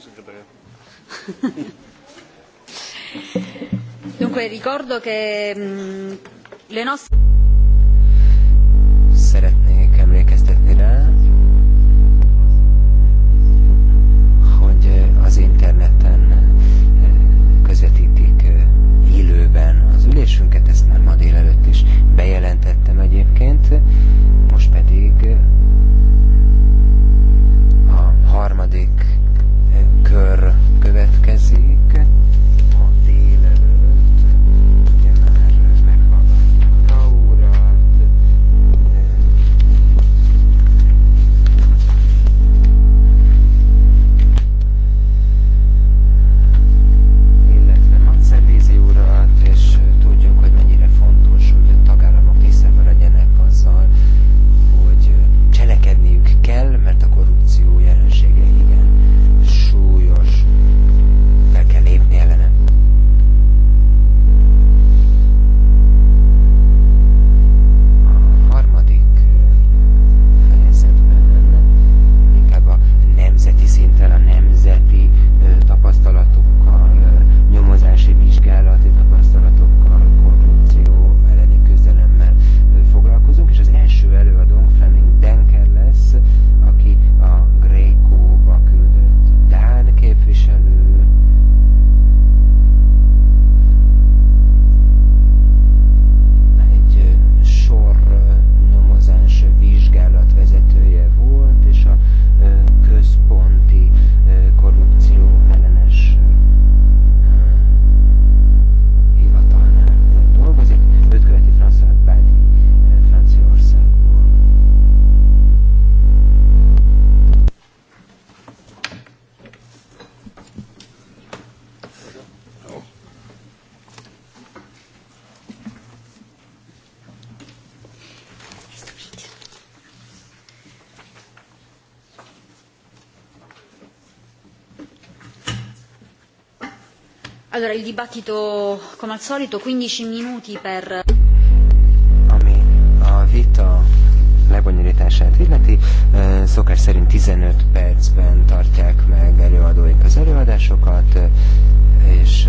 segretariat. Dunque ricordo che mm, le nostre dibattito, come al solito, 15 minuti per... Ami a vita lebonyolítását illeti, szokás szerint 15 percben tartják meg előadóink az előadásokat, és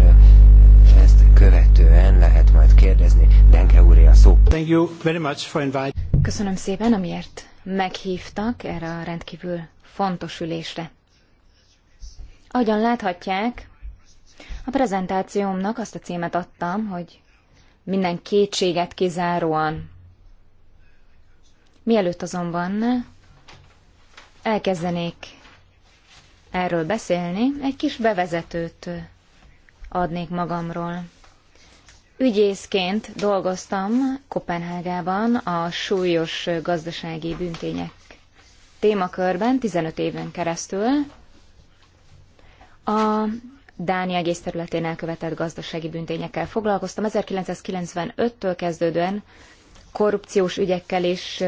ezt követően lehet majd kérdezni. Denke úré a szó. Thank you very much for invite. Köszönöm szépen, amiért meghívtak erre a rendkívül fontos ülésre. Ahogyan láthatják, a prezentációmnak azt a címet adtam, hogy minden kétséget kizáróan. Mielőtt azonban elkezdenék erről beszélni, egy kis bevezetőt adnék magamról. Ügyészként dolgoztam Kopenhágában a súlyos gazdasági bűntények témakörben 15 éven keresztül. A Dánia egész területén elkövetett gazdasági büntényekkel foglalkoztam. 1995-től kezdődően korrupciós ügyekkel is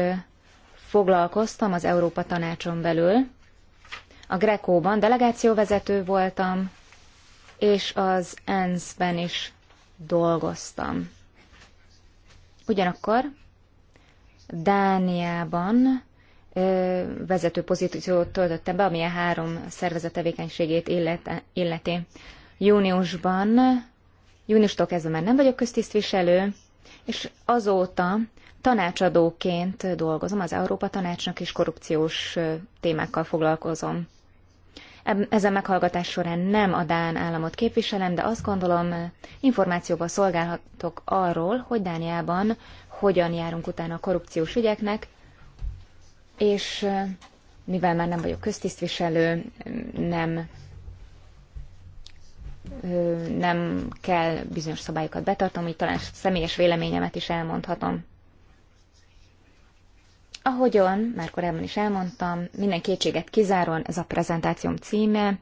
foglalkoztam az Európa Tanácson belül. A Grekóban delegációvezető voltam, és az ENSZ-ben is dolgoztam. Ugyanakkor Dániában vezető pozíciót töltötte be, ami a három szervezet tevékenységét illeti. Júniusban, júniustól kezdve már nem vagyok köztisztviselő, és azóta tanácsadóként dolgozom az Európa Tanácsnak, és korrupciós témákkal foglalkozom. Ezen meghallgatás során nem a Dán államot képviselem, de azt gondolom, információval szolgálhatok arról, hogy Dániában hogyan járunk utána a korrupciós ügyeknek, és mivel már nem vagyok köztisztviselő, nem nem kell bizonyos szabályokat betartom, így talán személyes véleményemet is elmondhatom. Ahogyan már korábban is elmondtam, minden kétséget kizáron ez a prezentációm címe.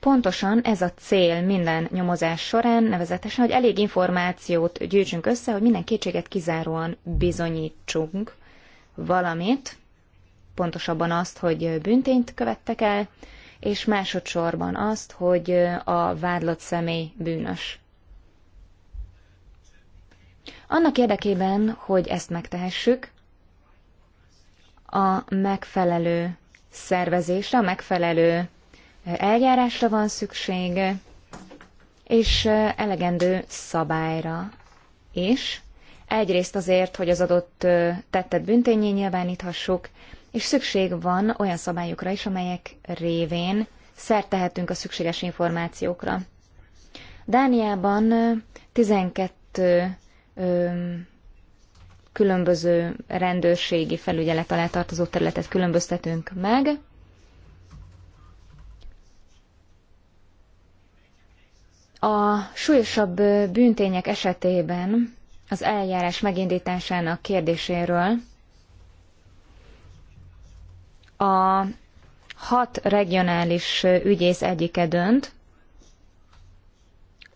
Pontosan ez a cél minden nyomozás során, nevezetesen, hogy elég információt gyűjtsünk össze, hogy minden kétséget kizáróan bizonyítsunk valamit, pontosabban azt, hogy büntényt követtek el, és másodszorban azt, hogy a vádlott személy bűnös. Annak érdekében, hogy ezt megtehessük, a megfelelő szervezésre, a megfelelő eljárásra van szükség, és elegendő szabályra is. Egyrészt azért, hogy az adott tettet bűntényé nyilváníthassuk, és szükség van olyan szabályokra is, amelyek révén szert tehetünk a szükséges információkra. Dániában 12 ö, különböző rendőrségi felügyelet alá tartozó területet különböztetünk meg. A súlyosabb bűntények esetében az eljárás megindításának kérdéséről a hat regionális ügyész egyike dönt,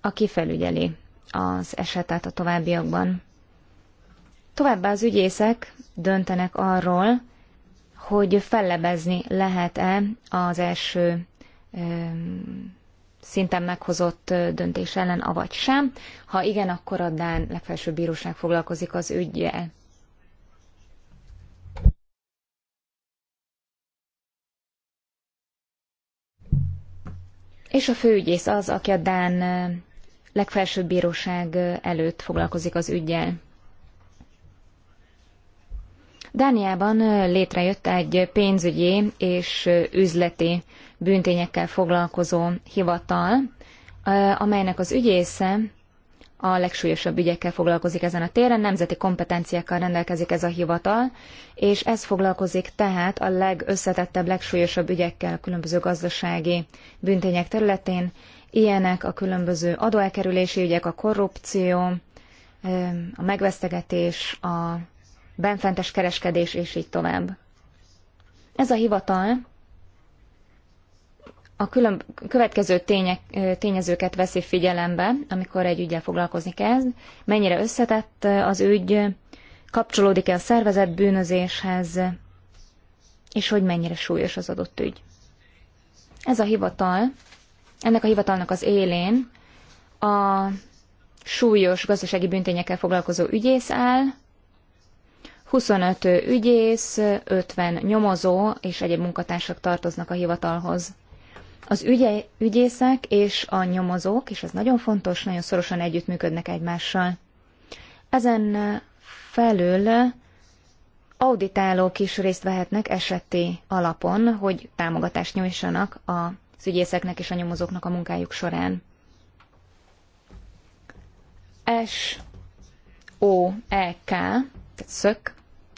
aki felügyeli az esetet a továbbiakban. Továbbá az ügyészek döntenek arról, hogy fellebezni lehet-e az első szinten meghozott döntés ellen, avagy sem. Ha igen, akkor a Dán legfelsőbb bíróság foglalkozik az ügyjel. és a főügyész az, aki a Dán legfelsőbb bíróság előtt foglalkozik az ügyjel. Dániában létrejött egy pénzügyi és üzleti bűntényekkel foglalkozó hivatal, amelynek az ügyésze a legsúlyosabb ügyekkel foglalkozik ezen a téren, nemzeti kompetenciákkal rendelkezik ez a hivatal, és ez foglalkozik tehát a legösszetettebb, legsúlyosabb ügyekkel a különböző gazdasági büntények területén, ilyenek a különböző adóelkerülési ügyek, a korrupció, a megvesztegetés, a benfentes kereskedés, és így tovább. Ez a hivatal a külön, következő tények, tényezőket veszi figyelembe, amikor egy ügyel foglalkozni kezd, mennyire összetett az ügy, kapcsolódik-e a szervezet bűnözéshez, és hogy mennyire súlyos az adott ügy. Ez a hivatal, ennek a hivatalnak az élén a súlyos gazdasági büntényekkel foglalkozó ügyész áll, 25 ügyész, 50 nyomozó és egyéb munkatársak tartoznak a hivatalhoz. Az ügye, ügyészek és a nyomozók, és ez nagyon fontos, nagyon szorosan együttműködnek egymással. Ezen felül auditálók is részt vehetnek eseti alapon, hogy támogatást nyújtsanak az ügyészeknek és a nyomozóknak a munkájuk során. S O E K, tehát szök,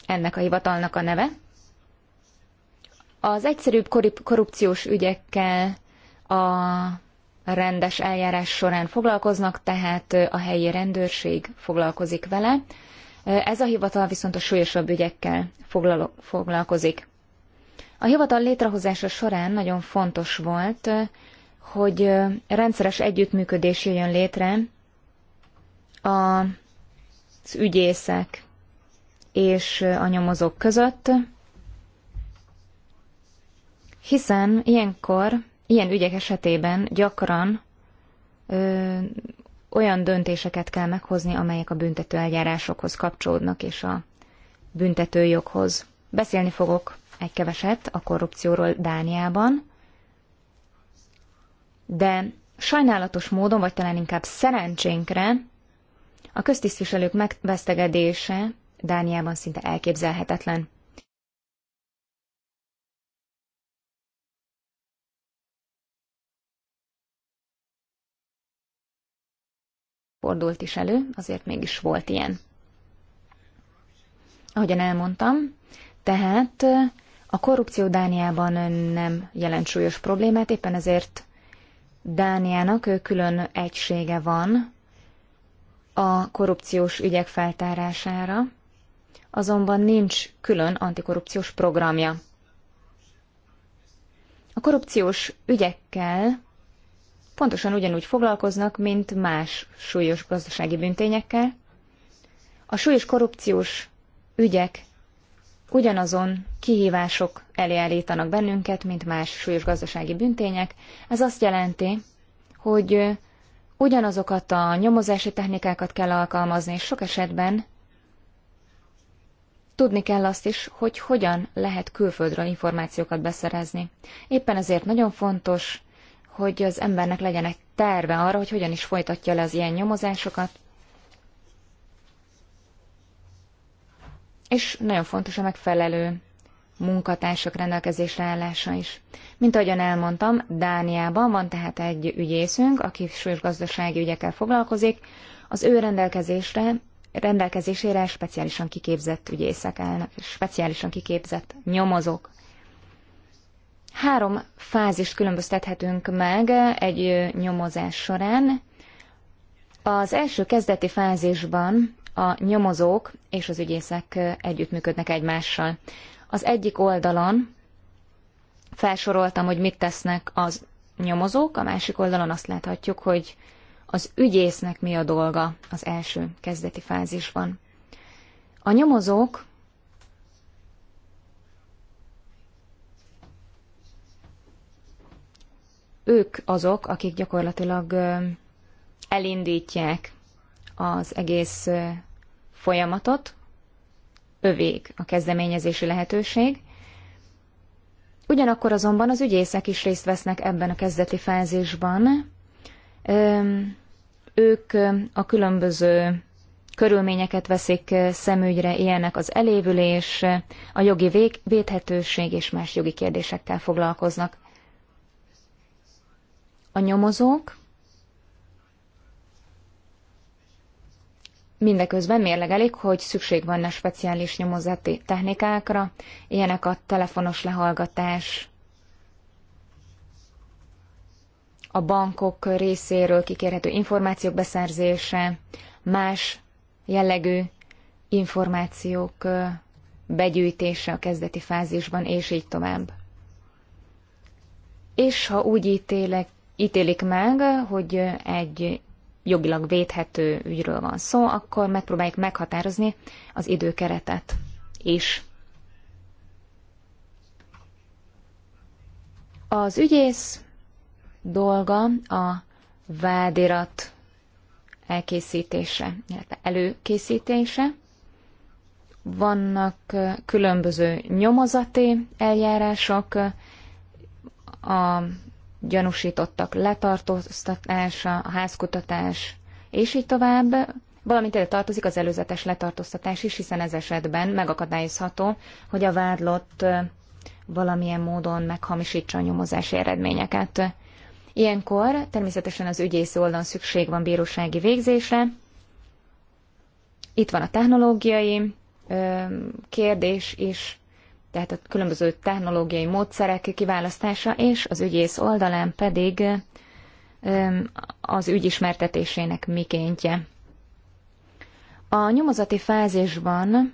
ennek a hivatalnak a neve. Az egyszerűbb korrupciós ügyekkel a rendes eljárás során foglalkoznak, tehát a helyi rendőrség foglalkozik vele. Ez a hivatal viszont a súlyosabb ügyekkel foglalkozik. A hivatal létrehozása során nagyon fontos volt, hogy rendszeres együttműködés jöjjön létre az ügyészek és a nyomozók között, hiszen ilyenkor ilyen ügyek esetében gyakran ö, olyan döntéseket kell meghozni, amelyek a büntető eljárásokhoz kapcsolódnak és a büntetőjoghoz. Beszélni fogok egy keveset a korrupcióról Dániában, de sajnálatos módon, vagy talán inkább szerencsénkre a köztisztviselők megvesztegedése Dániában szinte elképzelhetetlen. fordult is elő, azért mégis volt ilyen. Ahogyan elmondtam, tehát a korrupció Dániában nem jelent súlyos problémát, éppen ezért Dániának külön egysége van a korrupciós ügyek feltárására, azonban nincs külön antikorrupciós programja. A korrupciós ügyekkel pontosan ugyanúgy foglalkoznak, mint más súlyos gazdasági bűntényekkel. A súlyos korrupciós ügyek ugyanazon kihívások elé állítanak bennünket, mint más súlyos gazdasági bűntények. Ez azt jelenti, hogy ugyanazokat a nyomozási technikákat kell alkalmazni, és sok esetben tudni kell azt is, hogy hogyan lehet külföldről információkat beszerezni. Éppen ezért nagyon fontos hogy az embernek legyen egy terve arra, hogy hogyan is folytatja le az ilyen nyomozásokat. És nagyon fontos a megfelelő munkatársak rendelkezésre állása is. Mint ahogyan elmondtam, Dániában van tehát egy ügyészünk, aki súlyos gazdasági ügyekkel foglalkozik, az ő rendelkezésre rendelkezésére speciálisan kiképzett ügyészek állnak, és speciálisan kiképzett nyomozók Három fázist különböztethetünk meg egy nyomozás során. Az első kezdeti fázisban a nyomozók és az ügyészek együttműködnek egymással. Az egyik oldalon felsoroltam, hogy mit tesznek az nyomozók, a másik oldalon azt láthatjuk, hogy az ügyésznek mi a dolga az első kezdeti fázisban. A nyomozók ők azok, akik gyakorlatilag elindítják az egész folyamatot, övék a kezdeményezési lehetőség. Ugyanakkor azonban az ügyészek is részt vesznek ebben a kezdeti fázisban. Ők a különböző körülményeket veszik szemügyre, ilyenek az elévülés, a jogi védhetőség és más jogi kérdésekkel foglalkoznak a nyomozók mindeközben mérlegelik, hogy szükség van a speciális nyomozati technikákra, ilyenek a telefonos lehallgatás, a bankok részéről kikérhető információk beszerzése, más jellegű információk begyűjtése a kezdeti fázisban, és így tovább. És ha úgy ítélek, ítélik meg, hogy egy jogilag védhető ügyről van szó, akkor megpróbáljuk meghatározni az időkeretet is. Az ügyész dolga a vádirat elkészítése, illetve előkészítése. Vannak különböző nyomozati eljárások, a gyanúsítottak letartóztatása, a házkutatás, és így tovább, valamint ide tartozik az előzetes letartóztatás is, hiszen ez esetben megakadályozható, hogy a vádlott valamilyen módon meghamisítsa a nyomozási eredményeket. Ilyenkor természetesen az ügyész oldalon szükség van bírósági végzésre. Itt van a technológiai kérdés is, tehát a különböző technológiai módszerek kiválasztása, és az ügyész oldalán pedig az ügy ismertetésének mikéntje. A nyomozati fázisban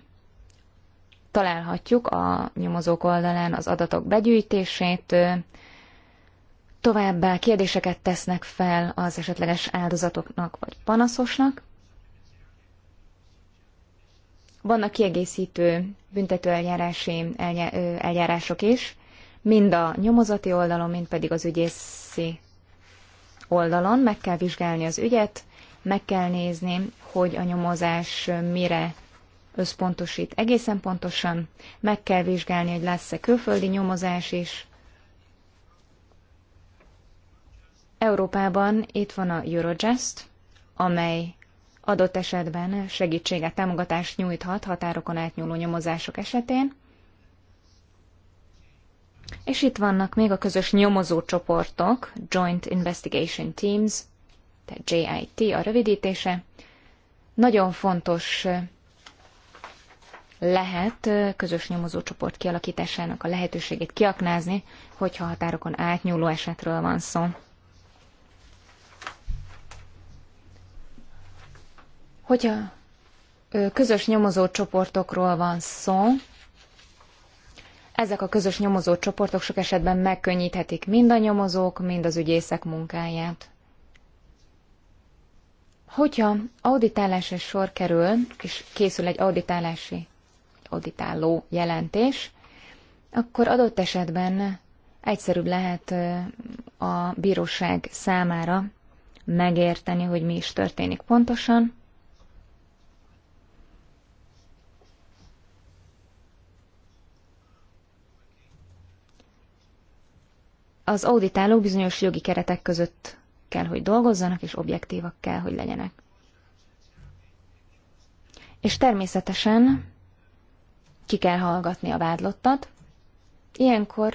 találhatjuk a nyomozók oldalán az adatok begyűjtését, továbbá kérdéseket tesznek fel az esetleges áldozatoknak vagy panaszosnak, vannak kiegészítő eljárási eljárások is, mind a nyomozati oldalon, mind pedig az ügyészi oldalon. Meg kell vizsgálni az ügyet, meg kell nézni, hogy a nyomozás mire összpontosít egészen pontosan, meg kell vizsgálni, hogy lesz-e külföldi nyomozás is. Európában itt van a Eurojust, amely adott esetben segítséget, támogatást nyújthat határokon átnyúló nyomozások esetén. És itt vannak még a közös nyomozó csoportok, Joint Investigation Teams, tehát JIT a rövidítése. Nagyon fontos lehet közös nyomozó csoport kialakításának a lehetőségét kiaknázni, hogyha határokon átnyúló esetről van szó. Hogyha közös nyomozó csoportokról van szó, ezek a közös nyomozó csoportok sok esetben megkönnyíthetik mind a nyomozók, mind az ügyészek munkáját. Hogyha auditálásra sor kerül, és készül egy auditálási, auditáló jelentés, akkor adott esetben egyszerűbb lehet a bíróság számára megérteni, hogy mi is történik pontosan, az auditálók bizonyos jogi keretek között kell, hogy dolgozzanak, és objektívak kell, hogy legyenek. És természetesen ki kell hallgatni a vádlottat. Ilyenkor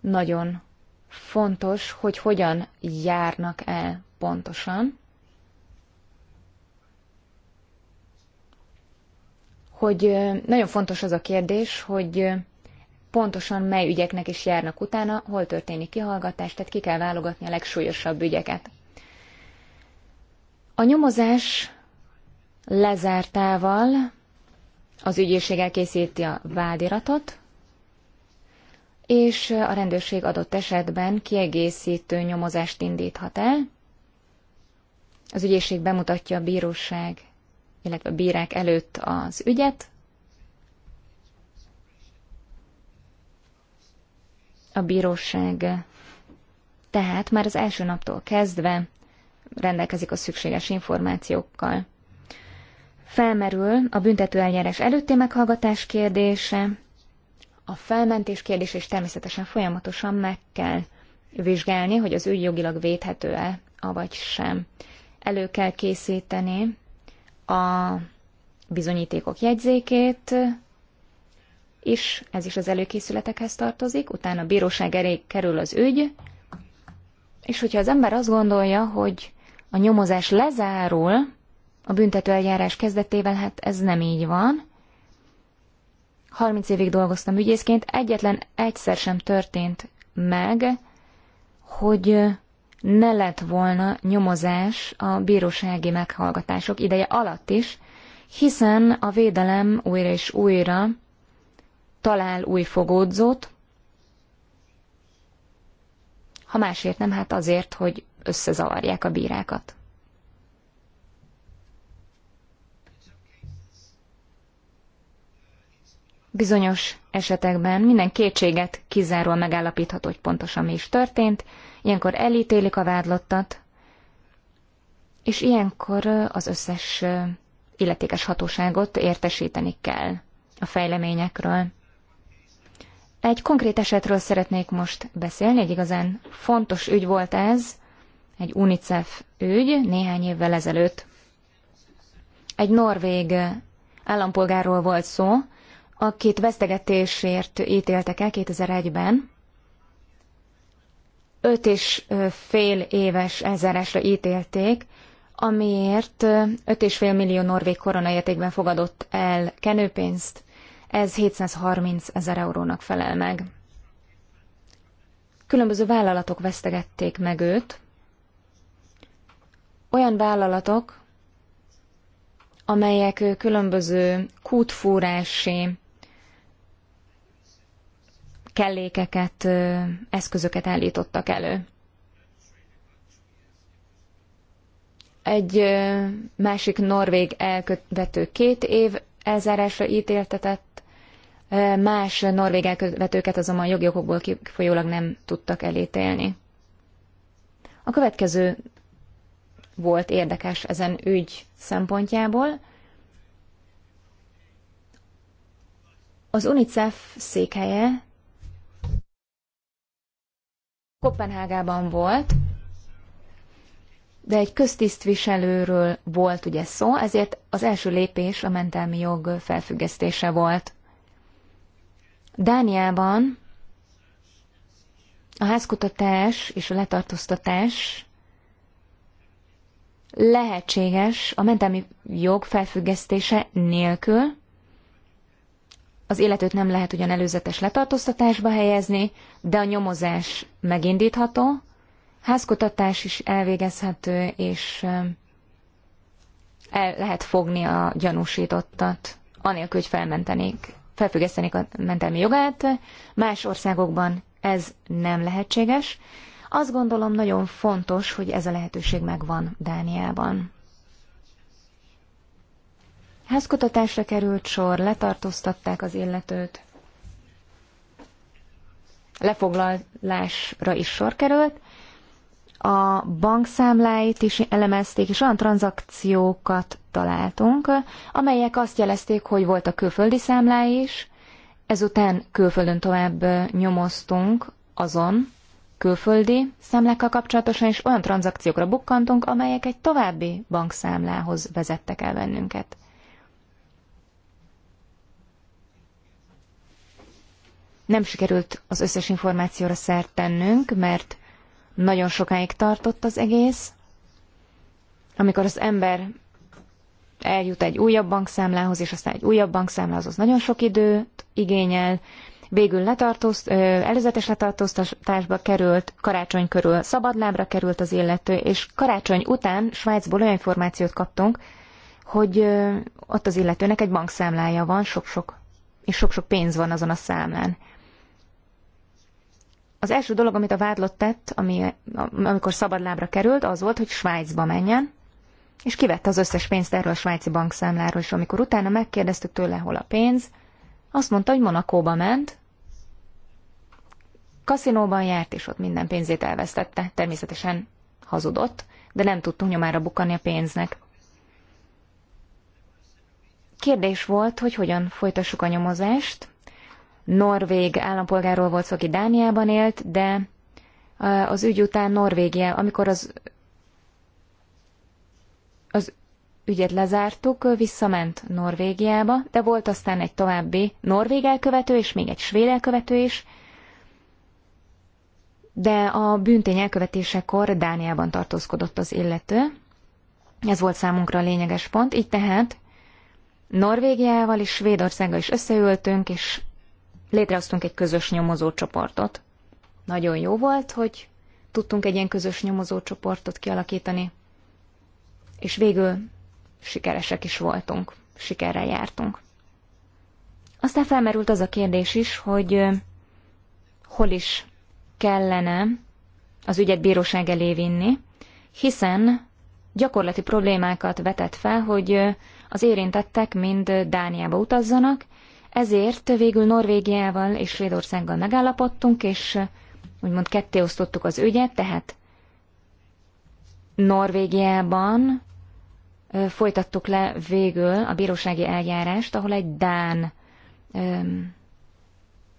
nagyon fontos, hogy hogyan járnak el pontosan, hogy nagyon fontos az a kérdés, hogy pontosan mely ügyeknek is járnak utána, hol történik kihallgatás, tehát ki kell válogatni a legsúlyosabb ügyeket. A nyomozás lezártával az ügyészség elkészíti a vádiratot, és a rendőrség adott esetben kiegészítő nyomozást indíthat el. Az ügyészség bemutatja a bíróság, illetve a bírák előtt az ügyet, a bíróság tehát már az első naptól kezdve rendelkezik a szükséges információkkal. Felmerül a eljárás előtti meghallgatás kérdése, a felmentés kérdése is természetesen folyamatosan meg kell vizsgálni, hogy az ügy jogilag védhető-e, avagy sem. Elő kell készíteni a bizonyítékok jegyzékét, és ez is az előkészületekhez tartozik, utána a bíróság elé kerül az ügy, és hogyha az ember azt gondolja, hogy a nyomozás lezárul a büntetőeljárás kezdetével, hát ez nem így van. 30 évig dolgoztam ügyészként, egyetlen egyszer sem történt meg, hogy ne lett volna nyomozás a bírósági meghallgatások ideje alatt is, hiszen a védelem újra és újra talál új fogódzót, ha másért nem, hát azért, hogy összezavarják a bírákat. Bizonyos esetekben minden kétséget kizáról megállapítható, hogy pontosan mi is történt, ilyenkor elítélik a vádlottat, és ilyenkor az összes illetékes hatóságot értesíteni kell a fejleményekről. Egy konkrét esetről szeretnék most beszélni, egy igazán fontos ügy volt ez, egy UNICEF ügy néhány évvel ezelőtt. Egy norvég állampolgárról volt szó, akit vesztegetésért ítéltek el 2001-ben. Öt és fél éves ezeresre ítélték, amiért öt és fél millió norvég koronaértékben fogadott el kenőpénzt, ez 730 ezer eurónak felel meg. Különböző vállalatok vesztegették meg őt, olyan vállalatok, amelyek különböző kútfúrási kellékeket, eszközöket állítottak elő. Egy másik norvég elkövető két év ezeresre ítéltetett, Más norvég elkövetőket azonban jogi okokból kifolyólag nem tudtak elítélni. A következő volt érdekes ezen ügy szempontjából. Az UNICEF székhelye Kopenhágában volt, de egy köztisztviselőről volt ugye szó, ezért az első lépés a mentelmi jog felfüggesztése volt. Dániában a házkutatás és a letartóztatás lehetséges a mentelmi jog felfüggesztése nélkül, az életőt nem lehet ugyan előzetes letartóztatásba helyezni, de a nyomozás megindítható, házkutatás is elvégezhető, és eh, el lehet fogni a gyanúsítottat, anélkül, hogy felmentenék felfüggesztenék a mentelmi jogát, más országokban ez nem lehetséges. Azt gondolom nagyon fontos, hogy ez a lehetőség megvan Dániában. Házkutatásra került sor, letartóztatták az illetőt, lefoglalásra is sor került, a bankszámláit is elemezték, és olyan tranzakciókat találtunk, amelyek azt jelezték, hogy volt a külföldi számlá is, ezután külföldön tovább nyomoztunk azon külföldi számlákkal kapcsolatosan, és olyan tranzakciókra bukkantunk, amelyek egy további bankszámlához vezettek el bennünket. Nem sikerült az összes információra szert tennünk, mert nagyon sokáig tartott az egész. Amikor az ember eljut egy újabb bankszámlához, és aztán egy újabb bankszámlához, az nagyon sok időt igényel. Végül letartóz, előzetes letartóztatásba került, karácsony körül szabadlábra került az illető, és karácsony után Svájcból olyan információt kaptunk, hogy ott az illetőnek egy bankszámlája van, sok-sok, és sok-sok pénz van azon a számlán. Az első dolog, amit a vádlott tett, ami, amikor szabadlábra került, az volt, hogy Svájcba menjen, és kivette az összes pénzt erről a svájci bankszámláról, és amikor utána megkérdeztük tőle, hol a pénz, azt mondta, hogy Monakóba ment, kaszinóban járt, és ott minden pénzét elvesztette. Természetesen hazudott, de nem tudtunk nyomára bukani a pénznek. Kérdés volt, hogy hogyan folytassuk a nyomozást, norvég állampolgárról volt szó, aki Dániában élt, de az ügy után Norvégia, amikor az, az ügyet lezártuk, visszament Norvégiába, de volt aztán egy további norvég elkövető, és még egy svéd elkövető is, de a bűntény elkövetésekor Dániában tartózkodott az illető. Ez volt számunkra a lényeges pont, így tehát Norvégiával és Svédországgal is összeültünk, és létrehoztunk egy közös nyomozócsoportot. Nagyon jó volt, hogy tudtunk egy ilyen közös nyomozócsoportot kialakítani, és végül sikeresek is voltunk, sikerrel jártunk. Aztán felmerült az a kérdés is, hogy hol is kellene az ügyet bíróság elé vinni, hiszen gyakorlati problémákat vetett fel, hogy az érintettek mind Dániába utazzanak, ezért végül Norvégiával és Svédországgal megállapodtunk, és úgymond ketté osztottuk az ügyet, tehát Norvégiában folytattuk le végül a bírósági eljárást, ahol egy Dán öm,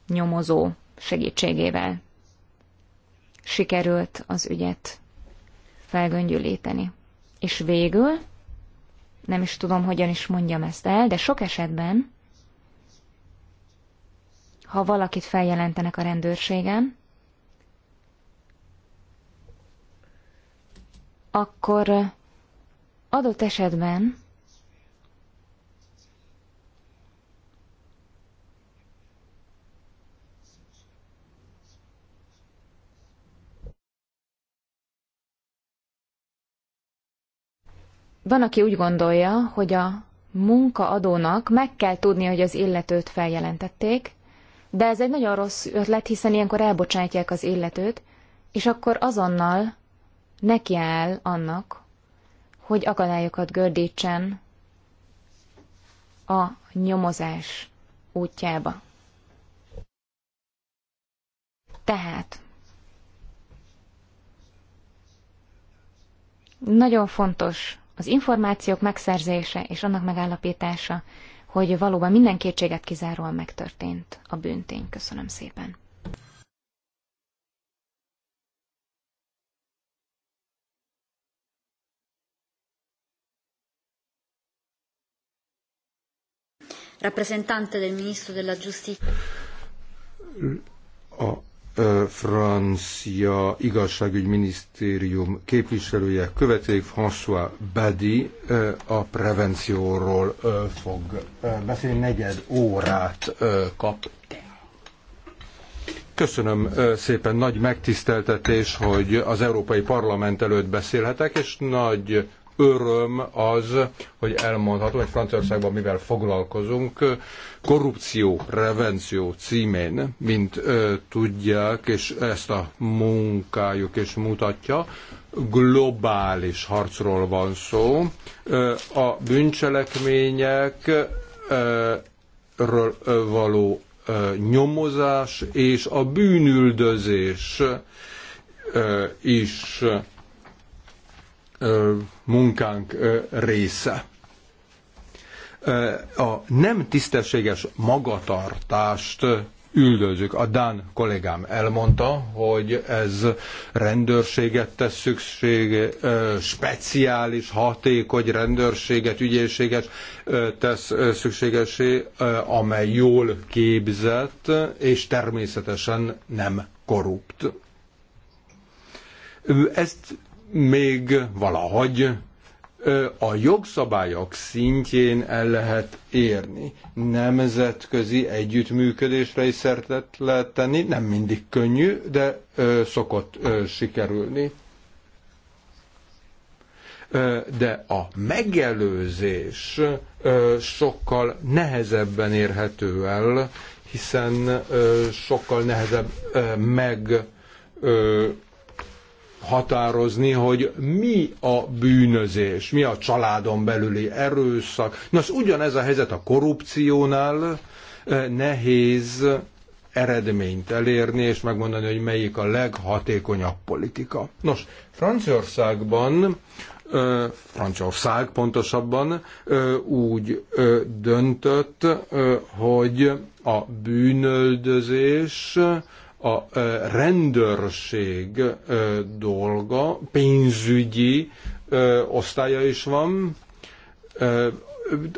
nyomozó segítségével sikerült az ügyet felgöngyülíteni. És végül, nem is tudom, hogyan is mondjam ezt el, de sok esetben ha valakit feljelentenek a rendőrségen, akkor adott esetben Van, aki úgy gondolja, hogy a munkaadónak meg kell tudni, hogy az illetőt feljelentették, de ez egy nagyon rossz ötlet, hiszen ilyenkor elbocsátják az illetőt, és akkor azonnal nekiáll annak, hogy akadályokat gördítsen a nyomozás útjába. Tehát nagyon fontos az információk megszerzése és annak megállapítása, hogy valóban minden kétséget kizáróan megtörtént a bűntény. Köszönöm szépen. Rappresentante del Ministro della Giustizia. A francia igazságügyminisztérium képviselője következik, François Badi a prevencióról fog beszélni, negyed órát kap. Köszönöm szépen, nagy megtiszteltetés, hogy az Európai Parlament előtt beszélhetek, és nagy öröm az, hogy elmondhatom, hogy Franciaországban mivel foglalkozunk, korrupció prevenció címén, mint ö, tudják, és ezt a munkájuk is mutatja, globális harcról van szó. Ö, a bűncselekmények ről való ö, nyomozás és a bűnüldözés ö, is munkánk része. A nem tisztességes magatartást üldözük. A Dán kollégám elmondta, hogy ez rendőrséget tesz szükség, speciális, hatékony rendőrséget, ügyészséget tesz szükségesé, amely jól képzett, és természetesen nem korrupt. Ezt még valahogy a jogszabályok szintjén el lehet érni. Nemzetközi együttműködésre is szertet lehet tenni, nem mindig könnyű, de szokott sikerülni. de a megelőzés sokkal nehezebben érhető el, hiszen sokkal nehezebb meg határozni, hogy mi a bűnözés, mi a családon belüli erőszak. Nos, ugyanez a helyzet a korrupciónál, nehéz eredményt elérni, és megmondani, hogy melyik a leghatékonyabb politika. Nos, Franciaországban, Franciaország pontosabban úgy döntött, hogy a bűnöldözés a rendőrség dolga, pénzügyi osztálya is van,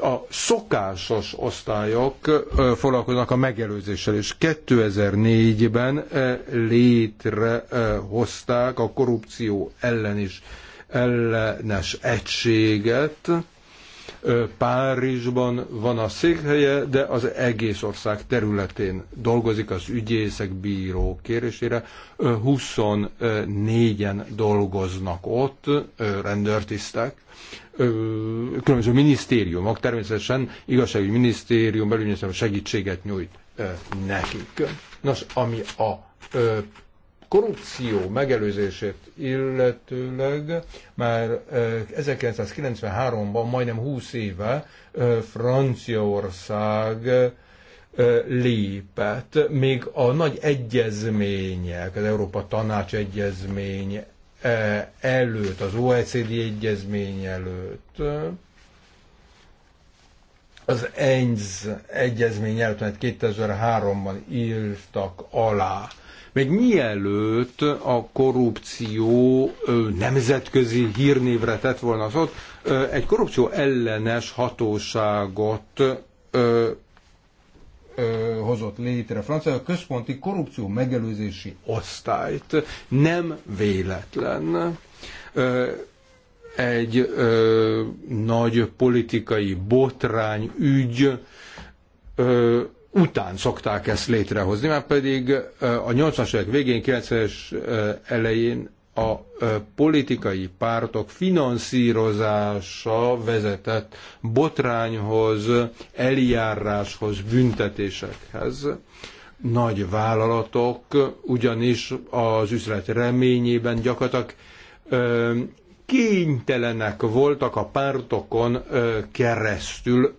a szokásos osztályok foglalkoznak a megelőzéssel, és 2004-ben létrehozták a korrupció ellen is ellenes egységet, Párizsban van a székhelye, de az egész ország területén dolgozik az ügyészek bíró kérésére. 24-en dolgoznak ott, rendőrtisztek, különböző minisztériumok, természetesen igazságügyi minisztérium, belügyminisztérium segítséget nyújt nekik. Nos, ami a korrupció megelőzését illetőleg már 1993-ban, majdnem 20 éve Franciaország lépett, még a nagy egyezmények, az Európa Tanács egyezmény előtt, az OECD egyezmény előtt, az ENSZ egyezmény előtt, mert 2003-ban írtak alá még mielőtt a korrupció nemzetközi hírnévre tett volna az ott, egy korrupció ellenes hatóságot hozott létre Francia, a központi korrupció megelőzési osztályt. Nem véletlen egy ö, nagy politikai botrány ügy ö, után szokták ezt létrehozni, mert pedig a 80-as évek végén, 90-es elején a politikai pártok finanszírozása vezetett botrányhoz, eljáráshoz, büntetésekhez. Nagy vállalatok ugyanis az üzlet reményében gyakorlatilag kénytelenek voltak a pártokon keresztül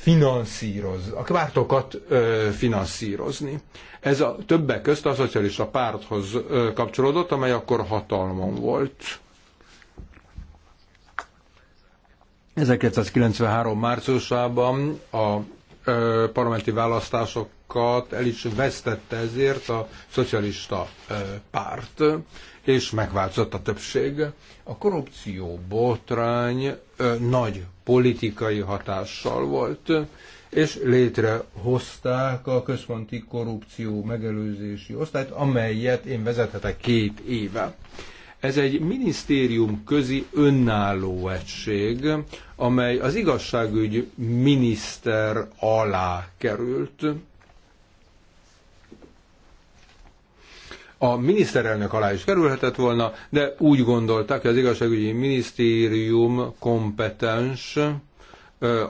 finanszíroz, a pártokat ö, finanszírozni. Ez a többek közt a szocialista párthoz ö, kapcsolódott, amely akkor hatalmon volt. 1993. márciusában a ö, parlamenti választásokat el is vesztette ezért a szocialista ö, párt, és megváltozott a többség. A korrupció botrány ö, nagy politikai hatással volt, és létrehozták a központi korrupció megelőzési osztályt, amelyet én vezethetek két éve. Ez egy minisztérium közi önálló egység, amely az igazságügy miniszter alá került, a miniszterelnök alá is kerülhetett volna, de úgy gondolták, hogy az igazságügyi minisztérium kompetens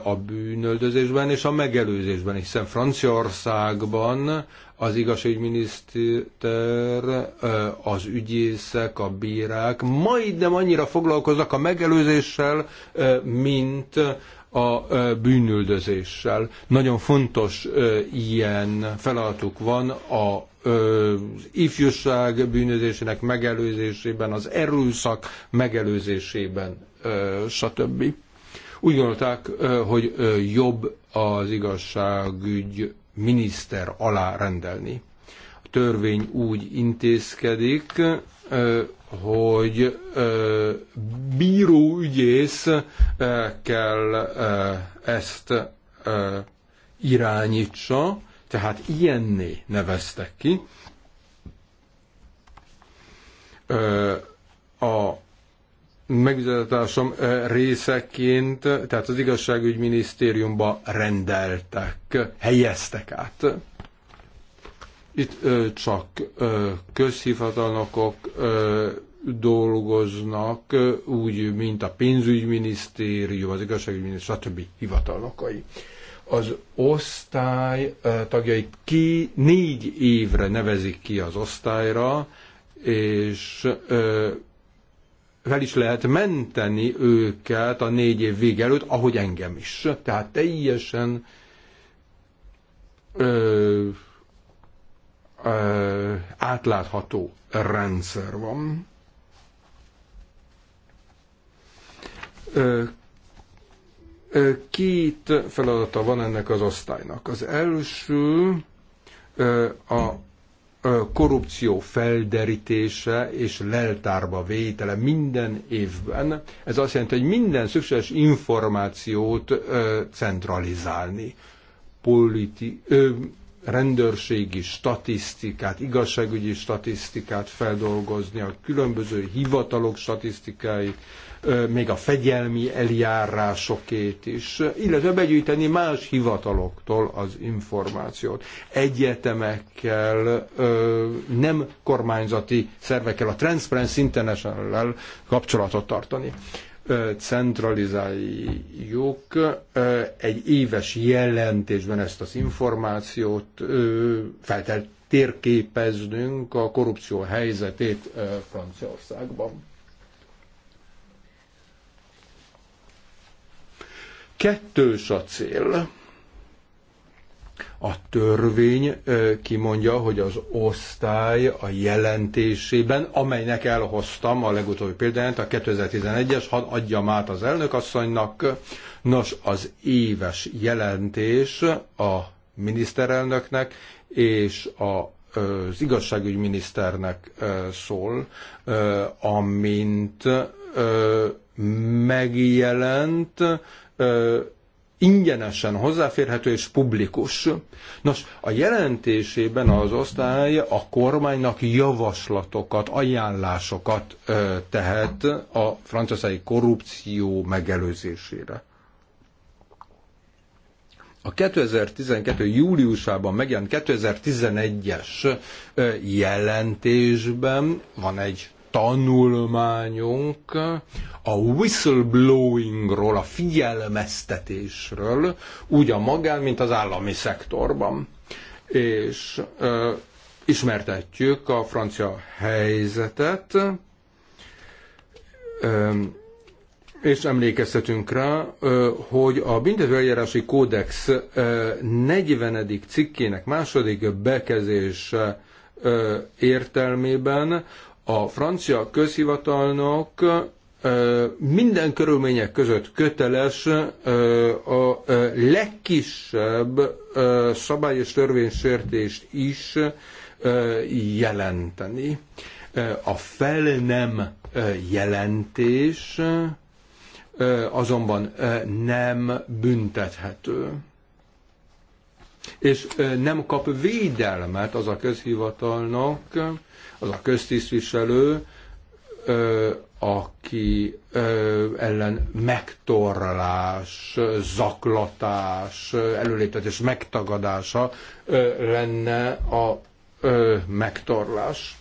a bűnöldözésben és a megelőzésben, hiszen Franciaországban az igazságügyminiszter, az ügyészek, a bírák majdnem annyira foglalkoznak a megelőzéssel, mint a bűnüldözéssel. Nagyon fontos ilyen feladatuk van a az ifjúság bűnözésének megelőzésében, az erőszak megelőzésében, stb. Úgy gondolták, hogy jobb az igazságügy miniszter alá rendelni. A törvény úgy intézkedik, hogy bíróügyész kell ezt irányítsa, tehát ilyenné neveztek ki. A megbizatásom részeként, tehát az igazságügyminisztériumba rendeltek, helyeztek át. Itt ö, csak ö, közhivatalnokok ö, dolgoznak, ö, úgy, mint a pénzügyminisztérium, az igazságügyminisztérium, stb. hivatalnokai. Az osztály ö, tagjai ki négy évre nevezik ki az osztályra, és ö, fel is lehet menteni őket a négy év vége előtt, ahogy engem is. Tehát teljesen ö, átlátható rendszer van. Két feladata van ennek az osztálynak. Az első a korrupció felderítése és leltárba vétele minden évben. Ez azt jelenti, hogy minden szükséges információt centralizálni. Politi- rendőrségi statisztikát, igazságügyi statisztikát feldolgozni, a különböző hivatalok statisztikái, még a fegyelmi eljárásokét is, illetve begyűjteni más hivataloktól az információt. Egyetemekkel, nem kormányzati szervekkel, a Transparency international kapcsolatot tartani centralizáljuk egy éves jelentésben ezt az információt, feltelt térképeznünk a korrupció helyzetét Franciaországban. Kettős a cél a törvény kimondja, hogy az osztály a jelentésében, amelynek elhoztam a legutóbbi példáját, a 2011-es, hadd adjam át az elnökasszonynak. Nos, az éves jelentés a miniszterelnöknek és a az igazságügyminiszternek szól, amint megjelent ingyenesen hozzáférhető és publikus. Nos, a jelentésében az osztály a kormánynak javaslatokat, ajánlásokat tehet a franciai korrupció megelőzésére. A 2012. júliusában megjelent 2011-es jelentésben van egy tanulmányunk a whistleblowingról, a figyelmeztetésről, úgy a magán, mint az állami szektorban. És ö, ismertetjük a francia helyzetet, ö, és emlékeztetünk rá, ö, hogy a büntetőeljárási kódex ö, 40. cikkének második bekezés értelmében a francia közhivatalnak minden körülmények között köteles a legkisebb szabály és törvénysértést is jelenteni. A fel nem jelentés azonban nem büntethető. És nem kap védelmet az a közhivatalnak, az a köztisztviselő, aki ellen megtorlás, zaklatás, előléptetés megtagadása lenne a megtorlás.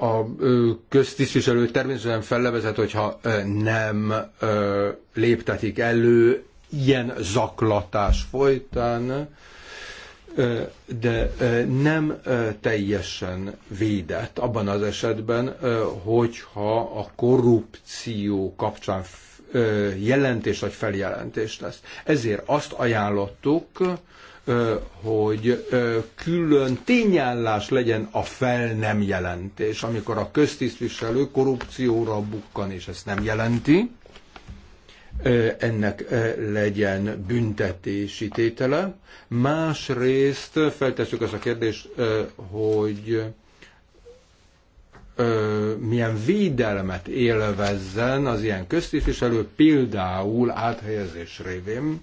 a köztisztviselő természetesen fellevezett, hogyha nem léptetik elő ilyen zaklatás folytán, de nem teljesen védett abban az esetben, hogyha a korrupció kapcsán jelentés vagy feljelentés lesz. Ezért azt ajánlottuk, hogy külön tényállás legyen a fel nem jelentés, amikor a köztisztviselő korrupcióra bukkan, és ezt nem jelenti, ennek legyen büntetési tétele. Másrészt feltesszük azt a kérdést, hogy milyen védelmet élvezzen az ilyen köztisztviselő, például áthelyezés révén.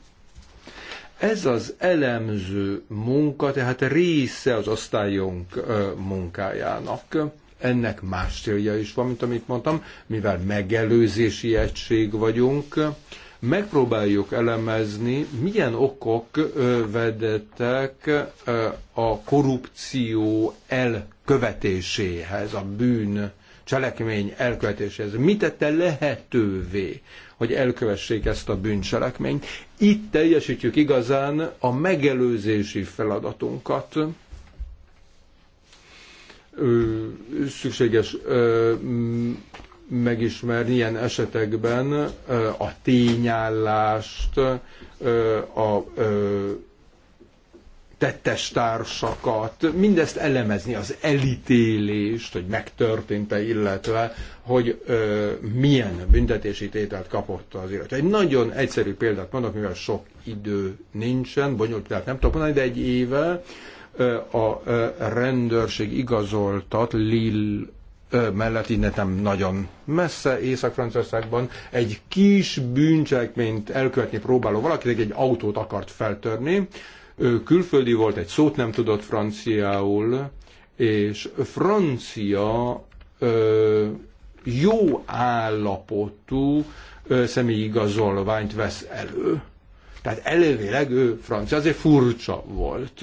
Ez az elemző munka, tehát része az osztályunk munkájának ennek más célja is van, mint amit mondtam, mivel megelőzési egység vagyunk, megpróbáljuk elemezni, milyen okok vedettek a korrupció elkövetéséhez, a bűn cselekmény elkövetéséhez. Mit tette lehetővé, hogy elkövessék ezt a bűncselekményt? Itt teljesítjük igazán a megelőzési feladatunkat szükséges megismerni ilyen esetekben a tényállást, a tettestársakat, mindezt elemezni, az elítélést, hogy megtörtént-e, illetve, hogy ö, milyen büntetési tételt kapott az élet. Egy nagyon egyszerű példát mondok, mivel sok idő nincsen, bonyolult tehát nem tudok mondani, de egy éve a rendőrség igazoltat Lille mellett innen nem nagyon messze Észak-Franciaországban egy kis bűncselekményt elkövetni próbáló valaki egy autót akart feltörni. Ő külföldi volt, egy szót nem tudott franciául, és francia ö, jó állapotú ö, személyigazolványt vesz elő. Tehát elővéleg ő francia, azért furcsa volt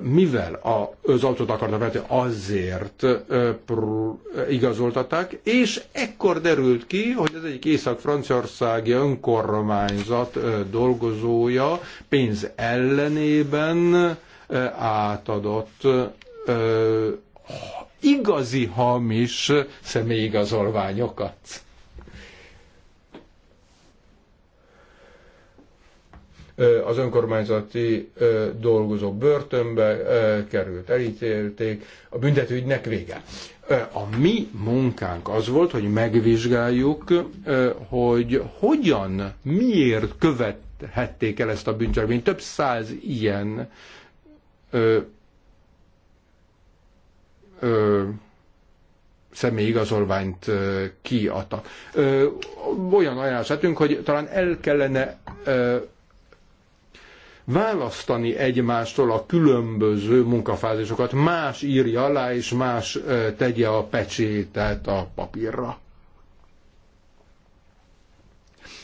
mivel az autót akarta venni, azért igazoltatták, és ekkor derült ki, hogy az egyik észak-franciaországi önkormányzat dolgozója pénz ellenében átadott igazi hamis személyigazolványokat. az önkormányzati dolgozók börtönbe került, elítélték, a büntetőügynek vége. A mi munkánk az volt, hogy megvizsgáljuk, hogy hogyan, miért követhették el ezt a bűncselekményt. Több száz ilyen ö, ö, személyigazolványt kiadtak. olyan ajánlás hogy talán el kellene ö, választani egymástól a különböző munkafázisokat. Más írja alá, és más tegye a pecsétet a papírra.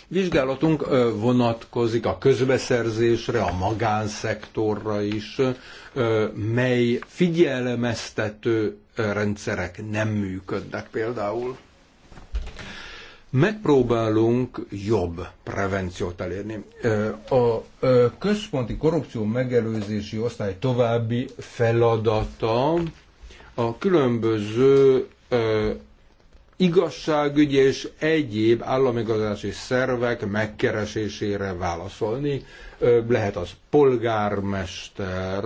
Vizsgálatunk vonatkozik a közbeszerzésre, a magánszektorra is, mely figyelmeztető rendszerek nem működnek például megpróbálunk jobb prevenciót elérni. A központi korrupció megelőzési osztály további feladata a különböző igazságügyi és egyéb államigazgatási szervek megkeresésére válaszolni. Lehet az polgármester,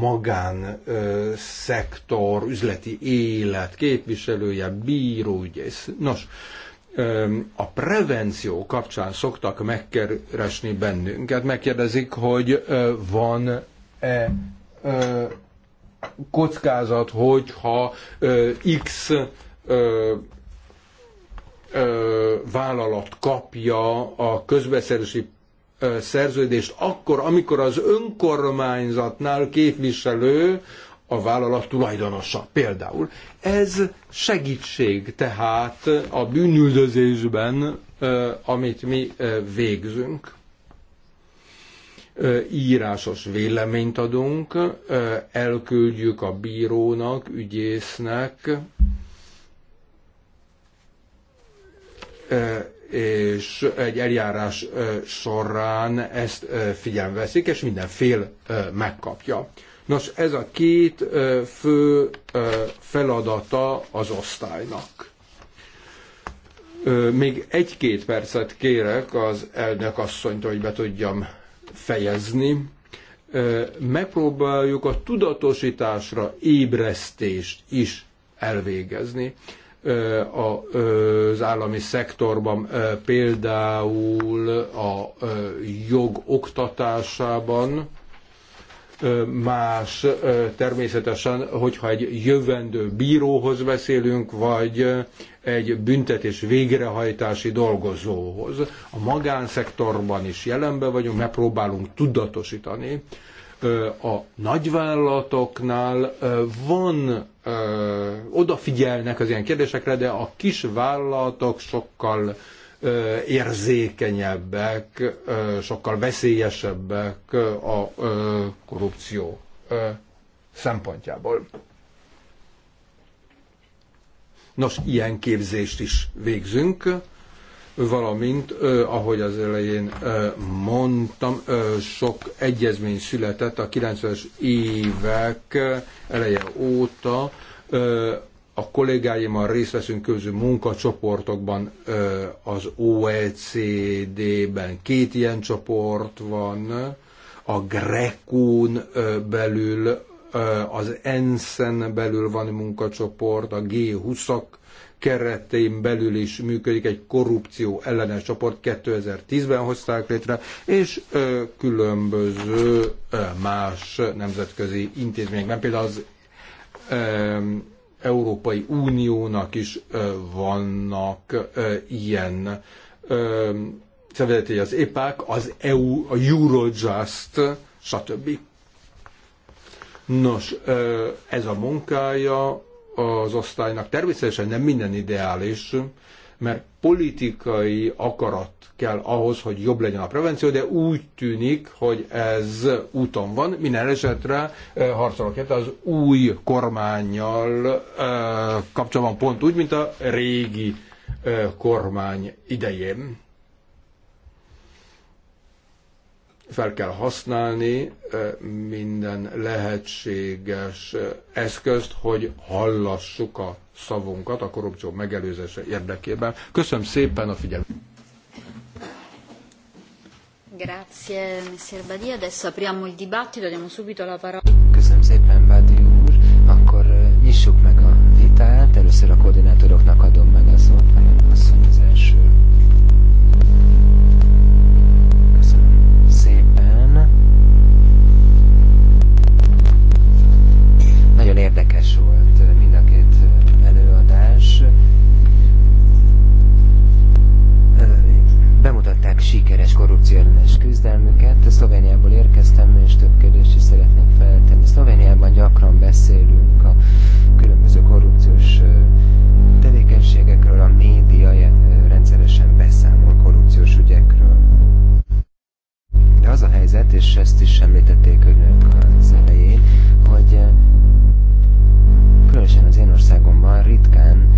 magánszektor, üzleti élet képviselője, bíró bíróügyész. Nos, a prevenció kapcsán szoktak megkeresni bennünket, megkérdezik, hogy van-e kockázat, hogyha X vállalat kapja a közbeszerzési szerződést akkor, amikor az önkormányzatnál képviselő a vállalat tulajdonosa például. Ez segítség tehát a bűnüldözésben, amit mi végzünk. Írásos véleményt adunk, elküldjük a bírónak, ügyésznek, és egy eljárás során ezt figyelme veszik, és minden fél megkapja. Nos, ez a két fő feladata az osztálynak. Még egy-két percet kérek az elnök asszonyt, hogy be tudjam fejezni. Megpróbáljuk a tudatosításra ébresztést is elvégezni az állami szektorban, például a jog oktatásában, más természetesen, hogyha egy jövendő bíróhoz beszélünk, vagy egy büntetés végrehajtási dolgozóhoz. A magánszektorban is jelenben vagyunk, megpróbálunk tudatosítani, a nagyvállalatoknál van, odafigyelnek az ilyen kérdésekre, de a kis vállalatok sokkal érzékenyebbek, sokkal veszélyesebbek a korrupció szempontjából. Nos, ilyen képzést is végzünk valamint, ahogy az elején mondtam, sok egyezmény született a 90-es évek eleje óta. A kollégáimmal részt veszünk közül munkacsoportokban, az OECD-ben két ilyen csoport van, a Grekón belül, az ensz belül van munkacsoport, a G20-ak keretén belül is működik egy korrupció ellenes csoport, 2010-ben hozták létre, és különböző más nemzetközi intézményekben, például az Európai Uniónak is vannak ilyen szervezetei az EPAC, az EU, a Eurojust, stb. Nos, ez a munkája az osztálynak. Természetesen nem minden ideális, mert politikai akarat kell ahhoz, hogy jobb legyen a prevenció, de úgy tűnik, hogy ez úton van. Minden esetre eh, harcolok hát az új kormányjal eh, kapcsolatban pont úgy, mint a régi eh, kormány idején. fel kell használni minden lehetséges eszközt, hogy hallassuk a szavunkat a korrupció megelőzése érdekében. Köszönöm szépen a figyelmet! Grazie, Messer Badi. Adesso apriamo il dibattito, diamo subito la parola. Köszönöm szépen, Badi úr. Akkor nyissuk meg a vitát. Először a koordinátoroknak adom meg a szót. Vajon asszony érdekes volt mind a két előadás. Bemutatták sikeres korrupcióellenes küzdelmüket. Szlovéniából érkeztem, és több kérdést is szeretnék feltenni. Szlovéniában gyakran beszélünk a különböző korrupciós tevékenységekről, a média rendszeresen beszámol korrupciós ügyekről. De az a helyzet, és ezt is említették önök, különösen az én országomban ritkán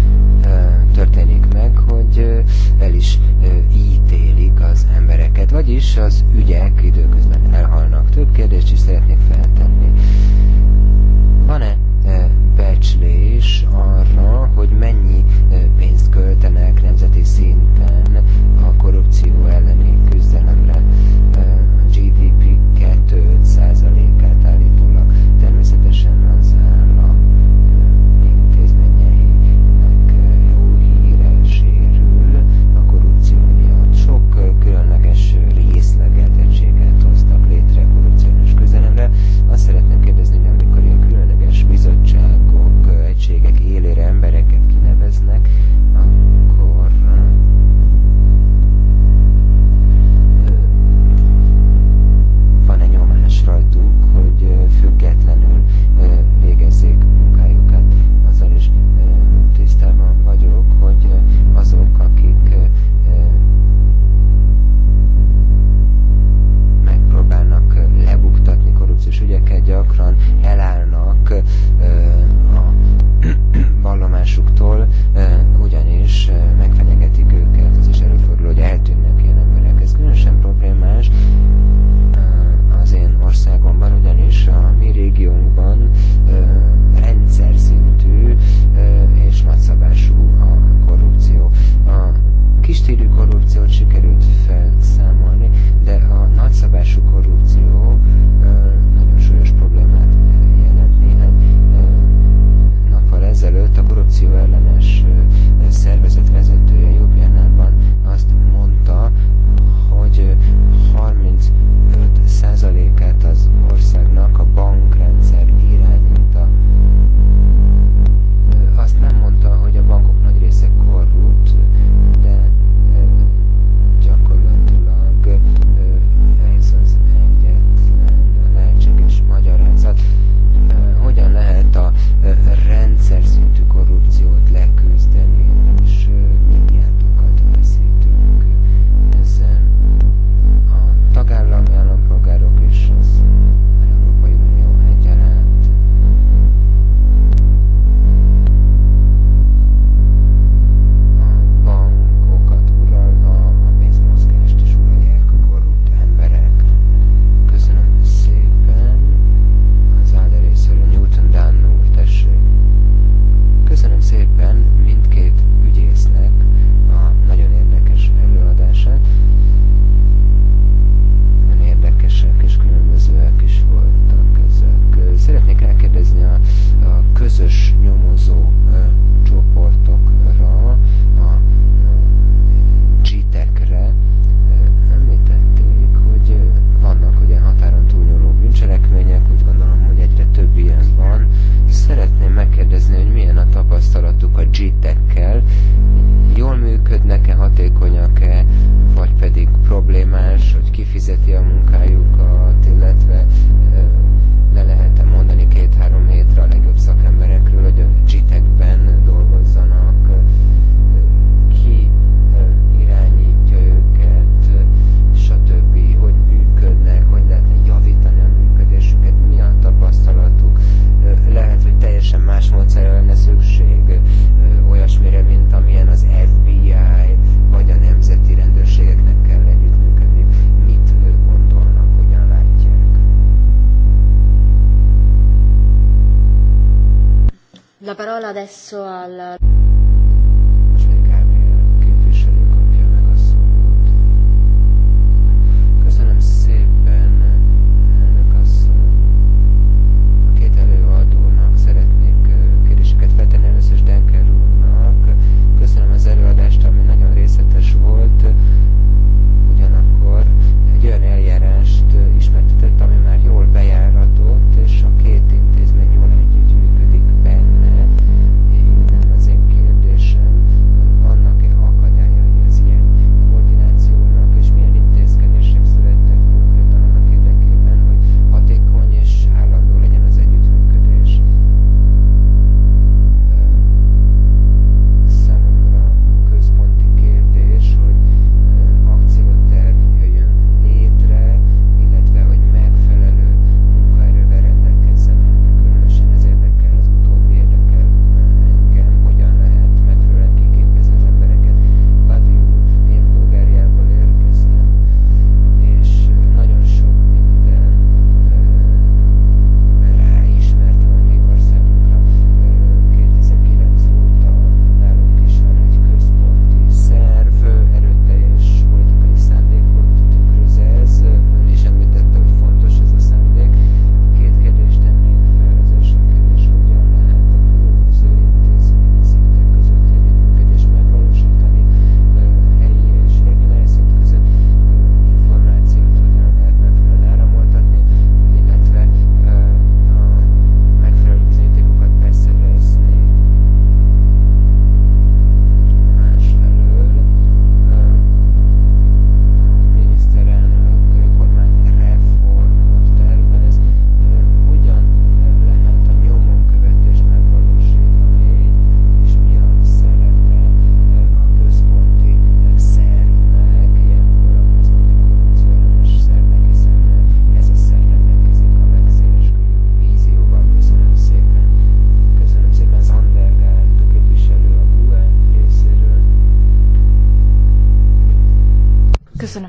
történik meg, hogy el is ítélik az embereket, vagyis az ügyek időközben elhalnak. Több kérdést is szeretnék feltenni. Van-e becslés arra, hogy mennyi pénzt költenek nemzeti szinten a korrupció elleni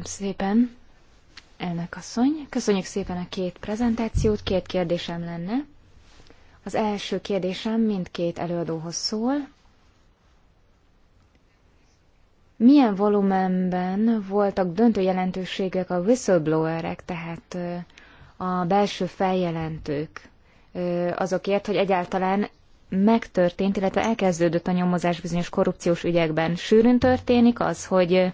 szépen, elnök asszony. Köszönjük szépen a két prezentációt. Két kérdésem lenne. Az első kérdésem mindkét előadóhoz szól. Milyen volumenben voltak döntő jelentőségek a whistleblowerek, tehát a belső feljelentők azokért, hogy egyáltalán megtörtént, illetve elkezdődött a nyomozás bizonyos korrupciós ügyekben. Sűrűn történik az, hogy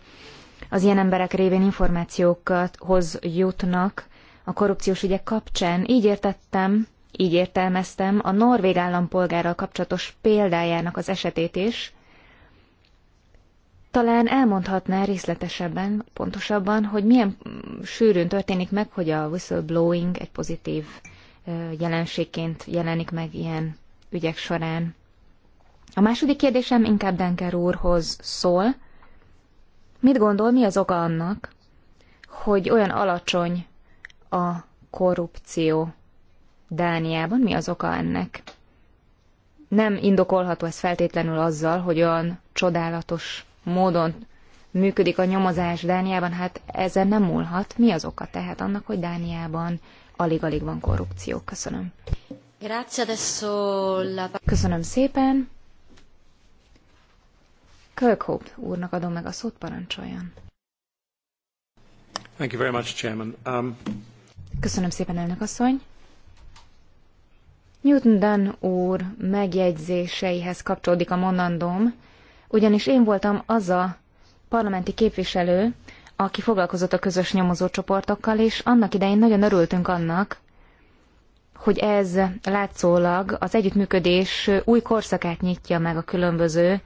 az ilyen emberek révén információkat hoz jutnak a korrupciós ügyek kapcsán. Így értettem, így értelmeztem a norvég állampolgárral kapcsolatos példájának az esetét is. Talán elmondhatná részletesebben, pontosabban, hogy milyen sűrűn történik meg, hogy a whistleblowing egy pozitív jelenségként jelenik meg ilyen ügyek során. A második kérdésem inkább Denker úrhoz szól. Mit gondol, mi az oka annak, hogy olyan alacsony a korrupció Dániában? Mi az oka ennek? Nem indokolható ez feltétlenül azzal, hogy olyan csodálatos módon működik a nyomozás Dániában, hát ezen nem múlhat. Mi az oka tehát annak, hogy Dániában alig-alig van korrupció? Köszönöm. Köszönöm szépen. Kirkhope úrnak adom meg a szót, parancsoljon. Thank you very much, Chairman. Um... Köszönöm szépen, elnök asszony. Newton Dunn úr megjegyzéseihez kapcsolódik a mondandóm, ugyanis én voltam az a parlamenti képviselő, aki foglalkozott a közös nyomozócsoportokkal, és annak idején nagyon örültünk annak, hogy ez látszólag az együttműködés új korszakát nyitja meg a különböző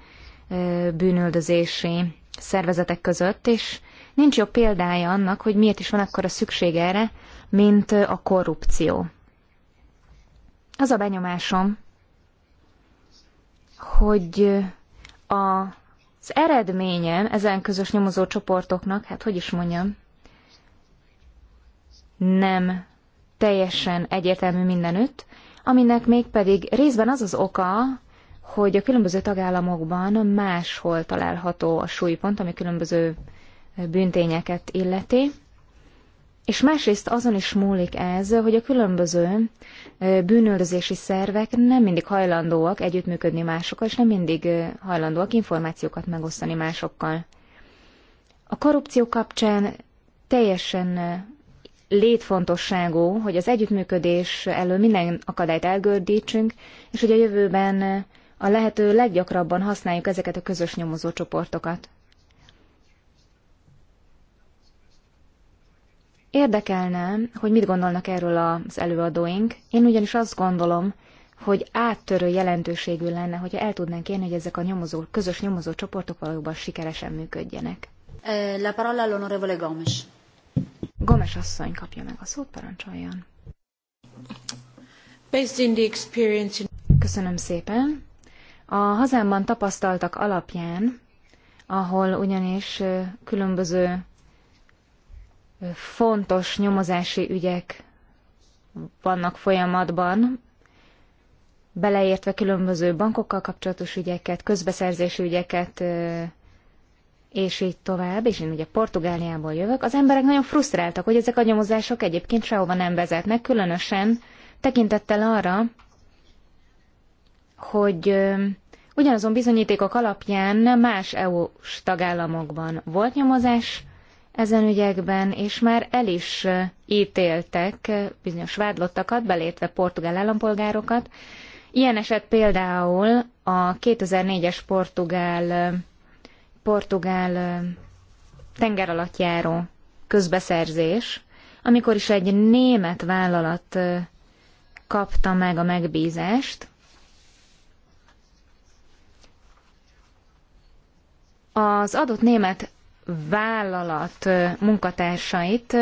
bűnöldözési szervezetek között, és nincs jobb példája annak, hogy miért is van akkor a szükség erre, mint a korrupció. Az a benyomásom, hogy a az eredménye ezen közös nyomozó csoportoknak, hát hogy is mondjam, nem teljesen egyértelmű mindenütt, aminek mégpedig részben az az oka, hogy a különböző tagállamokban máshol található a súlypont, ami különböző bűntényeket illeti, és másrészt azon is múlik ez, hogy a különböző bűnöldözési szervek nem mindig hajlandóak együttműködni másokkal, és nem mindig hajlandóak információkat megosztani másokkal. A korrupció kapcsán teljesen létfontosságú, hogy az együttműködés elől minden akadályt elgördítsünk, és hogy a jövőben a lehető leggyakrabban használjuk ezeket a közös nyomozó csoportokat. Érdekelne, hogy mit gondolnak erről az előadóink. Én ugyanis azt gondolom, hogy áttörő jelentőségű lenne, hogyha el tudnánk érni, hogy ezek a nyomozó, közös nyomozó csoportok valóban sikeresen működjenek. Eh, la parola all'onorevole Gomes. Gomes asszony kapja meg a szót, parancsoljon. Based in the experience Köszönöm szépen. A hazámban tapasztaltak alapján, ahol ugyanis különböző fontos nyomozási ügyek vannak folyamatban, beleértve különböző bankokkal kapcsolatos ügyeket, közbeszerzési ügyeket, és így tovább, és én ugye Portugáliából jövök, az emberek nagyon frusztráltak, hogy ezek a nyomozások egyébként sehova nem vezetnek, különösen tekintettel arra, hogy ugyanazon bizonyítékok alapján más EU-s tagállamokban volt nyomozás ezen ügyekben, és már el is ítéltek bizonyos vádlottakat, belétve portugál állampolgárokat. Ilyen eset például a 2004-es portugál, portugál tenger alatt járó közbeszerzés, amikor is egy német vállalat kapta meg a megbízást, az adott német vállalat munkatársait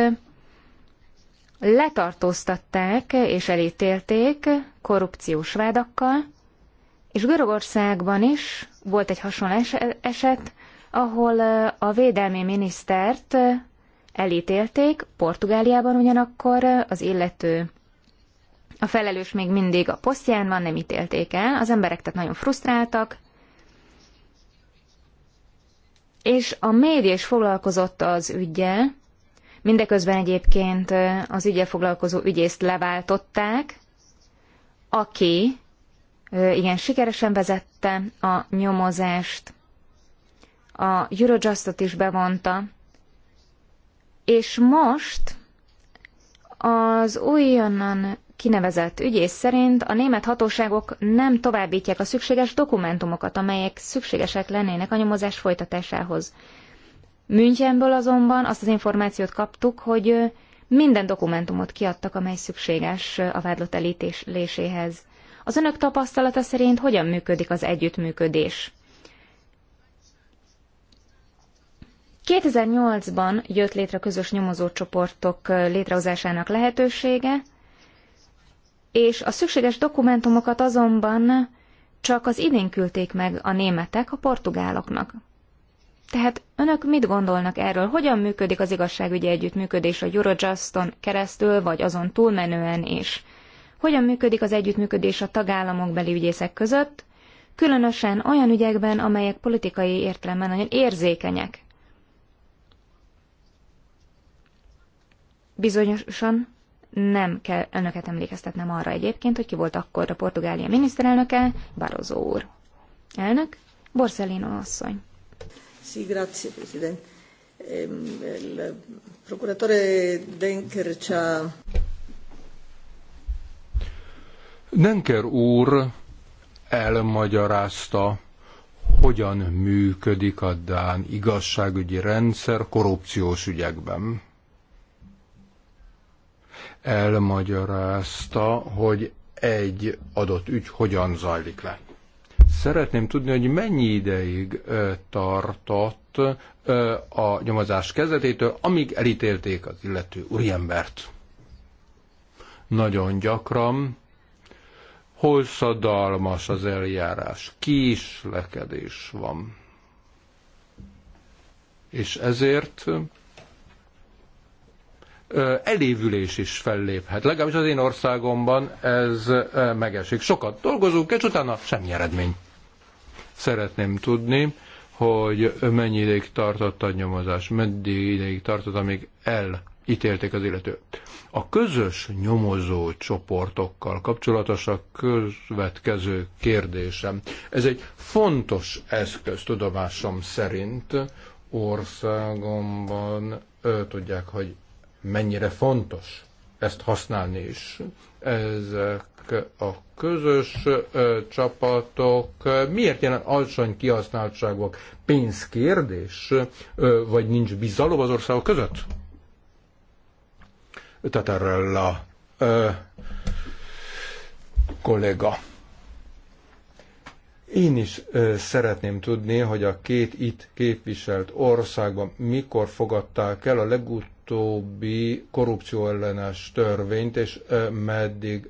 letartóztatták és elítélték korrupciós vádakkal, és Görögországban is volt egy hasonló eset, ahol a védelmi minisztert elítélték, Portugáliában ugyanakkor az illető a felelős még mindig a posztján van, nem ítélték el, az emberek tehát nagyon frusztráltak, és a média is foglalkozott az ügyjel, mindeközben egyébként az ügyel foglalkozó ügyészt leváltották, aki igen sikeresen vezette a nyomozást, a Eurojustot is bevonta, és most az újonnan kinevezett ügyész szerint a német hatóságok nem továbbítják a szükséges dokumentumokat, amelyek szükségesek lennének a nyomozás folytatásához. Münchenből azonban azt az információt kaptuk, hogy minden dokumentumot kiadtak, amely szükséges a vádlott elítéléséhez. Az önök tapasztalata szerint hogyan működik az együttműködés? 2008-ban jött létre közös nyomozócsoportok létrehozásának lehetősége, és a szükséges dokumentumokat azonban csak az idén küldték meg a németek a portugáloknak. Tehát önök mit gondolnak erről? Hogyan működik az igazságügyi együttműködés a Eurojuston keresztül, vagy azon túlmenően is? Hogyan működik az együttműködés a tagállamok beli ügyészek között, különösen olyan ügyekben, amelyek politikai értelemben nagyon érzékenyek? Bizonyosan nem kell önöket emlékeztetnem arra egyébként, hogy ki volt akkor a Portugália miniszterelnöke, Barroso úr. Elnök, Borsellino asszony. Sí, grazie, president. El procuratore Denker c'ha... Denker úr elmagyarázta, hogyan működik a Dán igazságügyi rendszer korrupciós ügyekben elmagyarázta, hogy egy adott ügy hogyan zajlik le. Szeretném tudni, hogy mennyi ideig tartott a nyomozás kezdetétől, amíg elítélték az illető úriembert. Nagyon gyakran hosszadalmas az eljárás, kislekedés van. És ezért elévülés is felléphet. Legalábbis az én országomban ez megesik. Sokat dolgozunk, és utána semmi eredmény. Szeretném tudni, hogy mennyi ideig tartott a nyomozás, meddig ideig tartott, amíg elítélték az illetőt. A közös nyomozó csoportokkal kapcsolatos a következő kérdésem. Ez egy fontos eszköz tudomásom szerint országomban Ő tudják, hogy mennyire fontos ezt használni is. Ezek a közös csapatok miért jelen alacsony kihasználtságok? Pénzkérdés, vagy nincs bizalom az országok között? ö, kolléga. Én is ö, szeretném tudni, hogy a két itt képviselt országban mikor fogadták el a legút legutóbbi korrupcióellenes törvényt, és meddig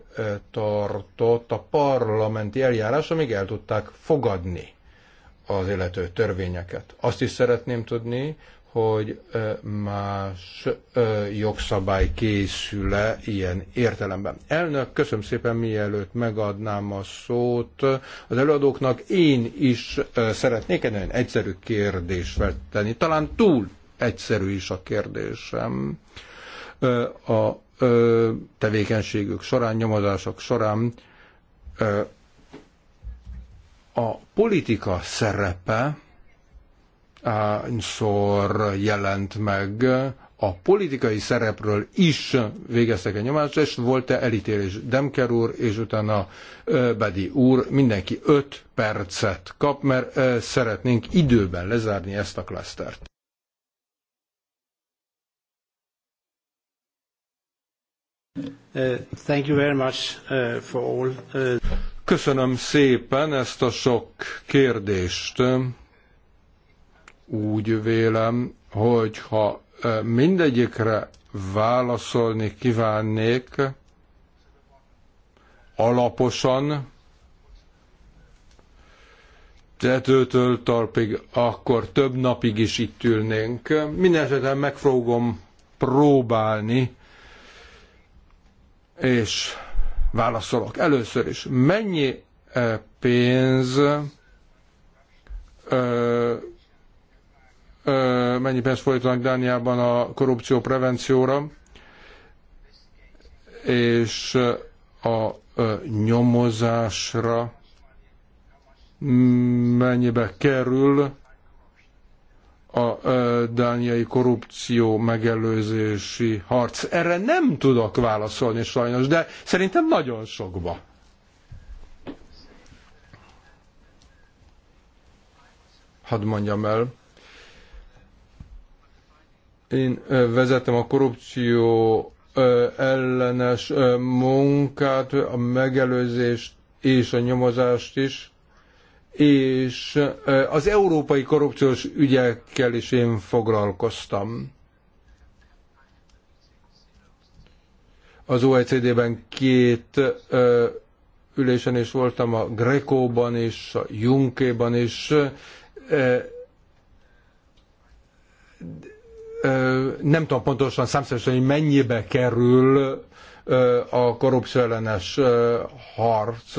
tartott a parlamenti eljárás, amíg el tudták fogadni az illető törvényeket. Azt is szeretném tudni, hogy más jogszabály készül-e ilyen értelemben. Elnök, köszönöm szépen, mielőtt megadnám a szót az előadóknak, én is szeretnék egy nagyon egyszerű kérdést feltenni, talán túl egyszerű is a kérdésem. A tevékenységük során, nyomozások során a politika szerepe szor jelent meg, a politikai szerepről is végeztek egy nyomást, és volt-e elítélés Demker úr, és utána Bedi úr, mindenki öt percet kap, mert szeretnénk időben lezárni ezt a klasztert. Uh, thank you very much uh, for all. Uh, Köszönöm szépen ezt a sok kérdést. Úgy vélem, hogy ha mindegyikre válaszolni kívánnék, alaposan, tetőtől talpig, akkor több napig is itt ülnénk. Mindenesetre meg fogom próbálni és válaszolok. Először is, mennyi pénz ö, ö, mennyi pénz folytatnak Dániában a korrupció prevencióra, és a ö, nyomozásra mennyibe kerül a dániai korrupció megelőzési harc. Erre nem tudok válaszolni sajnos, de szerintem nagyon sokba. Hadd mondjam el. Én vezetem a korrupció ellenes munkát, a megelőzést és a nyomozást is és az európai korrupciós ügyekkel is én foglalkoztam. Az OECD-ben két ülésen is voltam, a Grekóban is, a Junkéban is. Nem tudom pontosan számszerűen, hogy mennyibe kerül a korrupció ellenes harc,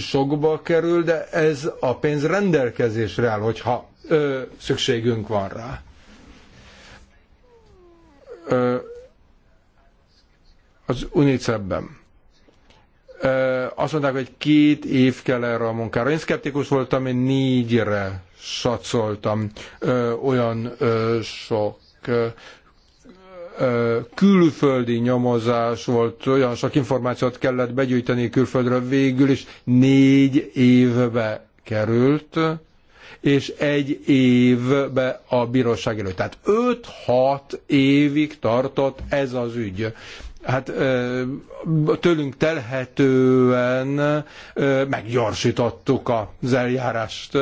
sokba kerül, de ez a pénz rendelkezésre áll, hogyha ö, szükségünk van rá. Ö, az UNICEF-ben. Azt mondták, hogy két év kell erre a munkára. Én szkeptikus voltam, én négyre satszoltam. Ö, olyan ö, sok külföldi nyomozás volt, olyan sok információt kellett begyűjteni külföldről, végül is négy évbe került, és egy évbe a bíróság előtt. Tehát 5-6 évig tartott ez az ügy. Hát tőlünk telhetően meggyorsítottuk az eljárást.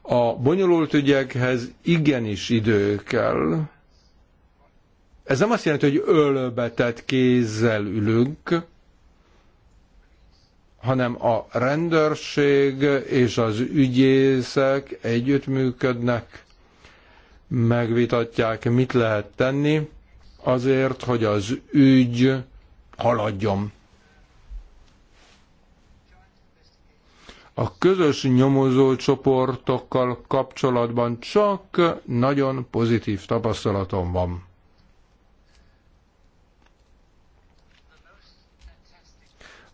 A bonyolult ügyekhez igenis idő kell ez nem azt jelenti, hogy ölbetett kézzel ülünk, hanem a rendőrség és az ügyészek együttműködnek, megvitatják, mit lehet tenni azért, hogy az ügy haladjon. A közös nyomozó csoportokkal kapcsolatban csak nagyon pozitív tapasztalatom van.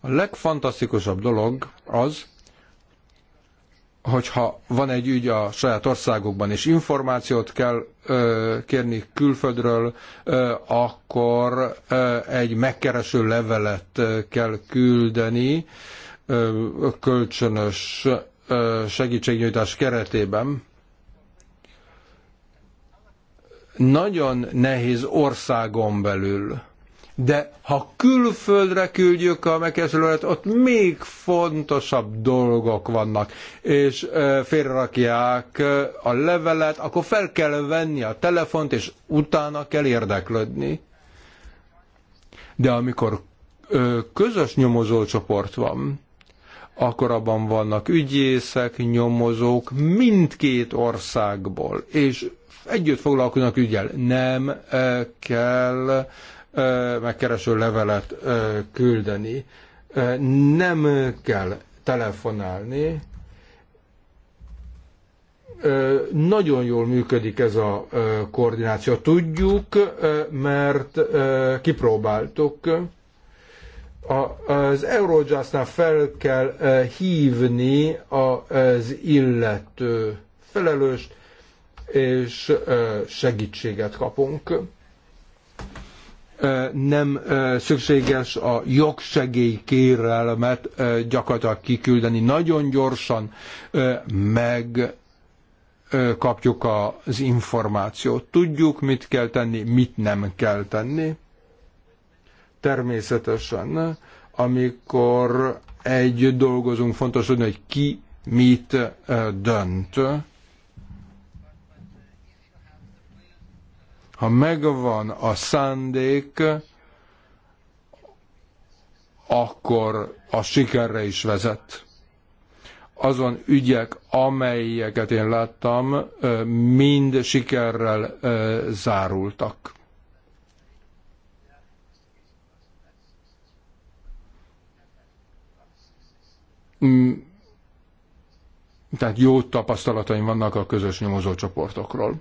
A legfantasztikusabb dolog az, hogyha van egy ügy a saját országokban, és információt kell ö, kérni külföldről, ö, akkor ö, egy megkereső levelet kell küldeni ö, kölcsönös ö, segítségnyújtás keretében. Nagyon nehéz országon belül de ha külföldre küldjük a megkeresőt, ott még fontosabb dolgok vannak, és félrerakják a levelet, akkor fel kell venni a telefont, és utána kell érdeklődni. De amikor közös nyomozó csoport van, akkor abban vannak ügyészek, nyomozók mindkét országból, és együtt foglalkoznak ügyel. Nem kell megkereső levelet küldeni. Nem kell telefonálni. Nagyon jól működik ez a koordináció. Tudjuk, mert kipróbáltuk. Az Eurojustnál fel kell hívni az illető felelőst, és segítséget kapunk nem szükséges a jogsegélykérelmet gyakorlatilag kiküldeni. Nagyon gyorsan meg kapjuk az információt. Tudjuk, mit kell tenni, mit nem kell tenni. Természetesen, amikor egy dolgozunk, fontos, hogy ki mit dönt Ha megvan a szándék, akkor a sikerre is vezet. Azon ügyek, amelyeket én láttam, mind sikerrel zárultak. Mm. Tehát jó tapasztalataim vannak a közös nyomozócsoportokról.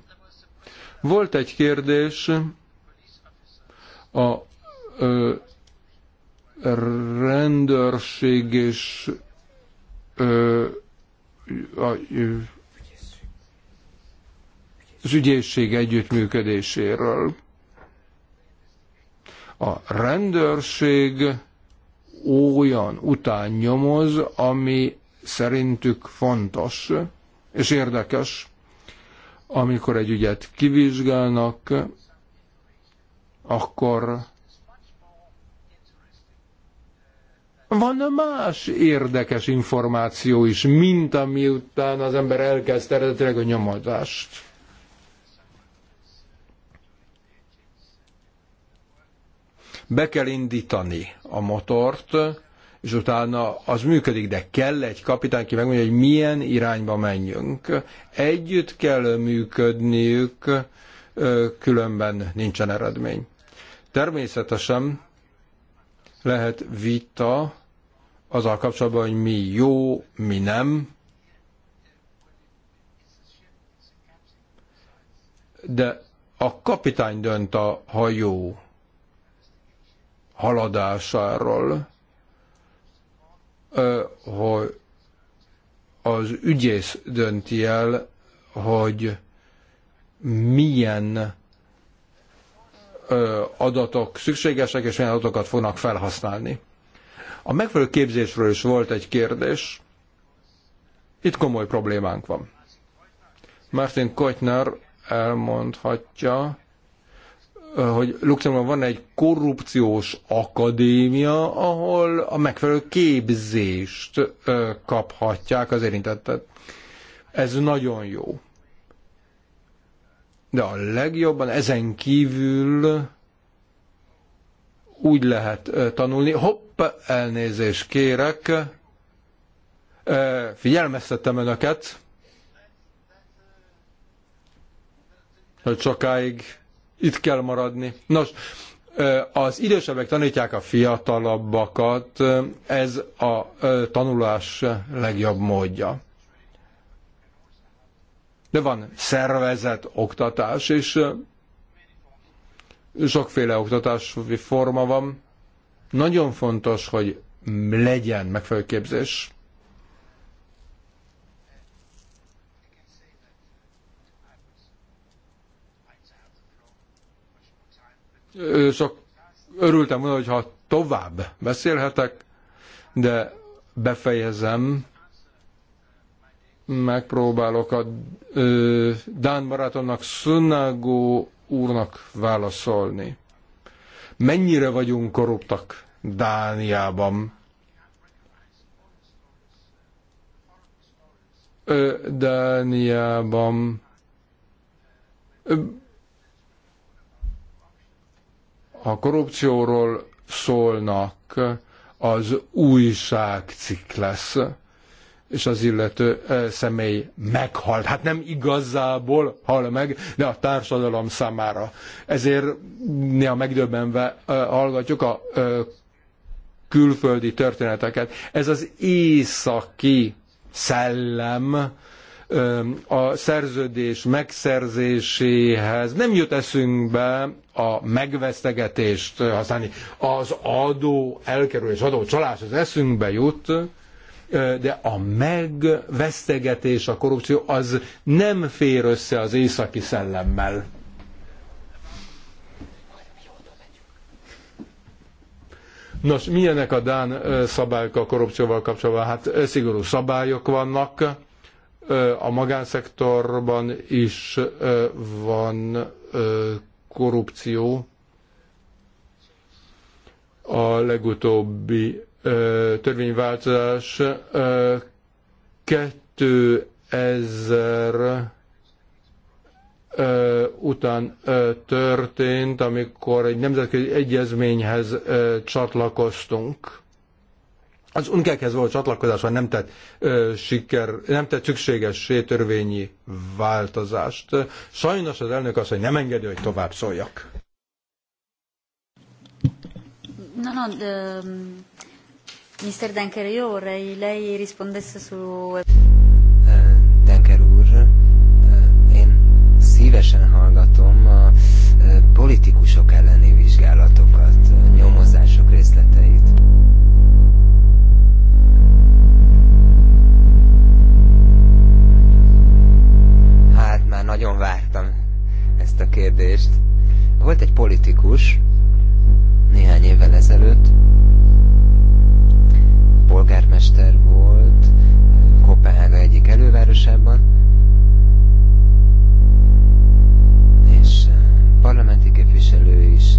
Volt egy kérdés a ö, rendőrség és ö, a, ö, az ügyészség együttműködéséről. A rendőrség olyan után nyomoz, ami szerintük fontos és érdekes. Amikor egy ügyet kivizsgálnak, akkor van más érdekes információ is, mint amiután az ember elkezd eredetileg a nyomadást. Be kell indítani a motort, és utána az működik, de kell egy kapitány, ki megmondja, hogy milyen irányba menjünk. Együtt kell működniük, különben nincsen eredmény. Természetesen lehet vita azzal kapcsolatban, hogy mi jó, mi nem, de a kapitány dönt a hajó haladásáról hogy az ügyész dönti el, hogy milyen adatok szükségesek, és milyen adatokat fognak felhasználni. A megfelelő képzésről is volt egy kérdés. Itt komoly problémánk van. Martin Koitner elmondhatja, hogy Luxemburgban van egy korrupciós akadémia, ahol a megfelelő képzést kaphatják az érintettet. Ez nagyon jó. De a legjobban ezen kívül úgy lehet tanulni. Hopp, elnézést kérek. Figyelmeztettem önöket, hogy sokáig itt kell maradni. Nos, az idősebbek tanítják a fiatalabbakat, ez a tanulás legjobb módja. De van szervezet oktatás, és sokféle oktatási forma van. Nagyon fontos, hogy legyen megfelelő képzés. sok örültem volna, hogyha tovább beszélhetek, de befejezem, megpróbálok a ö, Dán barátomnak, Szunágó úrnak válaszolni. Mennyire vagyunk korruptak Dániában? Ö, Dániában ö, a korrupcióról szólnak, az újságcikk lesz, és az illető személy meghalt. Hát nem igazából hal meg, de a társadalom számára. Ezért néha megdöbbenve hallgatjuk a külföldi történeteket. Ez az északi szellem, a szerződés megszerzéséhez nem jut eszünkbe a megvesztegetést használni. Az adó elkerülés, adó csalás az eszünkbe jut, de a megvesztegetés, a korrupció az nem fér össze az északi szellemmel. Nos, milyenek a Dán szabályok a korrupcióval kapcsolatban? Hát szigorú szabályok vannak, a magánszektorban is van korrupció. A legutóbbi törvényváltozás 2000 után történt, amikor egy nemzetközi egyezményhez csatlakoztunk az unkekhez való csatlakozás nem tett, ö, siker, nem tett szükséges törvényi változást. Sajnos az elnök azt, hogy nem engedi, hogy tovább szóljak. No, no, de, Mr. Mm, Denker, jó, vorrei lei rispondesse su... kérdést. Volt egy politikus néhány évvel ezelőtt, polgármester volt Kopenhága egyik elővárosában, és eh, parlamenti képviselő is,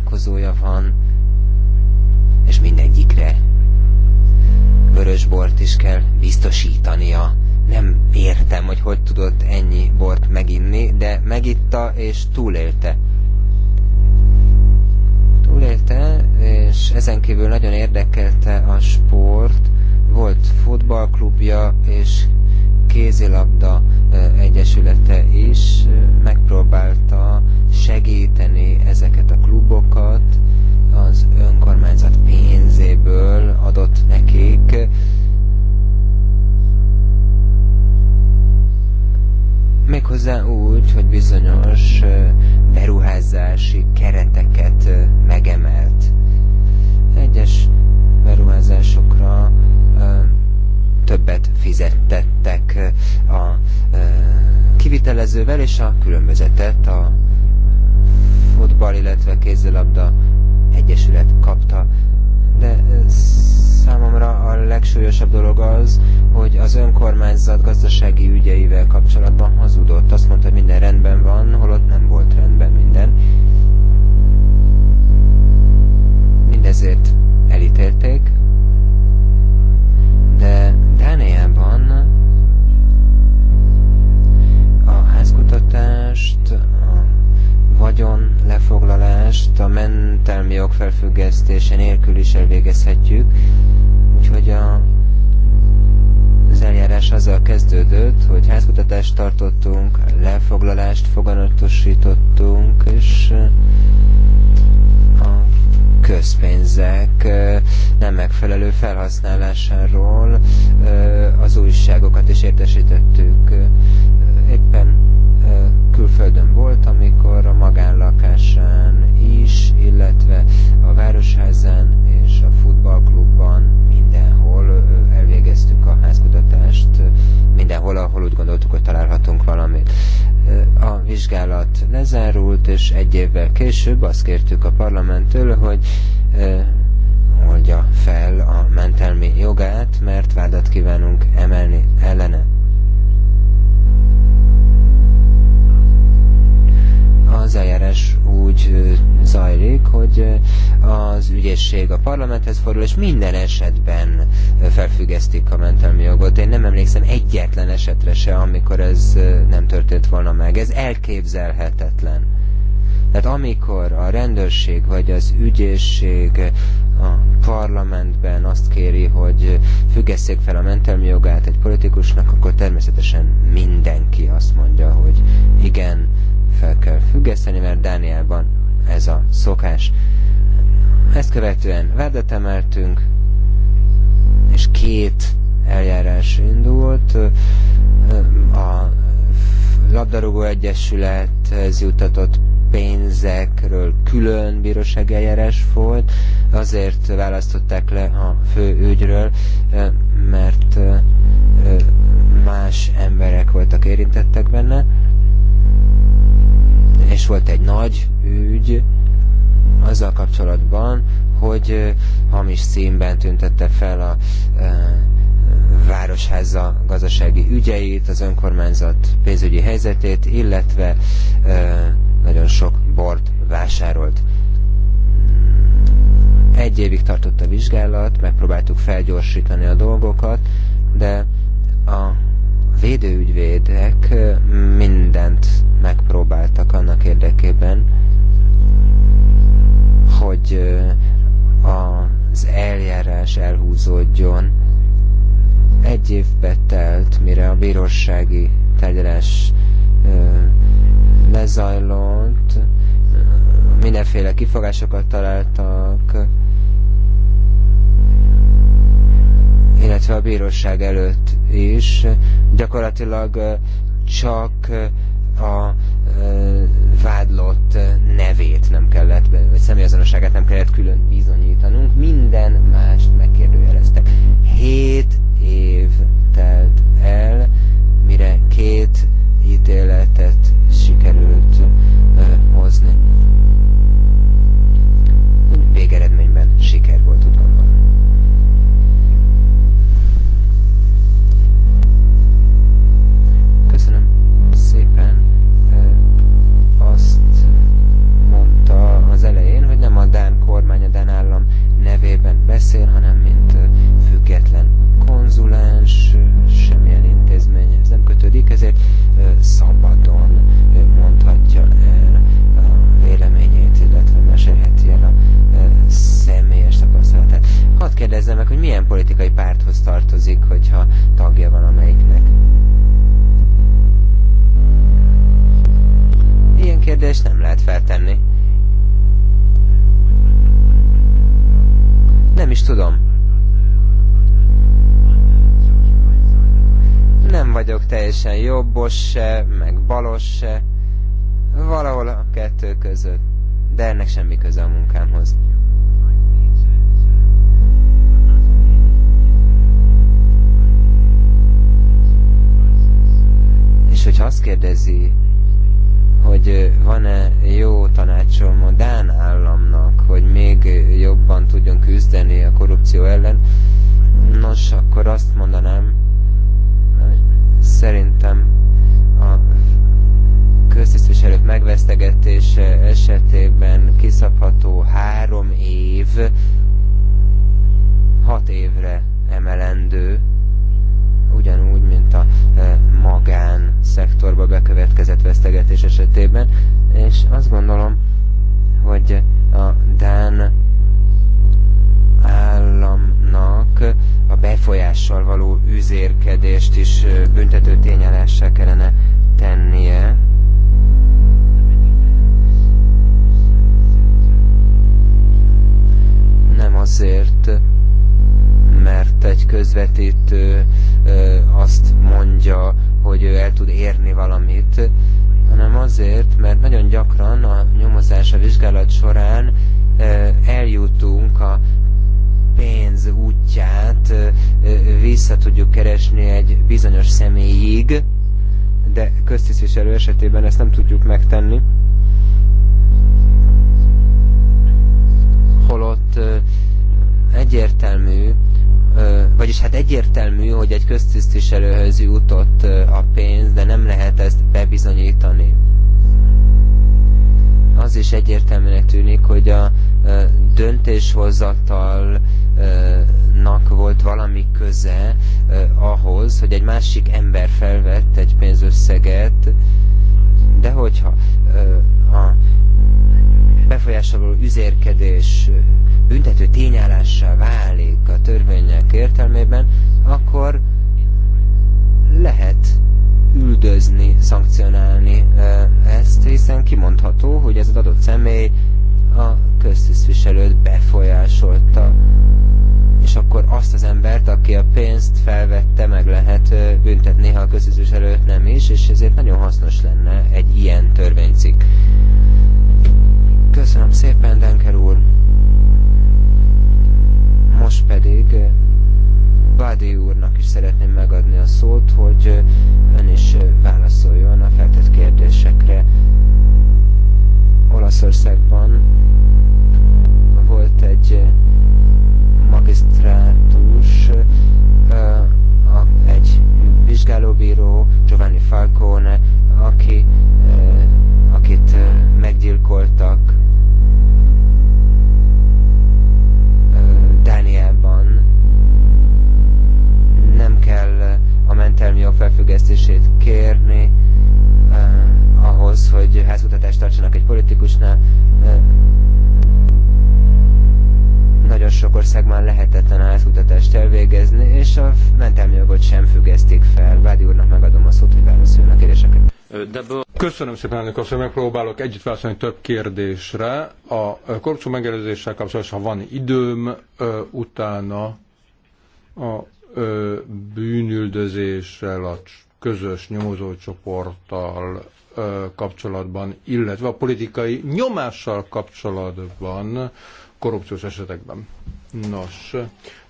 találkozója van, és mindegyikre vörös bort is kell biztosítania. Nem értem, hogy hogy tudott ennyi bort meginni, de megitta és túlélte. Túlélte, és ezen kívül nagyon érdekelte a sport, volt futballklubja, és kézilabda egyesülete is megpróbálta segíteni ezeket a klubokat az önkormányzat pénzéből adott nekik méghozzá úgy, hogy bizonyos beruházási kereteket megemelt. Egyes beruházásokra többet fizettettek a kivitelezővel, és a különbözetet a futball, illetve kézilabda egyesület kapta. De számomra a legsúlyosabb dolog az, hogy az önkormányzat gazdasági ügyeivel kapcsolatban hazudott. Azt mondta, hogy minden rendben van, holott nem volt rendben minden. Mindezért elítélték, Dániában a házkutatást, a vagyon lefoglalást a mentelmi jog nélkül is elvégezhetjük, úgyhogy a az eljárás azzal kezdődött, hogy házkutatást tartottunk, lefoglalást foganatosítottunk, és közpénzek nem megfelelő felhasználásáról az újságokat is értesítettük. Éppen külföldön volt, amikor a magánlakásán is, illetve a városházán és a futballklubban most mindenhol, ahol úgy gondoltuk, hogy találhatunk valamit. A vizsgálat lezárult, és egy évvel később azt kértük a parlamenttől, hogy oldja fel a mentelmi jogát, mert vádat kívánunk emelni ellene. Az eljárás úgy zajlik, hogy az ügyészség a parlamenthez fordul, és minden esetben felfüggesztik a mentelmi jogot. Én nem emlékszem egyetlen esetre se, amikor ez nem történt volna meg. Ez elképzelhetetlen. Tehát amikor a rendőrség vagy az ügyészség a parlamentben azt kéri, hogy függesszék fel a mentelmi jogát egy politikusnak, akkor természetesen mindenki azt mondja, hogy igen, fel kell függeszteni, mert Dániában ez a szokás. Ezt követően vádat emeltünk, és két eljárás indult. A labdarúgó egyesülethez jutatott pénzekről külön bírósági eljárás volt, azért választották le a fő ügyről, mert más emberek voltak érintettek benne és volt egy nagy ügy azzal kapcsolatban, hogy hamis színben tüntette fel a városháza gazdasági ügyeit, az önkormányzat pénzügyi helyzetét, illetve nagyon sok bort vásárolt. Egy évig tartott a vizsgálat, megpróbáltuk felgyorsítani a dolgokat, de a védőügyvédek mindent megpróbáltak annak érdekében, hogy az eljárás elhúzódjon. Egy évbe telt, mire a bírósági tárgyalás lezajlott, mindenféle kifogásokat találtak, illetve a bíróság előtt is gyakorlatilag csak a vádlott nevét nem kellett, vagy személyazonosságát nem kellett külön bizonyítanunk, minden mást megkérdőjeleztek. Hét év telt el, mire két ítéletet sikerült kérdezze meg, hogy milyen politikai párthoz tartozik, hogyha tagja van amelyiknek. Ilyen kérdést nem lehet feltenni. Nem is tudom. Nem vagyok teljesen jobbos se, meg balos se. Valahol a kettő között. De ennek semmi köze a munkámhoz. És hogyha azt kérdezi, hogy van-e jó tanácsom a Dán államnak, hogy még jobban tudjon küzdeni a korrupció ellen, nos, akkor azt mondanám, hogy szerintem a köztisztviselők megvesztegetése esetében kiszabható három év, hat évre emelendő, ugyanúgy, mint a e, magán szektorba bekövetkezett vesztegetés esetében, és azt gondolom, hogy a Dán államnak a befolyással való üzérkedést is e, büntető tényállássá kellene tennie. Nem azért, mert egy közvetítő azt mondja, hogy ő el tud érni valamit, hanem azért, mert nagyon gyakran a nyomozás, a vizsgálat során eljutunk a pénz útját, vissza tudjuk keresni egy bizonyos személyig, de köztisztviselő esetében ezt nem tudjuk megtenni. Holott egyértelmű, vagyis hát egyértelmű, hogy egy köztisztviselőhöz jutott a pénz, de nem lehet ezt bebizonyítani. Az is egyértelműnek tűnik, hogy a döntéshozatalnak volt valami köze ahhoz, hogy egy másik ember felvett egy pénzösszeget, de hogyha a befolyásoló üzérkedés büntető tényállássá válik a törvények értelmében, akkor lehet üldözni, szankcionálni ezt, hiszen kimondható, hogy ez az adott személy a köztisztviselőt befolyásolta. És akkor azt az embert, aki a pénzt felvette, meg lehet büntetni, ha a köztisztviselőt nem is, és ezért nagyon hasznos lenne egy ilyen törvénycikk. Köszönöm szépen, Denker úr! Most pedig eh, Bádi úrnak is szeretném megadni a szót, hogy eh, ön is eh, válaszoljon a feltett kérdésekre. Olaszországban volt egy magisztrátus, egy vizsgálóbíró, Giovanni Falcone, aki, akit meggyilkoltak egyértelmű jog felfüggesztését kérni eh, ahhoz, hogy házkutatást tartsanak egy politikusnál. Eh, nagyon sok országban lehetetlen házkutatást elvégezni, és a mentelmi jogot sem függesztik fel. Vádi úrnak megadom a szót, hogy válaszoljon a kérdéseket. Köszönöm szépen, elnök asszony, megpróbálok együtt válaszolni több kérdésre. A korrupció megelőzéssel kapcsolatban, ha van időm, eh, utána a bűnüldözéssel, a közös nyomozócsoporttal kapcsolatban, illetve a politikai nyomással kapcsolatban korrupciós esetekben. Nos,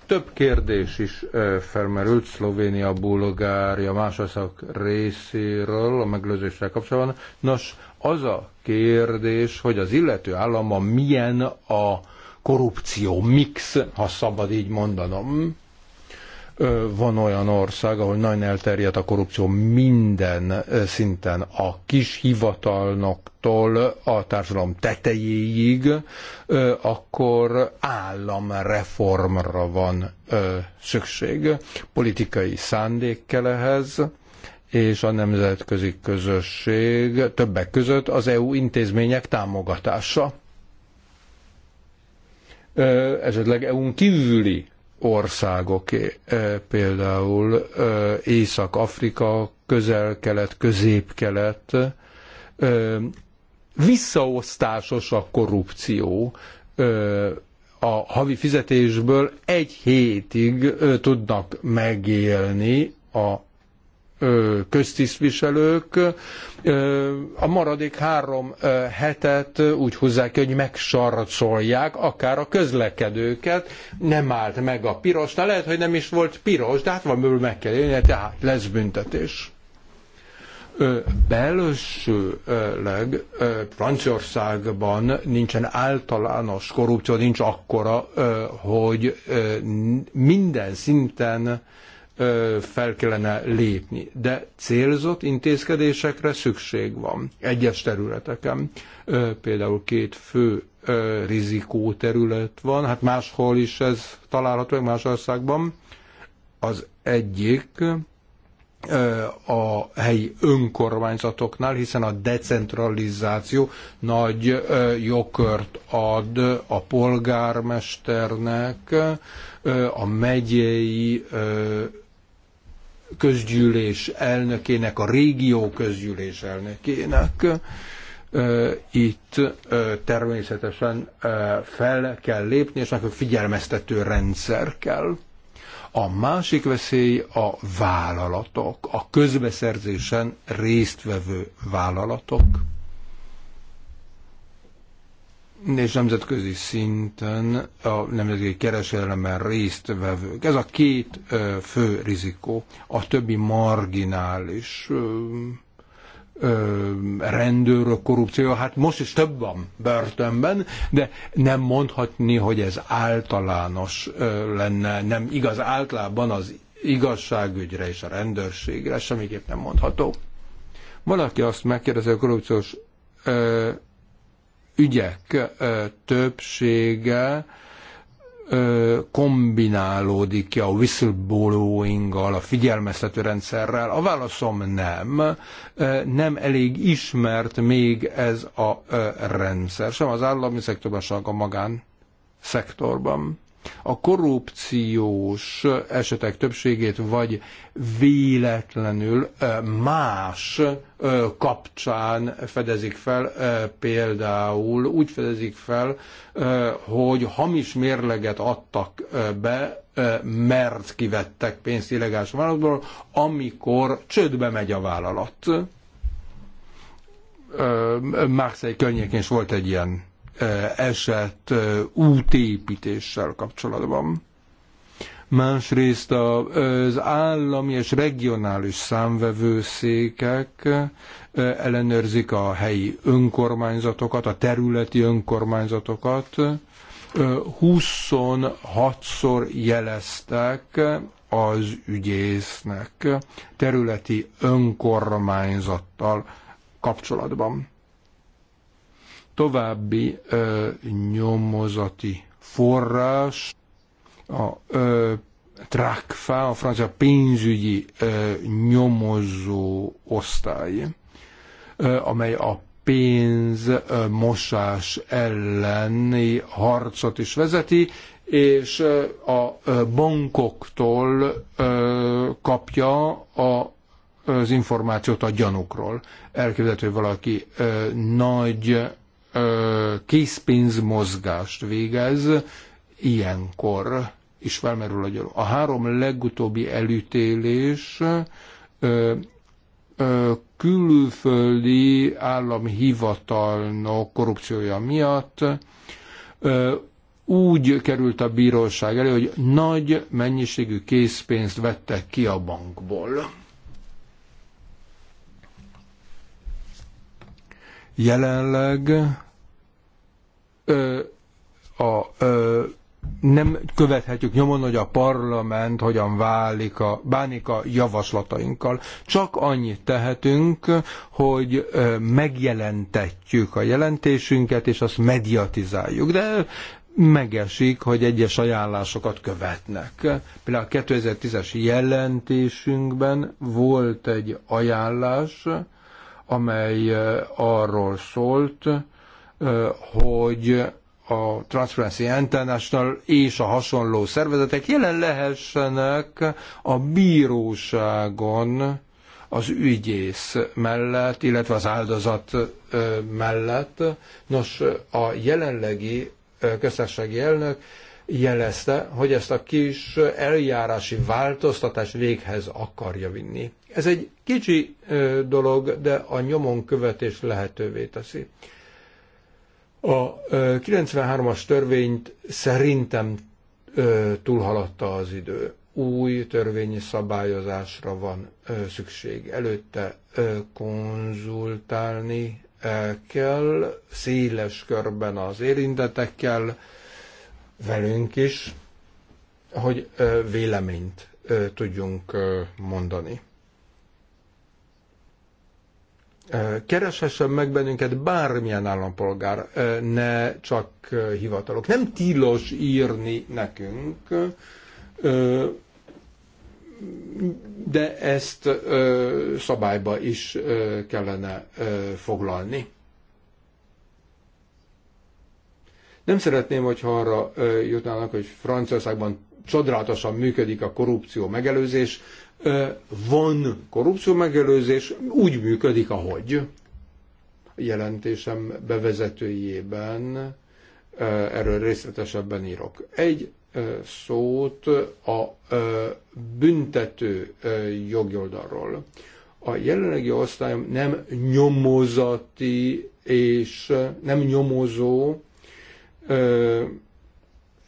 több kérdés is felmerült Szlovénia, Bulgária, más országok részéről a meglőzéssel kapcsolatban. Nos, az a kérdés, hogy az illető állama milyen a korrupció mix, ha szabad így mondanom van olyan ország, ahol nagyon elterjedt a korrupció minden szinten, a kis hivatalnoktól a társadalom tetejéig, akkor államreformra van szükség. Politikai szándék kell ehhez, és a nemzetközi közösség többek között az EU intézmények támogatása. Esetleg EU-n kívüli országoké, e, például e, Észak-Afrika, Közel-Kelet, Közép-Kelet, e, visszaosztásos a korrupció, a havi fizetésből egy hétig tudnak megélni a köztisztviselők. A maradék három hetet úgy húzzák, hogy megsarcolják, akár a közlekedőket. Nem állt meg a piros, de lehet, hogy nem is volt piros, de hát valamiből meg kell élni, tehát lesz büntetés belsőleg Franciaországban nincsen általános korrupció, nincs akkora, hogy minden szinten fel kellene lépni. De célzott intézkedésekre szükség van egyes területeken. Például két fő rizikó terület van, hát máshol is ez található, meg más országban. Az egyik a helyi önkormányzatoknál, hiszen a decentralizáció nagy jogkört ad a polgármesternek, a megyei közgyűlés elnökének, a régió közgyűlés elnökének. Itt természetesen fel kell lépni, és nekünk figyelmeztető rendszer kell. A másik veszély a vállalatok, a közbeszerzésen résztvevő vállalatok és nemzetközi szinten a nemzetközi kereselemben részt vevők. Ez a két ö, fő rizikó, a többi marginális ö, ö, rendőrök korrupció, hát most is több van börtönben, de nem mondhatni, hogy ez általános ö, lenne, nem igaz általában az igazságügyre és a rendőrségre, semmiképp nem mondható. Valaki azt megkérdezi a korrupciós ö, ügyek többsége kombinálódik ki a whistleblowing a figyelmeztető rendszerrel? A válaszom nem. Nem elég ismert még ez a rendszer, sem az állami szektorban, sem a magán szektorban a korrupciós esetek többségét vagy véletlenül más kapcsán fedezik fel, például úgy fedezik fel, hogy hamis mérleget adtak be, mert kivettek pénzt illegális vállalatból, amikor csődbe megy a vállalat. Marseille környékén is volt egy ilyen Eh, esett eh, útépítéssel kapcsolatban. Másrészt eh, az állami és regionális számvevőszékek ellenőrzik a helyi önkormányzatokat, a területi önkormányzatokat. 26-szor jeleztek az ügyésznek területi önkormányzattal kapcsolatban további ö, nyomozati forrás, a ö, TRACFA, a francia pénzügyi ö, nyomozó osztály, ö, amely a pénzmosás elleni harcot is vezeti, és a bankoktól kapja az információt a gyanukról. Elképzelhető, hogy valaki nagy készpénzmozgást végez, ilyenkor is felmerül a gyanú. A három legutóbbi elütélés külföldi államhivatalnok korrupciója miatt úgy került a bíróság elő, hogy nagy mennyiségű készpénzt vettek ki a bankból Jelenleg ö, a, ö, nem követhetjük nyomon, hogy a parlament hogyan válik a, bánik a javaslatainkkal. Csak annyit tehetünk, hogy ö, megjelentetjük a jelentésünket, és azt mediatizáljuk. De megesik, hogy egyes ajánlásokat követnek. Például a 2010-es jelentésünkben volt egy ajánlás, amely arról szólt, hogy a Transparency International és a hasonló szervezetek jelen lehessenek a bíróságon az ügyész mellett, illetve az áldozat mellett. Nos, a jelenlegi köztársasági elnök jelezte, hogy ezt a kis eljárási változtatást véghez akarja vinni. Ez egy kicsi dolog, de a nyomon követés lehetővé teszi. A 93-as törvényt szerintem túlhaladta az idő. Új törvényi szabályozásra van szükség. Előtte konzultálni kell, széles körben az érintetekkel, velünk is, hogy véleményt tudjunk mondani kereshessen meg bennünket bármilyen állampolgár, ne csak hivatalok. Nem tilos írni nekünk, de ezt szabályba is kellene foglalni. Nem szeretném, hogyha arra jutnának, hogy Franciaországban csodálatosan működik a korrupció megelőzés, van korrupció megelőzés, úgy működik, ahogy jelentésem bevezetőjében erről részletesebben írok. Egy szót a büntető oldalról. A jelenlegi osztályom nem nyomozati és nem nyomozó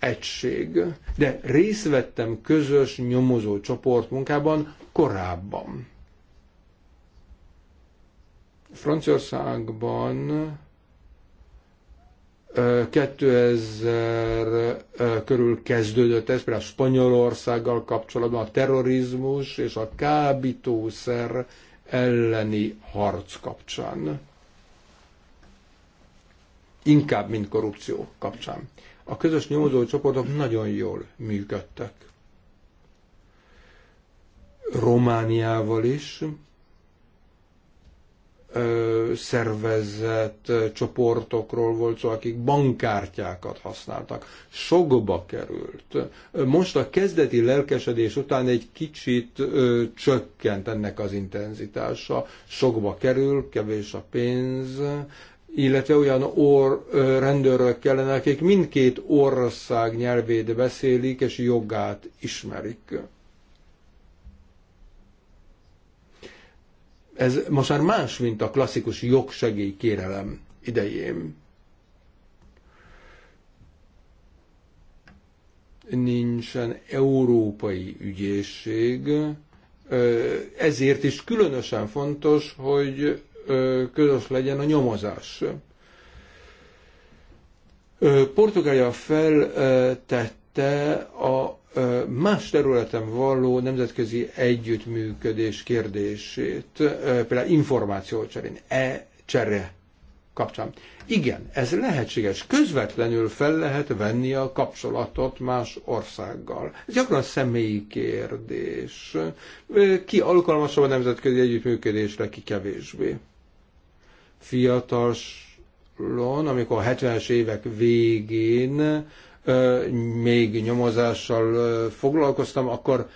egység, de részt vettem közös nyomozó csoportmunkában korábban. Franciaországban 2000 körül kezdődött ez, például Spanyolországgal kapcsolatban a terrorizmus és a kábítószer elleni harc kapcsán. Inkább, mint korrupció kapcsán. A közös nyomozó csoportok nagyon jól működtek. Romániával is ö, szervezett csoportokról volt szó, akik bankkártyákat használtak. Sokba került. Most a kezdeti lelkesedés után egy kicsit ö, csökkent ennek az intenzitása. Sokba kerül, kevés a pénz, illetve olyan or, rendőrök kellene, akik mindkét ország nyelvét beszélik és jogát ismerik. Ez most már más, mint a klasszikus jogsegélykérelem idején. Nincsen európai ügyészség, ezért is különösen fontos, hogy közös legyen a nyomozás. Portugália feltette a más területen való nemzetközi együttműködés kérdését, például információcserén, e-csere kapcsán. Igen, ez lehetséges. Közvetlenül fel lehet venni a kapcsolatot más országgal. Ez gyakran személyi kérdés. Ki alkalmasabb a nemzetközi együttműködésre, ki kevésbé fiatalon, amikor a 70-es évek végén még nyomozással foglalkoztam, akkor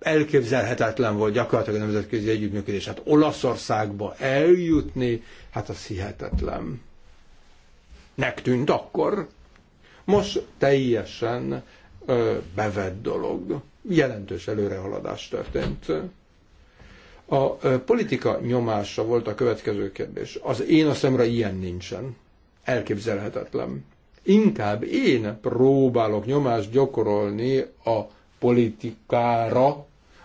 elképzelhetetlen volt gyakorlatilag a nemzetközi együttműködés. Hát Olaszországba eljutni, hát az hihetetlen. Megtűnt akkor. Most teljesen bevett dolog. Jelentős előrehaladás történt. A politika nyomása volt a következő kérdés. Az én a szemre ilyen nincsen. Elképzelhetetlen. Inkább én próbálok nyomást gyakorolni a politikára,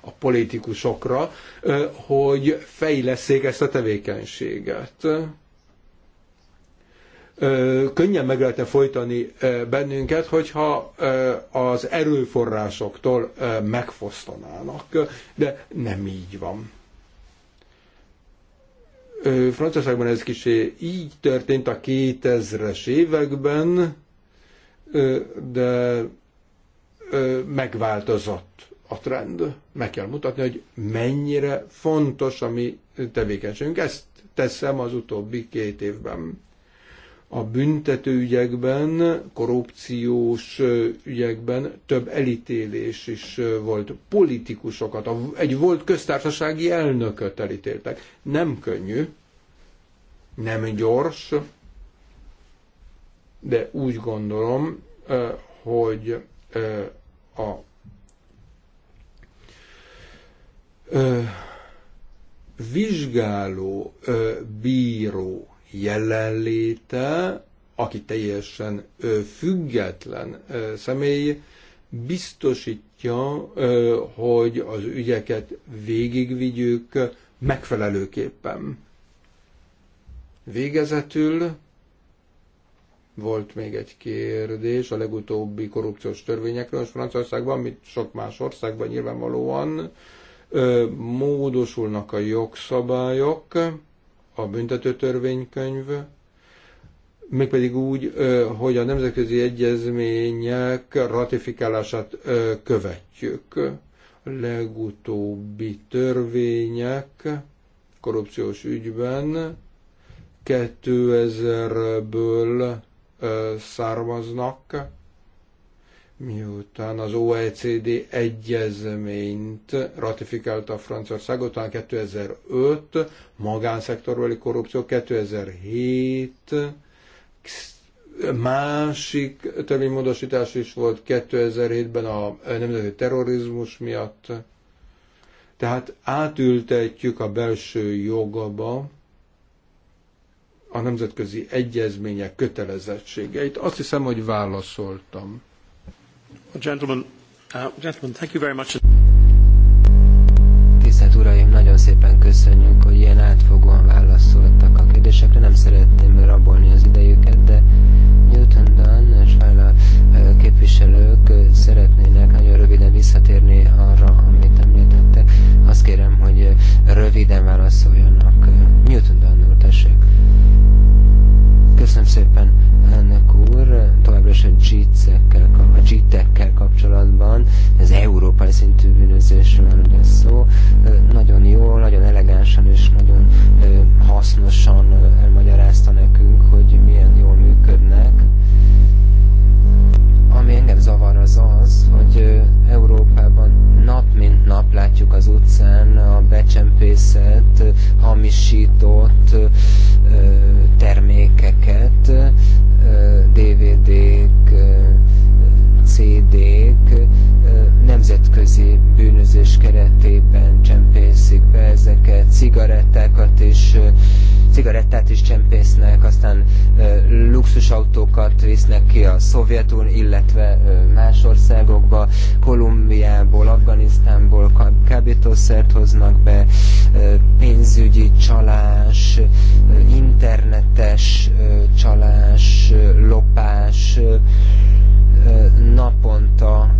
a politikusokra, hogy fejleszék ezt a tevékenységet könnyen meg lehetne folytani bennünket, hogyha az erőforrásoktól megfosztanának, de nem így van. Franciaországban ez kisé így történt a 2000-es években, de megváltozott a trend. Meg kell mutatni, hogy mennyire fontos a mi tevékenységünk. Ezt teszem az utóbbi két évben. A ügyekben, korrupciós ügyekben több elítélés is volt. Politikusokat, egy volt köztársasági elnököt elítéltek. Nem könnyű, nem gyors, de úgy gondolom, hogy a vizsgáló bíró jelenléte, aki teljesen független személy, biztosítja, hogy az ügyeket végigvigyük megfelelőképpen. Végezetül volt még egy kérdés a legutóbbi korrupciós törvényekről, most Franciaországban, mint sok más országban nyilvánvalóan módosulnak a jogszabályok, a büntetőtörvénykönyv, mégpedig úgy, hogy a nemzetközi egyezmények ratifikálását követjük. A legutóbbi törvények korrupciós ügyben 2000-ből származnak, miután az OECD egyezményt ratifikálta Franciaország, utána 2005, magánszektorbeli korrupció 2007, másik törvénymódosítás is volt 2007-ben a nemzeti terrorizmus miatt. Tehát átültetjük a belső jogaba a nemzetközi egyezmények kötelezettségeit. Azt hiszem, hogy válaszoltam gentlemen, uh, gentlemen, thank you very much. Tisztelt Uraim, nagyon szépen köszönjük, hogy ilyen átfogóan válaszoltak a kérdésekre. Nem szeretném rabolni az idejüket, de Newton Dunn és Fajla képviselők szeretnének nagyon röviden visszatérni arra, amit említettek. Azt kérem, hogy röviden válaszoljanak. Newton Dunn úr, tessék. Köszönöm szépen, ennek úr. Továbbra is a GIT-ekkel kapcsolatban, ez európai szintű bűnözésről lesz szó. Nagyon jó, nagyon elegánsan és nagyon hasznosan elmagyarázta nekünk, hogy milyen zavar az az, hogy Európában nap mint nap látjuk az utcán a becsempészet, hamisított termékeket, DVD-k, CD-k, nemzetközi bűnözés keretében csempészik be ezeket, cigarettákat is, cigarettát is csempésznek, aztán luxusautókat visznek ki a Szovjetun, illetve más országokba, Kolumbiából, Afganisztánból kábítószert hoznak be, pénzügyi csalás, internetes csalás, lopás, naponta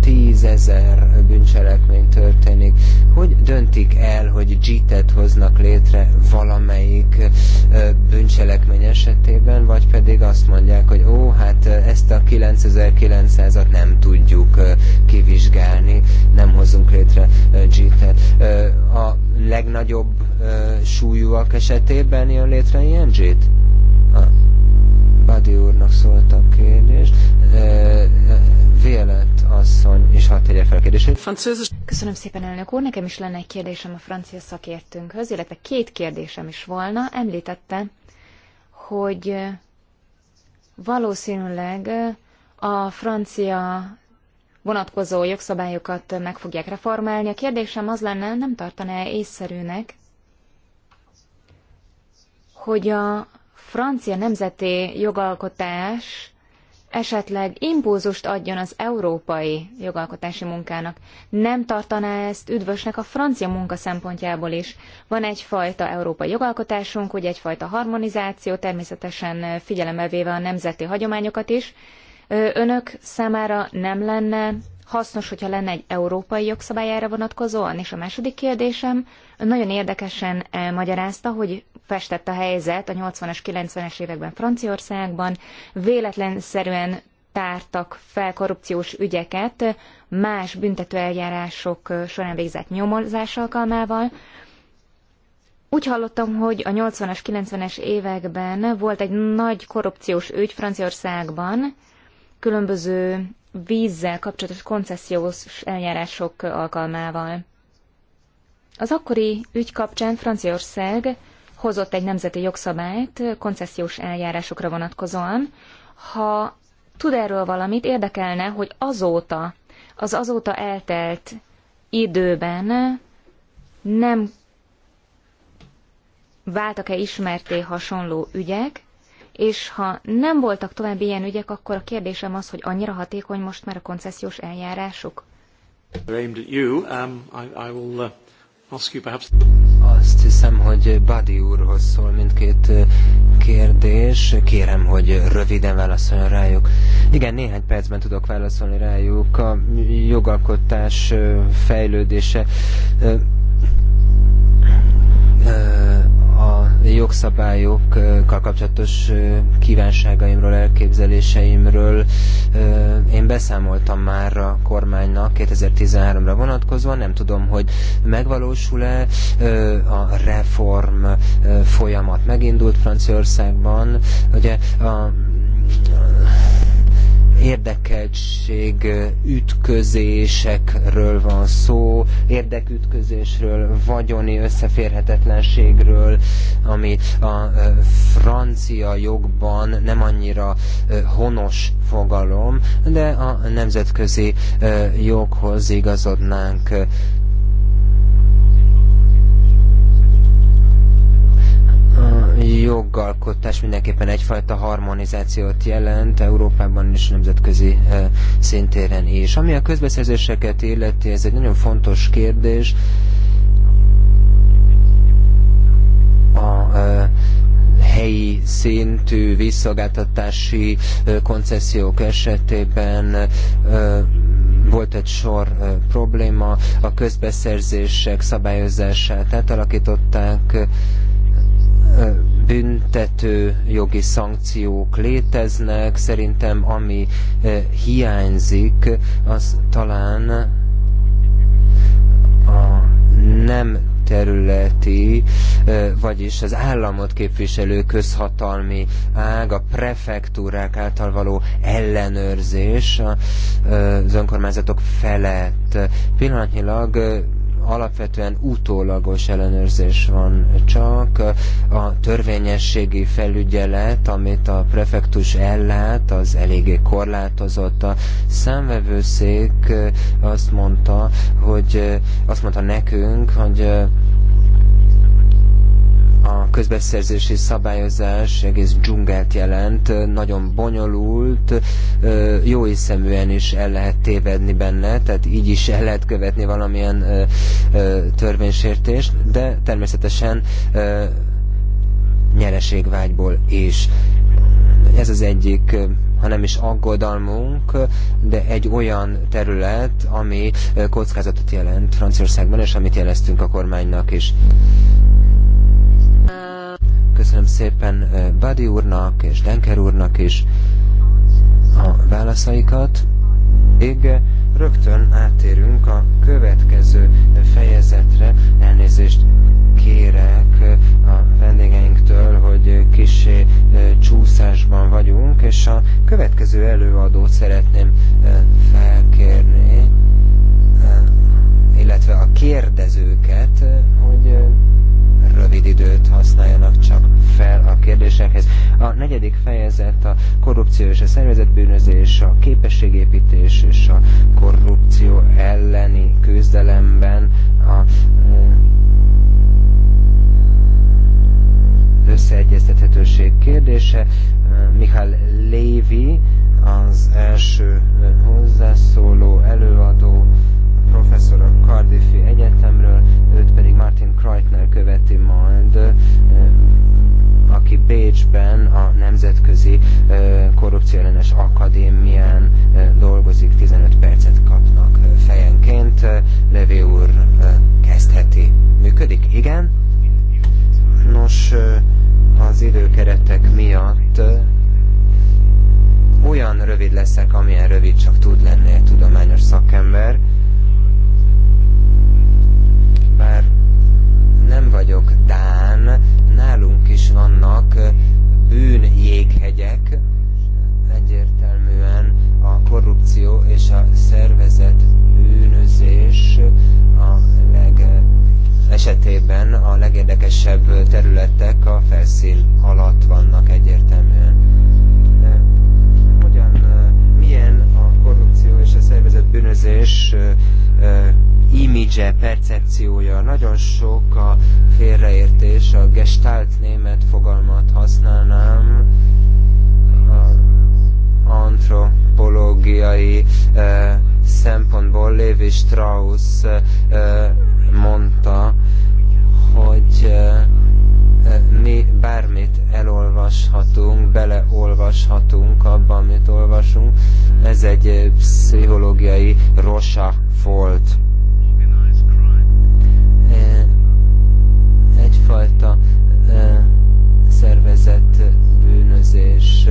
tízezer bűncselekmény történik. Hogy döntik el, hogy JIT-et hoznak létre valamelyik bűncselekmény esetében, vagy pedig azt mondják, hogy ó, hát ezt a 9900-at nem tudjuk kivizsgálni, nem hozunk létre JIT-et. A legnagyobb súlyúak esetében jön létre ilyen JIT? Badi úrnak szólt a kérdés. Vélet asszony is hadd tegye fel a kérdését. Köszönöm szépen, elnök úr. Nekem is lenne egy kérdésem a francia szakértőnkhöz, illetve két kérdésem is volna. Említette, hogy valószínűleg a francia vonatkozó jogszabályokat meg fogják reformálni. A kérdésem az lenne, nem tartaná -e észszerűnek, hogy a francia nemzeti jogalkotás esetleg impulzust adjon az európai jogalkotási munkának. Nem tartaná ezt üdvösnek a francia munka szempontjából is. Van egyfajta európai jogalkotásunk, ugye egyfajta harmonizáció, természetesen figyelembe véve a nemzeti hagyományokat is. Önök számára nem lenne hasznos, hogyha lenne egy európai jogszabályára vonatkozóan, és a második kérdésem nagyon érdekesen magyarázta, hogy festett a helyzet a 80-as, 90-es években Franciaországban, véletlenszerűen tártak fel korrupciós ügyeket más büntetőeljárások során végzett nyomozás alkalmával. Úgy hallottam, hogy a 80-as, 90-es években volt egy nagy korrupciós ügy Franciaországban, különböző vízzel kapcsolatos koncesziós eljárások alkalmával. Az akkori ügy kapcsán Franciaország hozott egy nemzeti jogszabályt koncesziós eljárásokra vonatkozóan. Ha tud erről valamit, érdekelne, hogy azóta, az azóta eltelt időben nem váltak-e ismerté hasonló ügyek, és ha nem voltak további ilyen ügyek, akkor a kérdésem az, hogy annyira hatékony most már a koncesziós eljárásuk? Um, uh, Azt hiszem, hogy Badi úrhoz szól mindkét uh, kérdés. Kérem, hogy röviden válaszoljon rájuk. Igen, néhány percben tudok válaszolni rájuk. A jogalkotás uh, fejlődése jogszabályokkal kapcsolatos kívánságaimról, elképzeléseimről én beszámoltam már a kormánynak 2013-ra vonatkozóan, nem tudom, hogy megvalósul-e a reform folyamat megindult Franciaországban, ugye a érdekeltség ütközésekről van szó, érdekütközésről, vagyoni összeférhetetlenségről, ami a francia jogban nem annyira honos fogalom, de a nemzetközi joghoz igazodnánk jogalkotás mindenképpen egyfajta harmonizációt jelent Európában és nemzetközi eh, szintéren is. Ami a közbeszerzéseket illeti, ez egy nagyon fontos kérdés. A eh, helyi szintű visszolgáltatási eh, koncesziók esetében volt egy sor probléma, a közbeszerzések szabályozását átalakították, büntető jogi szankciók léteznek. Szerintem ami eh, hiányzik, az talán a nem területi, eh, vagyis az államot képviselő közhatalmi ág, a prefektúrák által való ellenőrzés eh, az önkormányzatok felett. Pillanatnyilag alapvetően utólagos ellenőrzés van csak. A törvényességi felügyelet, amit a prefektus ellát, az eléggé korlátozott. A számvevőszék azt mondta, hogy azt mondta nekünk, hogy a közbeszerzési szabályozás egész dzsungelt jelent, nagyon bonyolult, jó is el lehet tévedni benne, tehát így is el lehet követni valamilyen törvénysértést, de természetesen nyereségvágyból is. Ez az egyik ha nem is aggodalmunk, de egy olyan terület, ami kockázatot jelent Franciaországban, és amit jeleztünk a kormánynak is. Köszönöm szépen eh, Badi úrnak és Denker úrnak is a válaszaikat. Még eh, rögtön áttérünk a következő fejezetre. Elnézést kérek eh, a vendégeinktől, hogy kisé csúszásban vagyunk, és a következő előadót szeretném felkérni, illetve a kérdezőket, hogy rövid időt használjanak csak fel a kérdésekhez. A negyedik fejezet a korrupció és a szervezetbűnözés, a képességépítés és a korrupció elleni küzdelemben a összeegyeztethetőség kérdése. Mihály Lévi, az első hozzászóló előadó professzor a Cardiffi Egyetemről, őt pedig Martin Kreutner követi majd, aki Bécsben a Nemzetközi Korrupcióellenes Akadémián dolgozik, 15 percet kapnak fejenként. Levi úr kezdheti. Működik? Igen? Nos, az időkeretek miatt olyan rövid leszek, amilyen rövid csak tud lenni egy tudományos szakember bár nem vagyok Dán, nálunk is vannak bűnjéghegyek, egyértelműen a korrupció és a szervezet bűnözés a leg esetében a legérdekesebb területek a felszín alatt vannak egyértelműen. De hogyan, milyen korrupció és a szervezett bűnözés imidzse, percepciója. Nagyon sok a félreértés, a gestalt német fogalmat használnám, a antropológiai eh, szempontból Lévi Strauss eh, mondta, hogy eh, mi bármit elolvashatunk, beleolvashatunk abba, amit olvasunk. Ez egy eh, pszichológiai rosa volt. Eh, egyfajta eh, szervezett bűnözés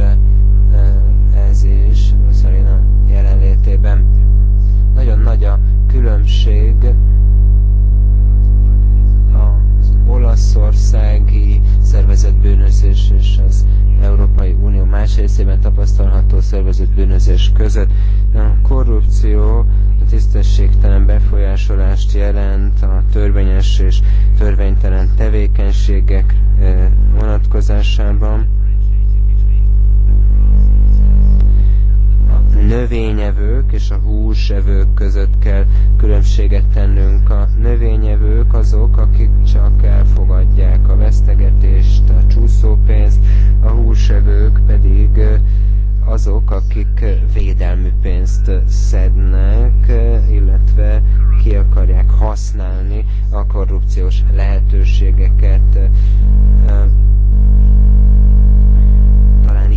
ez is, Rosalina jelenlétében. Nagyon nagy a különbség az Olaszország részében tapasztalható szervezett bűnözés között. A korrupció a tisztességtelen befolyásolást jelent a törvényes és törvénytelen tevékenységek eh, vonatkozásában növényevők és a húsevők között kell különbséget tennünk. A növényevők azok, akik csak elfogadják a vesztegetést, a csúszópénzt, a húsevők pedig azok, akik védelmű pénzt szednek, illetve ki akarják használni a korrupciós lehetőségeket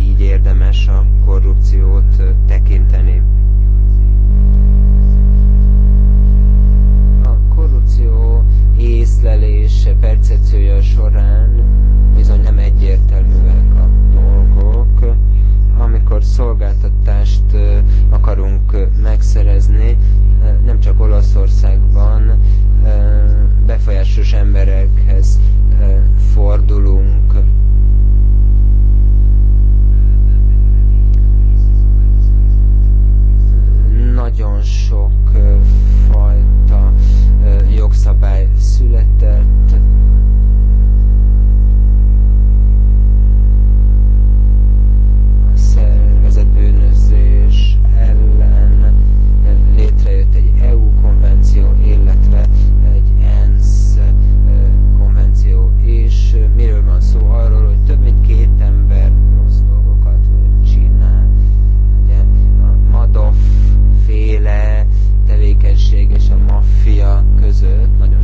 így érdemes a korrupciót tekinteni. A korrupció észlelése, percepciója során bizony nem egyértelműek a dolgok. Amikor szolgáltatást akarunk megszerezni, nem csak Olaszországban befolyásos emberekhez fordulunk, Nagyon sok fajta jogszabály született, szervezetbűnözés el között nagyon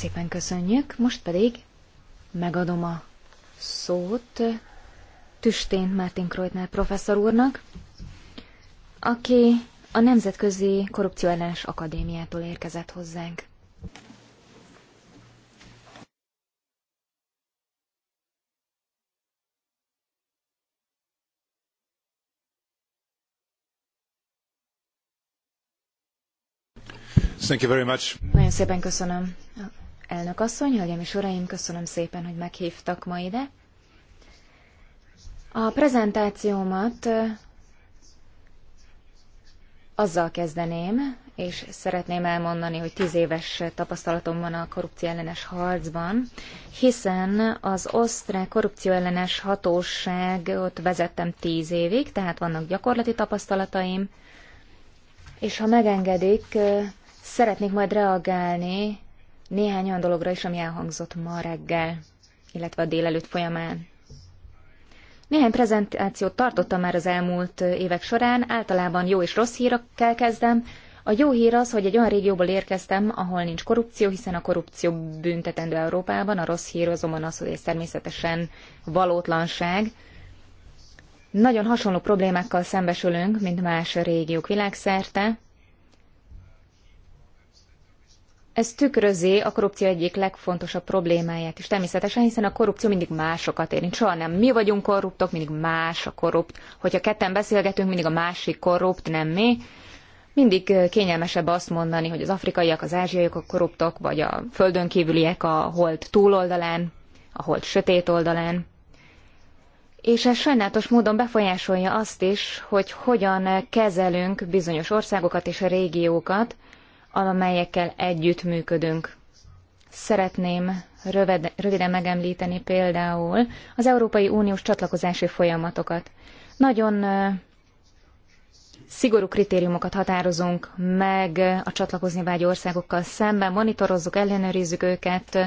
szépen köszönjük. Most pedig megadom a szót Tüstén Martin Kreutner professzor úrnak, aki a Nemzetközi Korrupcióellenes Akadémiától érkezett hozzánk. Thank you very much. Nagyon szépen köszönöm Elnök asszony, hölgyem és uraim, köszönöm szépen, hogy meghívtak ma ide. A prezentációmat azzal kezdeném, és szeretném elmondani, hogy tíz éves tapasztalatom van a korrupcióellenes harcban, hiszen az osztrák korrupcióellenes hatóságot vezettem tíz évig, tehát vannak gyakorlati tapasztalataim, és ha megengedik, szeretnék majd reagálni néhány olyan dologra is, ami elhangzott ma reggel, illetve a délelőtt folyamán. Néhány prezentációt tartottam már az elmúlt évek során, általában jó és rossz hírekkel kezdem. A jó hír az, hogy egy olyan régióból érkeztem, ahol nincs korrupció, hiszen a korrupció büntetendő Európában, a rossz hír azonban az, hogy ez természetesen valótlanság. Nagyon hasonló problémákkal szembesülünk, mint más régiók világszerte, Ez tükrözi a korrupció egyik legfontosabb problémáját is természetesen, hiszen a korrupció mindig másokat érint. Soha nem mi vagyunk korruptok, mindig más a korrupt. Hogyha ketten beszélgetünk, mindig a másik korrupt, nem mi. Mindig kényelmesebb azt mondani, hogy az afrikaiak, az ázsiaiak a korruptok, vagy a földön kívüliek a hold túloldalán, a hold sötét oldalán. És ez sajnálatos módon befolyásolja azt is, hogy hogyan kezelünk bizonyos országokat és a régiókat, amelyekkel együttműködünk. Szeretném röved, röviden megemlíteni például az Európai Uniós csatlakozási folyamatokat. Nagyon szigorú kritériumokat határozunk meg a csatlakozni vágyó országokkal szemben, monitorozzuk, ellenőrizzük őket,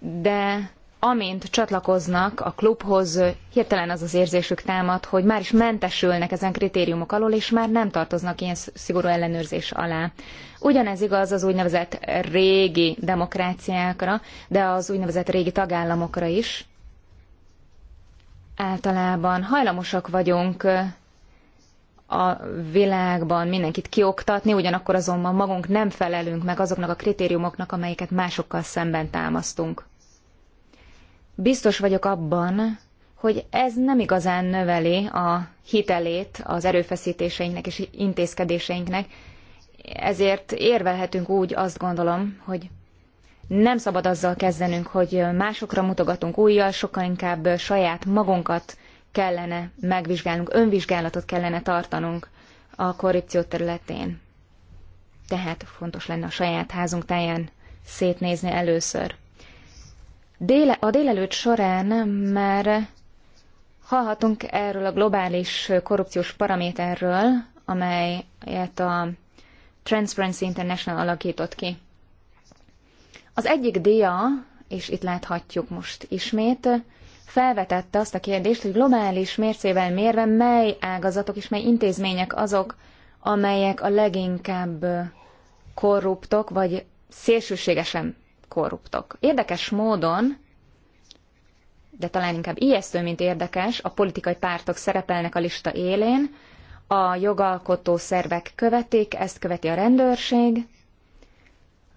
de amint csatlakoznak a klubhoz, hirtelen az az érzésük támad, hogy már is mentesülnek ezen kritériumok alól, és már nem tartoznak ilyen szigorú ellenőrzés alá. Ugyanez igaz az úgynevezett régi demokráciákra, de az úgynevezett régi tagállamokra is. Általában hajlamosak vagyunk a világban mindenkit kioktatni, ugyanakkor azonban magunk nem felelünk meg azoknak a kritériumoknak, amelyeket másokkal szemben támasztunk. Biztos vagyok abban, hogy ez nem igazán növeli a hitelét az erőfeszítéseinknek és intézkedéseinknek, ezért érvelhetünk úgy, azt gondolom, hogy nem szabad azzal kezdenünk, hogy másokra mutogatunk újjal, sokkal inkább saját magunkat kellene megvizsgálnunk, önvizsgálatot kellene tartanunk a korrupció területén. Tehát fontos lenne a saját házunk táján szétnézni először. Déle, a délelőtt során már hallhatunk erről a globális korrupciós paraméterről, amelyet a Transparency International alakított ki. Az egyik dia, és itt láthatjuk most ismét, felvetette azt a kérdést, hogy globális mércével mérve mely ágazatok és mely intézmények azok, amelyek a leginkább korruptok, vagy szélsőségesen korruptok. Érdekes módon, de talán inkább ijesztő, mint érdekes, a politikai pártok szerepelnek a lista élén, a jogalkotó szervek követik, ezt követi a rendőrség,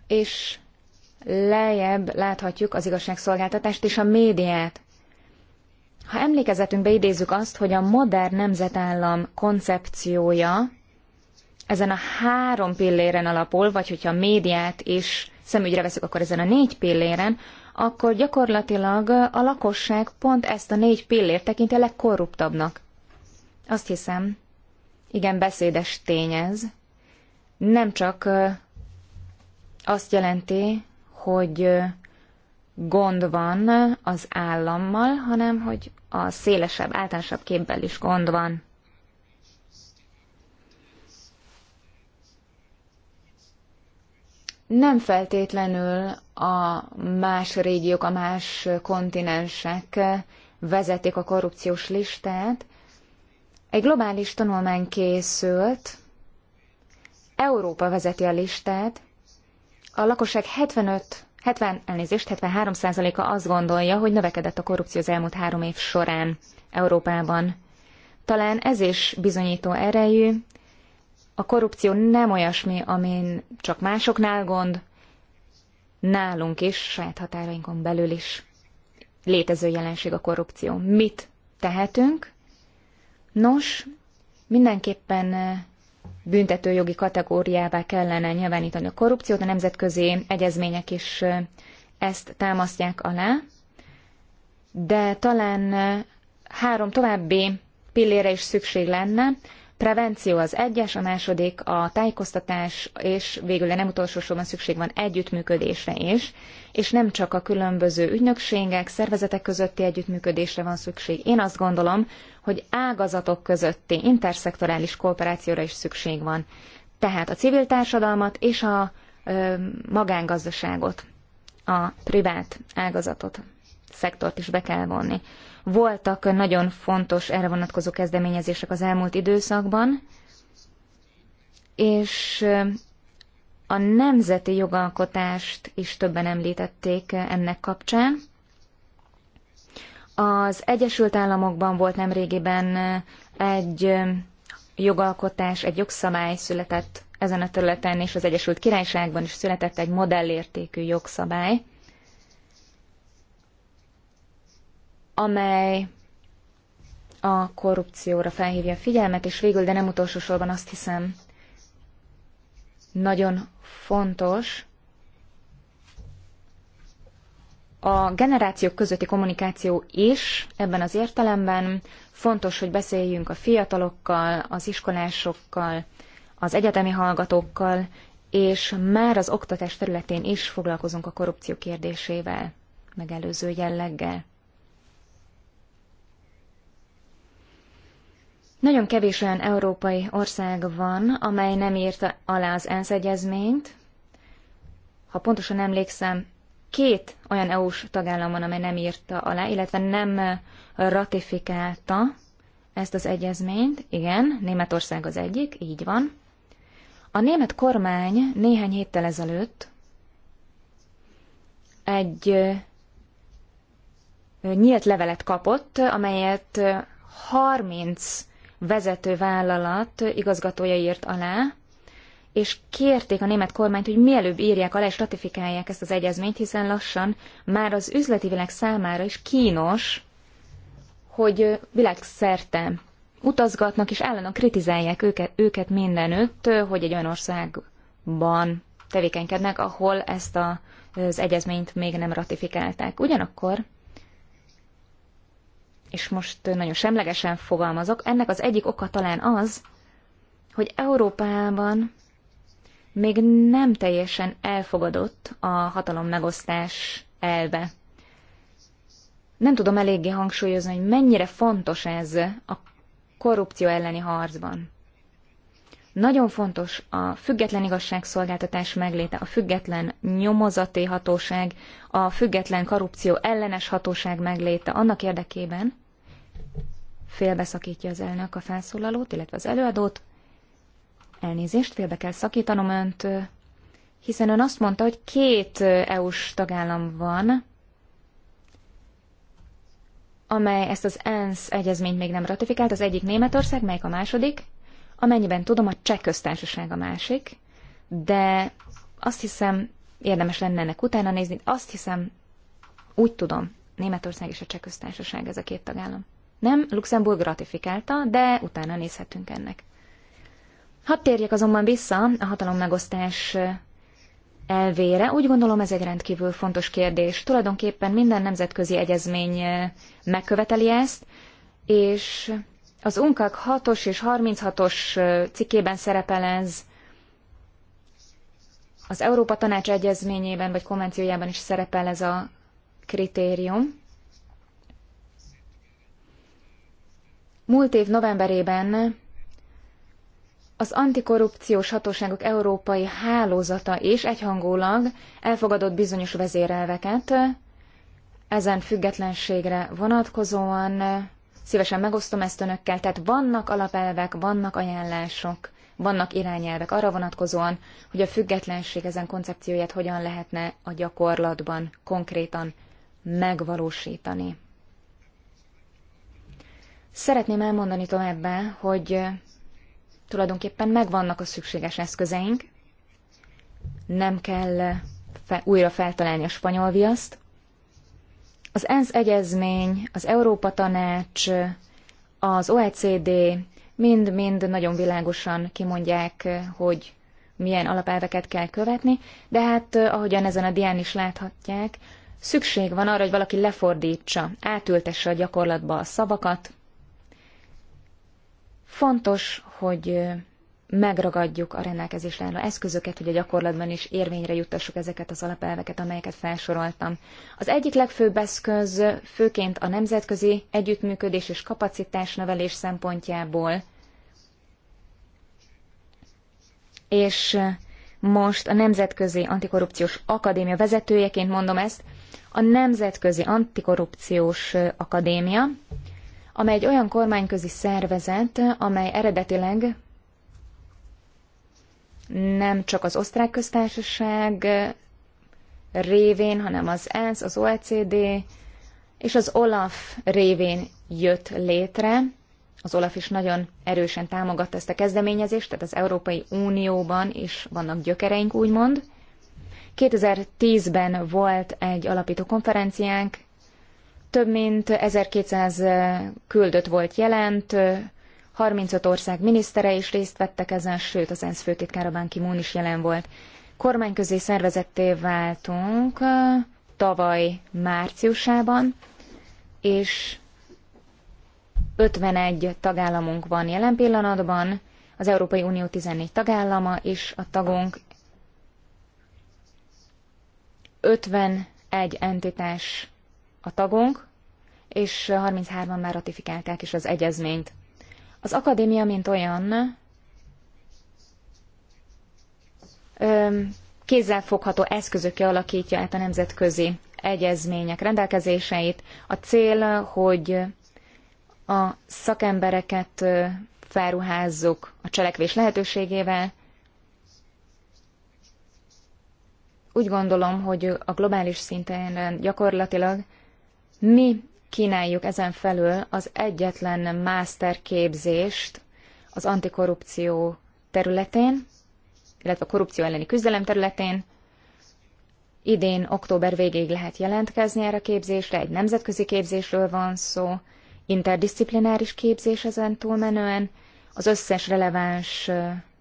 és lejjebb láthatjuk az igazságszolgáltatást és a médiát. Ha emlékezetünkbe idézzük azt, hogy a modern nemzetállam koncepciója ezen a három pilléren alapul, vagy hogyha a médiát is szemügyre veszük akkor ezen a négy pilléren, akkor gyakorlatilag a lakosság pont ezt a négy pillért tekinti a legkorruptabbnak. Azt hiszem, igen, beszédes tényez. Nem csak azt jelenti, hogy gond van az állammal, hanem hogy a szélesebb, általánosabb képpel is gond van. nem feltétlenül a más régiók, a más kontinensek vezetik a korrupciós listát. Egy globális tanulmány készült, Európa vezeti a listát, a lakosság 75, 70, elnézést, 73%-a azt gondolja, hogy növekedett a korrupció az elmúlt három év során Európában. Talán ez is bizonyító erejű, a korrupció nem olyasmi, amin csak másoknál gond, nálunk is, saját határainkon belül is létező jelenség a korrupció. Mit tehetünk? Nos, mindenképpen eh, büntetőjogi kategóriává kellene nyilvánítani a korrupciót, a nemzetközi egyezmények is eh, ezt támasztják alá, de talán eh, három további pillére is szükség lenne, prevenció az egyes, a második a tájékoztatás, és végül nem utolsó sorban szükség van együttműködésre is, és nem csak a különböző ügynökségek, szervezetek közötti együttműködésre van szükség. Én azt gondolom, hogy ágazatok közötti interszektorális kooperációra is szükség van. Tehát a civil társadalmat és a ö, magángazdaságot, a privát ágazatot, szektort is be kell vonni. Voltak nagyon fontos erre vonatkozó kezdeményezések az elmúlt időszakban, és a nemzeti jogalkotást is többen említették ennek kapcsán. Az Egyesült Államokban volt nemrégiben egy jogalkotás, egy jogszabály született ezen a területen, és az Egyesült Királyságban is született egy modellértékű jogszabály. amely a korrupcióra felhívja a figyelmet, és végül, de nem utolsó sorban azt hiszem, nagyon fontos a generációk közötti kommunikáció is ebben az értelemben. Fontos, hogy beszéljünk a fiatalokkal, az iskolásokkal, az egyetemi hallgatókkal, és már az oktatás területén is foglalkozunk a korrupció kérdésével, megelőző jelleggel. Nagyon kevés olyan európai ország van, amely nem írta alá az ENSZ egyezményt. Ha pontosan emlékszem, két olyan EU-s tagállam van, amely nem írta alá, illetve nem ratifikálta ezt az egyezményt. Igen, Németország az egyik, így van. A német kormány néhány héttel ezelőtt egy nyílt levelet kapott, amelyet 30 vezető vállalat igazgatója írt alá, és kérték a német kormányt, hogy mielőbb írják alá és ratifikálják ezt az egyezményt, hiszen lassan már az üzleti világ számára is kínos, hogy világszerte utazgatnak és állandóan kritizálják őket, őket mindenütt, hogy egy olyan országban tevékenykednek, ahol ezt a, az egyezményt még nem ratifikálták. Ugyanakkor és most nagyon semlegesen fogalmazok, ennek az egyik oka talán az, hogy Európában még nem teljesen elfogadott a hatalom megosztás elve. Nem tudom eléggé hangsúlyozni, hogy mennyire fontos ez a korrupció elleni harcban. Nagyon fontos a független igazságszolgáltatás megléte, a független nyomozati hatóság, a független korrupció ellenes hatóság megléte annak érdekében, Félbeszakítja az elnök a felszólalót, illetve az előadót. Elnézést, félbe kell szakítanom önt, hiszen ön azt mondta, hogy két EU-s tagállam van, amely ezt az ENSZ egyezményt még nem ratifikált, az egyik Németország, melyik a második, amennyiben tudom, a cseh köztársaság a másik, de azt hiszem, érdemes lenne ennek utána nézni, azt hiszem, úgy tudom, Németország és a cseh köztársaság ez a két tagállam. Nem, Luxemburg ratifikálta, de utána nézhetünk ennek. Hadd térjek azonban vissza a hatalommegosztás eh, elvére. Úgy gondolom ez egy rendkívül fontos kérdés. Tulajdonképpen minden nemzetközi egyezmény eh, megköveteli ezt, és az UNCAC 6-os és 36-os eh, cikkében szerepel ez, az Európa Tanács egyezményében vagy konvenciójában is szerepel ez a kritérium. Múlt év novemberében az antikorrupciós hatóságok európai hálózata is egyhangulag elfogadott bizonyos vezérelveket ezen függetlenségre vonatkozóan. Szívesen megosztom ezt önökkel, tehát vannak alapelvek, vannak ajánlások, vannak irányelvek arra vonatkozóan, hogy a függetlenség ezen koncepcióját hogyan lehetne a gyakorlatban konkrétan megvalósítani. Szeretném elmondani továbbá, hogy tulajdonképpen megvannak a szükséges eszközeink, nem kell fe, újra feltalálni a spanyol viaszt. Az ENSZ egyezmény, az Európa Tanács, az OECD mind-mind nagyon világosan kimondják, hogy milyen alapelveket kell követni, de hát ahogyan ezen a dián is láthatják, szükség van arra, hogy valaki lefordítsa, átültesse a gyakorlatba a szavakat, Fontos, hogy megragadjuk a rendelkezésre álló eszközöket, hogy a gyakorlatban is érvényre juttassuk ezeket az alapelveket, amelyeket felsoroltam. Az egyik legfőbb eszköz főként a nemzetközi együttműködés és kapacitásnövelés szempontjából, és most a Nemzetközi Antikorrupciós Akadémia vezetőjeként mondom ezt, a Nemzetközi Antikorrupciós Akadémia amely egy olyan kormányközi szervezet, amely eredetileg nem csak az osztrák köztársaság révén, hanem az ENSZ, az OECD és az OLAF révén jött létre. Az OLAF is nagyon erősen támogatta ezt a kezdeményezést, tehát az Európai Unióban is vannak gyökereink, úgymond. 2010-ben volt egy alapító konferenciánk, több mint 1200 küldött volt jelent, 35 ország minisztere is részt vettek ezen, sőt az ENSZ főtitkára Ban ki is jelen volt. Kormányközi szervezetté váltunk tavaly márciusában, és 51 tagállamunk van jelen pillanatban, az Európai Unió 14 tagállama és a tagunk 51 entitás a tagunk, és 33-an már ratifikálták is az egyezményt. Az akadémia, mint olyan, kézzelfogható eszközökkel alakítja át a nemzetközi egyezmények rendelkezéseit. A cél, hogy a szakembereket felruházzuk a cselekvés lehetőségével. Úgy gondolom, hogy a globális szinten gyakorlatilag mi kínáljuk ezen felül az egyetlen master képzést az antikorrupció területén, illetve a korrupció elleni küzdelem területén. Idén október végéig lehet jelentkezni erre a képzésre, egy nemzetközi képzésről van szó, interdisziplináris képzés ezen túlmenően, az összes releváns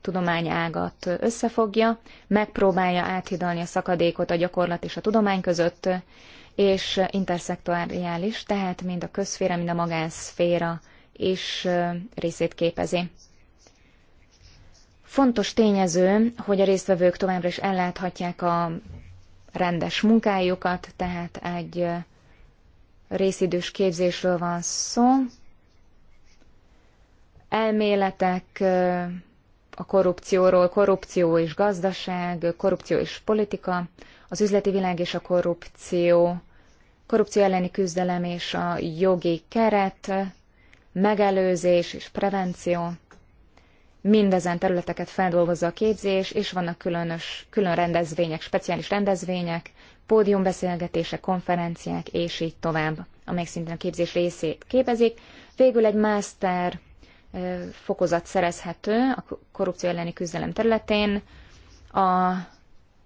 tudományágat összefogja, megpróbálja áthidalni a szakadékot a gyakorlat és a tudomány között, és interszektoriális, tehát mind a közszféra, mind a magánszféra is részét képezi. Fontos tényező, hogy a résztvevők továbbra is elláthatják a rendes munkájukat, tehát egy részidős képzésről van szó. Elméletek a korrupcióról, korrupció és gazdaság, korrupció és politika, az üzleti világ és a korrupció, korrupció elleni küzdelem és a jogi keret, megelőzés és prevenció. Mindezen területeket feldolgozza a képzés, és vannak különös, külön rendezvények, speciális rendezvények, pódiumbeszélgetések, konferenciák, és így tovább, amelyek szintén a képzés részét képezik. Végül egy master fokozat szerezhető a korrupció elleni küzdelem területén. A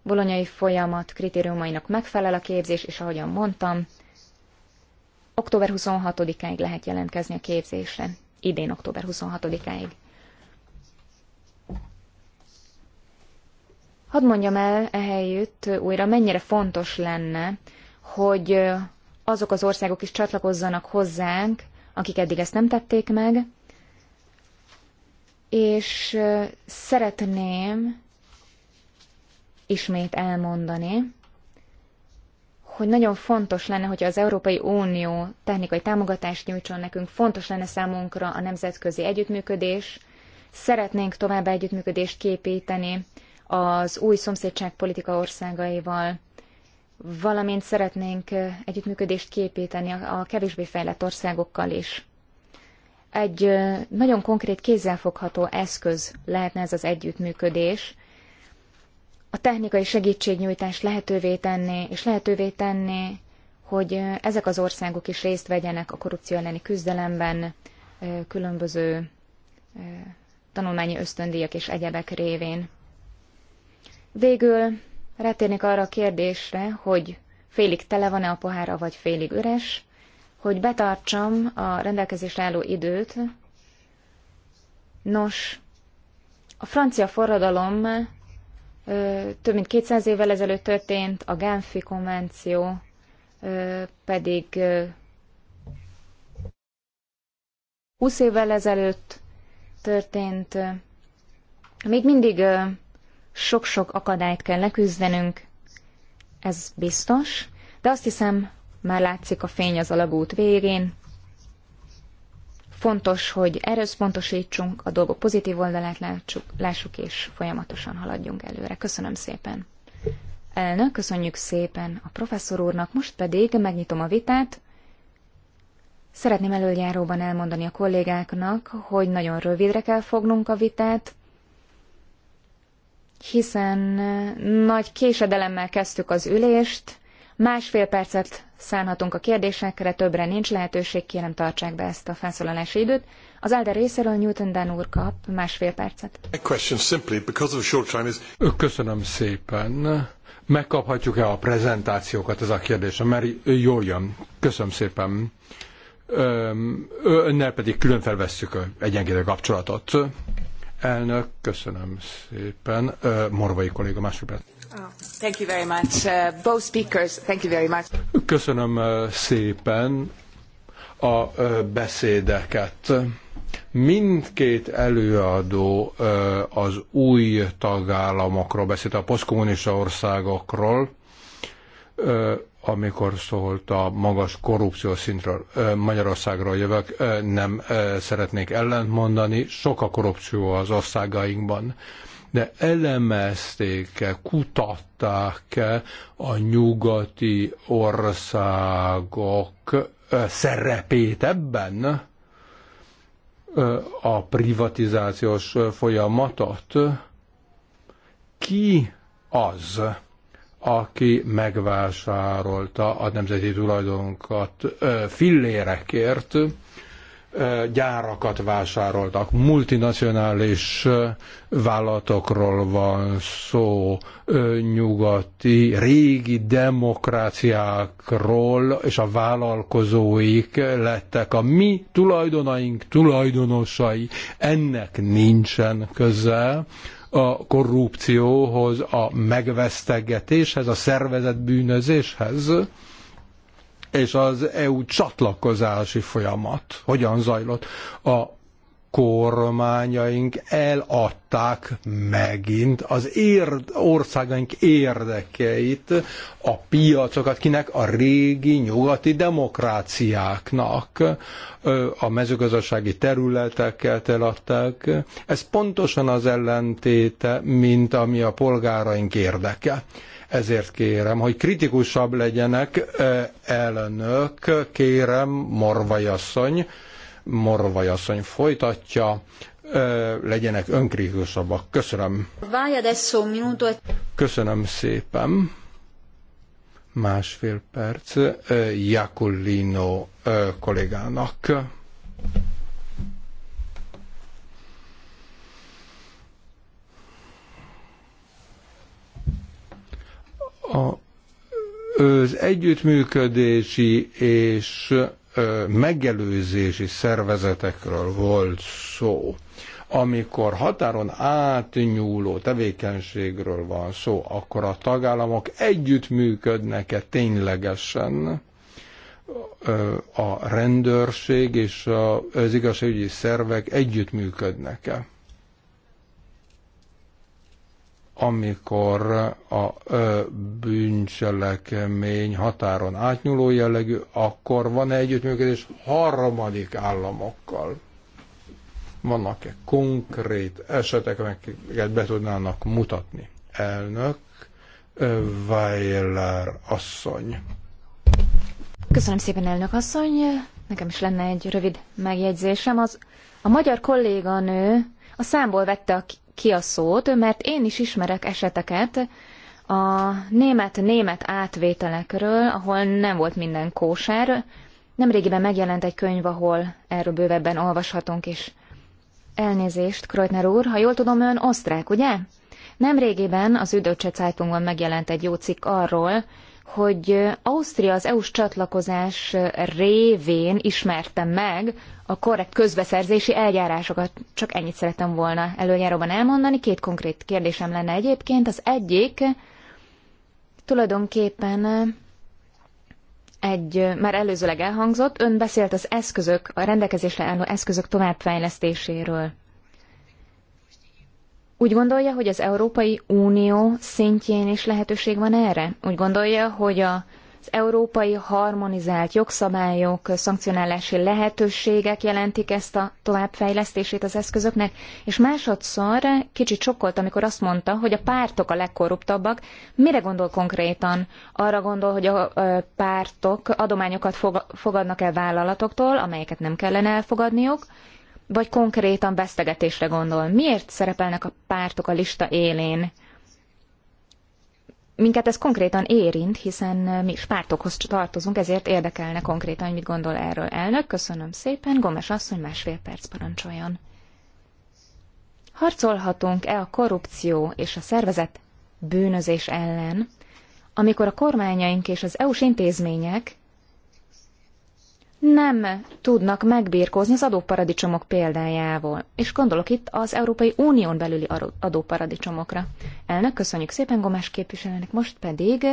bolonyai folyamat kritériumainak megfelel a képzés, és ahogyan mondtam, október 26-áig lehet jelentkezni a képzésre. Idén október 26-áig. Hadd mondjam el ehelyütt újra, mennyire fontos lenne, hogy azok az országok is csatlakozzanak hozzánk, akik eddig ezt nem tették meg, és szeretném ismét elmondani, hogy nagyon fontos lenne, hogyha az Európai Unió technikai támogatást nyújtson nekünk, fontos lenne számunkra a nemzetközi együttműködés, szeretnénk tovább együttműködést képíteni az új politika országaival, valamint szeretnénk együttműködést képíteni a kevésbé fejlett országokkal is egy nagyon konkrét kézzelfogható eszköz lehetne ez az együttműködés, a technikai segítségnyújtást lehetővé tenné és lehetővé tenné, hogy ezek az országok is részt vegyenek a korrupció elleni küzdelemben, különböző tanulmányi ösztöndíjak és egyebek révén. Végül rátérnék arra a kérdésre, hogy félig tele van-e a pohára, vagy félig üres hogy betartsam a rendelkezésre álló időt. Nos, a francia forradalom több mint 200 évvel ezelőtt történt, a Genfi konvenció pedig 20 évvel ezelőtt történt. Még mindig sok-sok akadályt kell leküzdenünk, ez biztos, de azt hiszem, már látszik a fény az alagút végén. Fontos, hogy erőszpontosítsunk, a dolgok pozitív oldalát látsuk, lássuk, és folyamatosan haladjunk előre. Köszönöm szépen! Elnök, köszönjük szépen a professzor úrnak, most pedig megnyitom a vitát. Szeretném előjáróban elmondani a kollégáknak, hogy nagyon rövidre kell fognunk a vitát, hiszen nagy késedelemmel kezdtük az ülést, Másfél percet szánhatunk a kérdésekre, többre nincs lehetőség, kérem tartsák be ezt a felszólalási időt. Az Alder részéről Newton Dan úr kap másfél percet. Köszönöm szépen. Megkaphatjuk-e a prezentációkat, ez a kérdés, mert jól jön. Köszönöm szépen. Önnel pedig külön felvesszük egyenkénti kapcsolatot. Elnök, köszönöm szépen. Morvai kolléga, percet. Thank you very much. Uh, both speakers, thank you very much. Köszönöm uh, szépen a uh, beszédeket. Mindkét előadó az új tagállamokról beszélt, a posztkommunista országokról, amikor szólt a magas korrupciós szintről. Magyarországról jövök, nem szeretnék ellentmondani, sok a korrupció az országainkban de elemezték-e, kutatták-e a nyugati országok szerepét ebben a privatizációs folyamatot? Ki az, aki megvásárolta a nemzeti tulajdonkat fillérekért, gyárakat vásároltak, multinacionális vállalatokról van szó, nyugati, régi demokráciákról, és a vállalkozóik lettek a mi tulajdonaink tulajdonosai. Ennek nincsen köze a korrupcióhoz, a megvesztegetéshez, a szervezetbűnözéshez. bűnözéshez és az EU csatlakozási folyamat hogyan zajlott. A kormányaink eladták megint az érd, országaink érdekeit, a piacokat kinek? A régi nyugati demokráciáknak. A mezőgazdasági területeket eladták. Ez pontosan az ellentéte, mint ami a polgáraink érdeke. Ezért kérem, hogy kritikusabb legyenek elnök, kérem, morvajasszony, morvajasszony folytatja, legyenek önkritikusabbak. Köszönöm. E- Köszönöm szépen. Másfél perc Jakulino kollégának. A, az együttműködési és megelőzési szervezetekről volt szó. Amikor határon átnyúló tevékenységről van szó, akkor a tagállamok együttműködnek-e ténylegesen a rendőrség és az igazságügyi szervek együttműködnek-e? amikor a bűncselekmény határon átnyúló jellegű, akkor van-e együttműködés harmadik államokkal? Vannak-e konkrét esetek, amelyeket be tudnának mutatni? Elnök Weiler asszony. Köszönöm szépen, elnök asszony. Nekem is lenne egy rövid megjegyzésem. Az, a magyar kolléganő a számból vette a ki a szót, mert én is ismerek eseteket a német-német átvételekről, ahol nem volt minden kóser. Nemrégiben megjelent egy könyv, ahol erről bővebben olvashatunk is. Elnézést, Kreutner úr, ha jól tudom, ön osztrák, ugye? Nemrégiben az Üdöcse Zeitungban megjelent egy jó cikk arról, hogy Ausztria az EU-s csatlakozás révén ismerte meg a korrekt közbeszerzési eljárásokat. Csak ennyit szerettem volna előnyáróban elmondani. Két konkrét kérdésem lenne egyébként. Az egyik tulajdonképpen egy már előzőleg elhangzott, ön beszélt az eszközök, a rendelkezésre álló eszközök továbbfejlesztéséről. Úgy gondolja, hogy az Európai Unió szintjén is lehetőség van erre? Úgy gondolja, hogy a az európai harmonizált jogszabályok, szankcionálási lehetőségek jelentik ezt a továbbfejlesztését az eszközöknek, és másodszor kicsit sokkolt, amikor azt mondta, hogy a pártok a legkorruptabbak. Mire gondol konkrétan? Arra gondol, hogy a pártok adományokat fogadnak el vállalatoktól, amelyeket nem kellene elfogadniuk, vagy konkrétan vesztegetésre gondol. Miért szerepelnek a pártok a lista élén? Minket ez konkrétan érint, hiszen mi is pártokhoz tartozunk, ezért érdekelne konkrétan, hogy mit gondol erről elnök. Köszönöm szépen, Gomes asszony másfél perc parancsoljon. Harcolhatunk-e a korrupció és a szervezet bűnözés ellen, amikor a kormányaink és az EU-s intézmények nem tudnak megbírkozni az adóparadicsomok példájával. És gondolok itt az Európai Unión belüli adóparadicsomokra. Elnök, köszönjük szépen Gomás képviselőnek, most pedig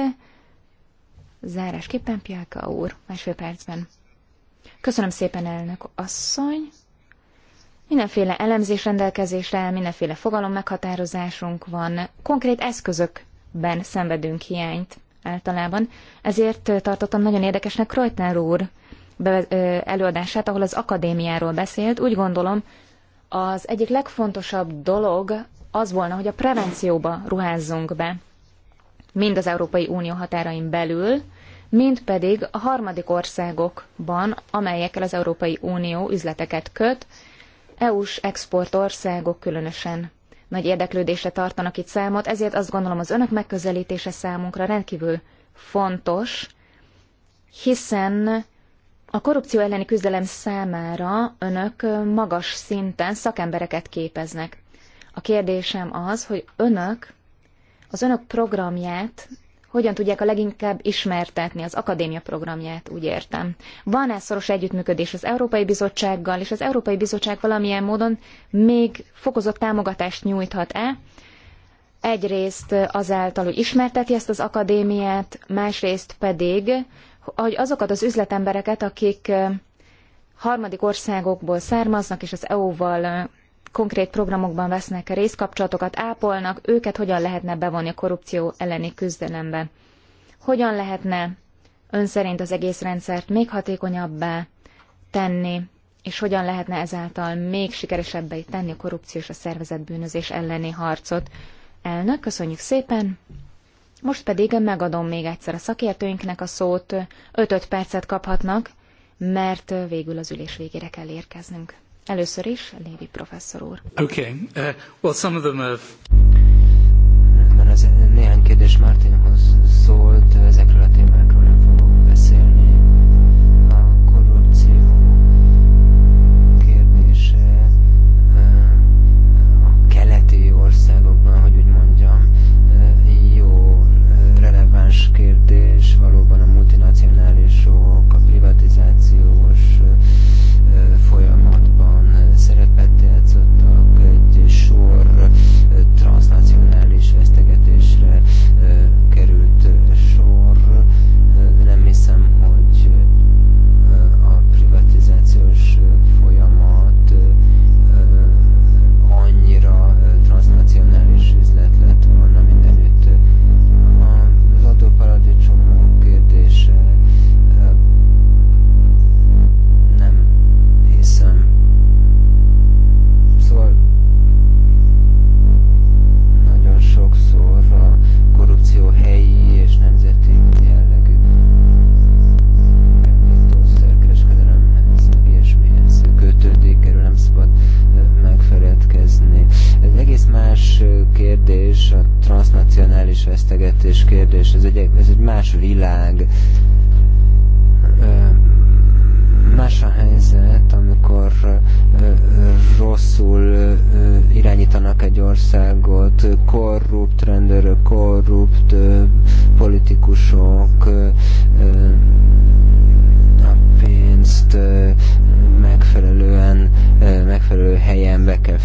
zárásképpen Piáka úr, másfél percben. Köszönöm szépen, elnök asszony. Mindenféle elemzés rendelkezésre mindenféle fogalom meghatározásunk van, konkrét eszközökben szenvedünk hiányt általában. Ezért tartottam nagyon érdekesnek Kreutner úr előadását, ahol az akadémiáról beszélt. Úgy gondolom, az egyik legfontosabb dolog az volna, hogy a prevencióba ruházzunk be, mind az Európai Unió határain belül, mind pedig a harmadik országokban, amelyekkel az Európai Unió üzleteket köt, EU-s exportországok különösen nagy érdeklődésre tartanak itt számot, ezért azt gondolom az önök megközelítése számunkra rendkívül fontos, hiszen a korrupció elleni küzdelem számára önök magas szinten szakembereket képeznek. A kérdésem az, hogy önök, az önök programját hogyan tudják a leginkább ismertetni, az akadémia programját, úgy értem. Van-e szoros együttműködés az Európai Bizottsággal, és az Európai Bizottság valamilyen módon még fokozott támogatást nyújthat-e? Egyrészt azáltal, hogy ismerteti ezt az akadémiát, másrészt pedig hogy azokat az üzletembereket, akik harmadik országokból származnak, és az EU-val konkrét programokban vesznek részt, kapcsolatokat ápolnak, őket hogyan lehetne bevonni a korrupció elleni küzdelembe? Hogyan lehetne ön szerint az egész rendszert még hatékonyabbá tenni, és hogyan lehetne ezáltal még sikeresebbé tenni a korrupció és a szervezett bűnözés elleni harcot? Elnök, köszönjük szépen! Most pedig megadom még egyszer a szakértőinknek a szót, 5-5 percet kaphatnak, mert végül az ülés végére kell érkeznünk. Először is Lévi professzor úr. Okay. Uh, well, some of them have... Mert az néhány kérdés Martinhoz szólt, ezek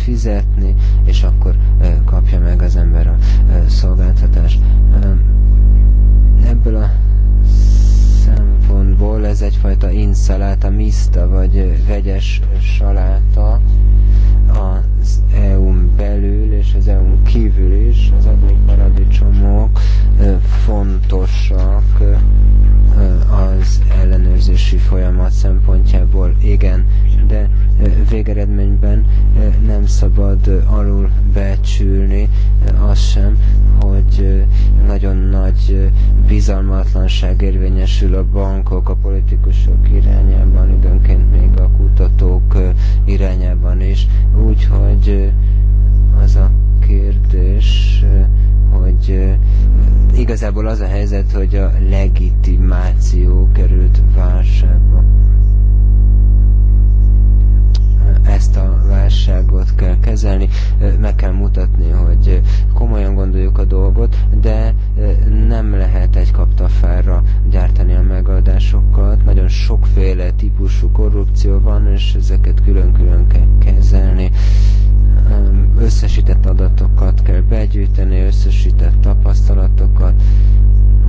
fizetni, és akkor kapja meg az ember a szolgáltatást. Ebből a szempontból ez egyfajta inszaláta, miszta, vagy vegyes saláta az EU-n belül és az EU-n kívül is. Az paradicsomok fontosak az ellenőrzési folyamat szempontjából, igen, de végeredményben nem szabad alul becsülni azt sem, hogy nagyon nagy bizalmatlanság érvényesül a bankok, a politikusok irányában, időnként még a kutatók irányában is. Úgyhogy az a kérdés, hogy igazából az a helyzet, hogy a legitimáció került válságba ezt a válságot kell kezelni, meg kell mutatni, hogy komolyan gondoljuk a dolgot, de nem lehet egy kaptafára gyártani a megoldásokat. Nagyon sokféle típusú korrupció van, és ezeket külön-külön kell kezelni összesített adatokat kell begyűjteni, összesített tapasztalatokat,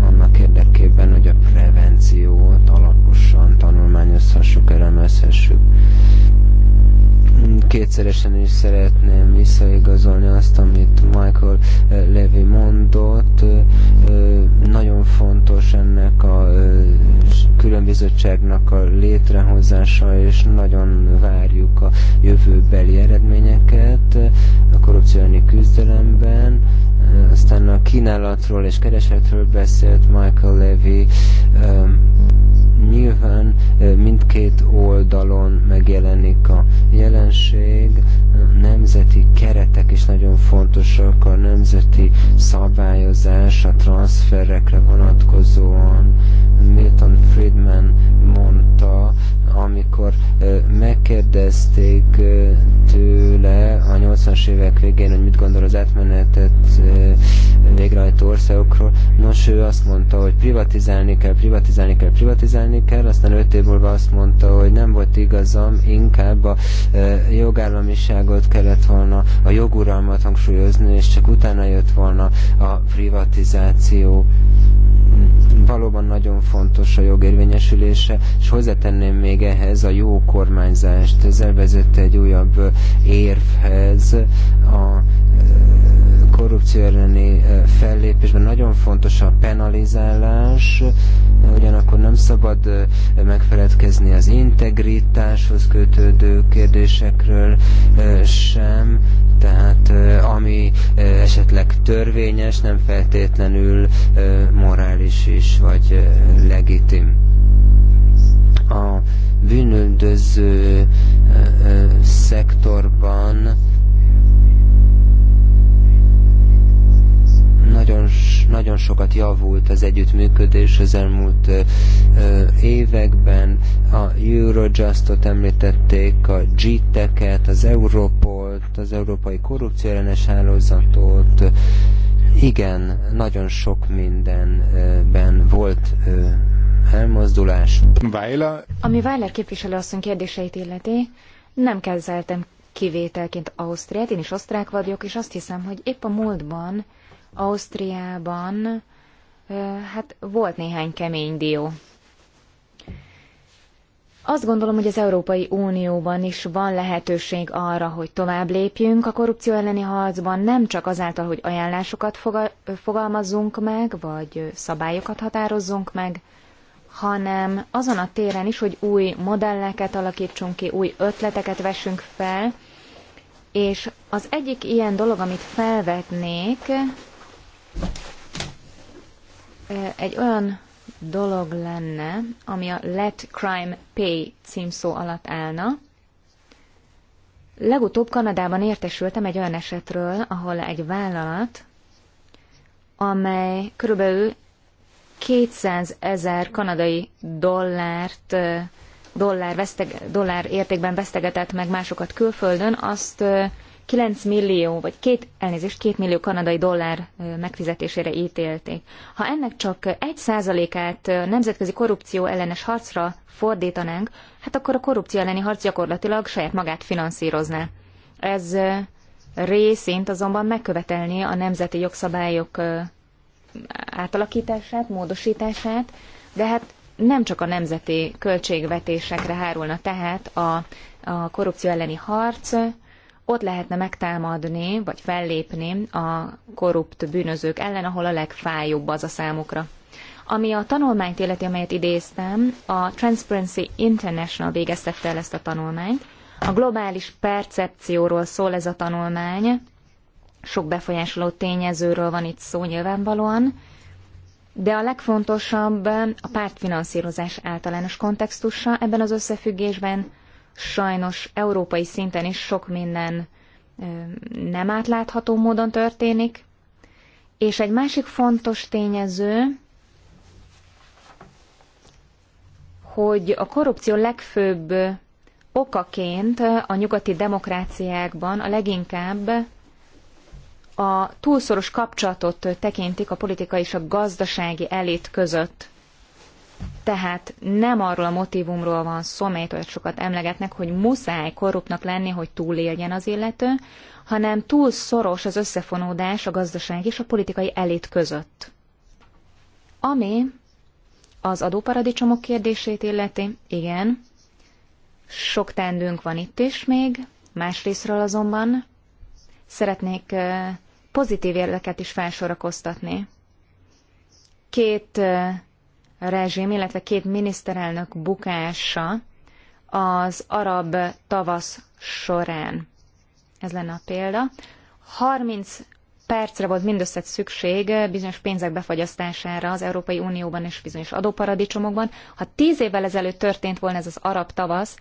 annak érdekében, hogy a prevenciót alaposan tanulmányozhassuk, elemezhessük. Kétszeresen is szeretném visszaigazolni azt, amit Michael eh, Levy mondott. Eh, eh, nagyon fontos ennek a különbizottságnak a létrehozása, és nagyon várjuk a jövőbeli eredményeket a korrupciói küzdelemben. Aztán a kínálatról és keresetről beszélt Michael Levy Nyilván mindkét oldalon megjelenik a jelenség, a nemzeti keretek is nagyon fontosak, a nemzeti szabályozás a transferekre vonatkozóan. Milton Friedman mondta, mondta, amikor megkérdezték tőle a 80-as évek végén, hogy mit gondol az átmenetet végrehajtó országokról. Nos, ő azt mondta, hogy privatizálni kell, privatizálni kell, privatizálni kell, aztán 5 év múlva azt mondta, hogy nem volt igazam, inkább a jogállamiságot kellett volna, a joguralmat hangsúlyozni, és csak utána jött volna a privatizáció valóban nagyon fontos a jogérvényesülése, és hozzátenném még ehhez a jó kormányzást. Ez elvezette egy újabb érvhez a korrupció elleni fellépésben nagyon fontos a penalizálás, ugyanakkor nem szabad megfeledkezni az integritáshoz kötődő kérdésekről sem, tehát ami esetleg törvényes, nem feltétlenül morális is, vagy legitim. A bűnöldöző szektorban Nagyon, nagyon sokat javult az együttműködés az elmúlt években. A Eurojustot említették, a GTEC-et, az Europolt, az Európai Korrupcióellenes Hálózatot. Igen, nagyon sok mindenben volt elmozdulás. Weiler. Ami Weiler képviselőasszony kérdéseit illeti, nem kezeltem kivételként Ausztriát, én is osztrák vagyok, és azt hiszem, hogy épp a múltban Ausztriában hát volt néhány kemény dió. Azt gondolom, hogy az Európai Unióban is van lehetőség arra, hogy tovább lépjünk a korrupció elleni harcban, nem csak azáltal, hogy ajánlásokat fogalmazzunk meg, vagy szabályokat határozzunk meg, hanem azon a téren is, hogy új modelleket alakítsunk ki, új ötleteket vessünk fel, és az egyik ilyen dolog, amit felvetnék, egy olyan dolog lenne, ami a Let Crime Pay címszó alatt állna. Legutóbb Kanadában értesültem egy olyan esetről, ahol egy vállalat, amely körülbelül 200 ezer kanadai dollárt, dollár, veszteg, dollár értékben vesztegetett meg másokat külföldön, azt 9 millió, vagy két, elnézést, 2 millió kanadai dollár megfizetésére ítélték. Ha ennek csak 1 százalékát nemzetközi korrupció ellenes harcra fordítanánk, hát akkor a korrupció elleni harc gyakorlatilag saját magát finanszírozná. Ez részint azonban megkövetelni a nemzeti jogszabályok átalakítását, módosítását, de hát nem csak a nemzeti költségvetésekre hárulna tehát a, a korrupció elleni harc, ott lehetne megtámadni, vagy fellépni a korrupt bűnözők ellen, ahol a legfájóbb az a számukra. Ami a tanulmányt illeti, amelyet idéztem, a Transparency International végeztette el ezt a tanulmányt. A globális percepcióról szól ez a tanulmány, sok befolyásoló tényezőről van itt szó nyilvánvalóan, de a legfontosabb a pártfinanszírozás általános kontextusa ebben az összefüggésben, sajnos európai szinten is sok minden nem átlátható módon történik. És egy másik fontos tényező, hogy a korrupció legfőbb okaként a nyugati demokráciákban a leginkább a túlszoros kapcsolatot tekintik a politikai és a gazdasági elit között. Tehát nem arról a motivumról van szó, amelyet olyan sokat emlegetnek, hogy muszáj korruptnak lenni, hogy túléljen az illető, hanem túl szoros az összefonódás a gazdaság és a politikai elit között. Ami az adóparadicsomok kérdését illeti, igen, sok tendünk van itt is még, másrésztről azonban szeretnék pozitív érdeket is felsorakoztatni. Két rezsim, illetve két miniszterelnök bukása az arab tavasz során. Ez lenne a példa. 30 percre volt mindössze szükség bizonyos pénzek befagyasztására az Európai Unióban és bizonyos adóparadicsomokban. Ha tíz évvel ezelőtt történt volna ez az arab tavasz,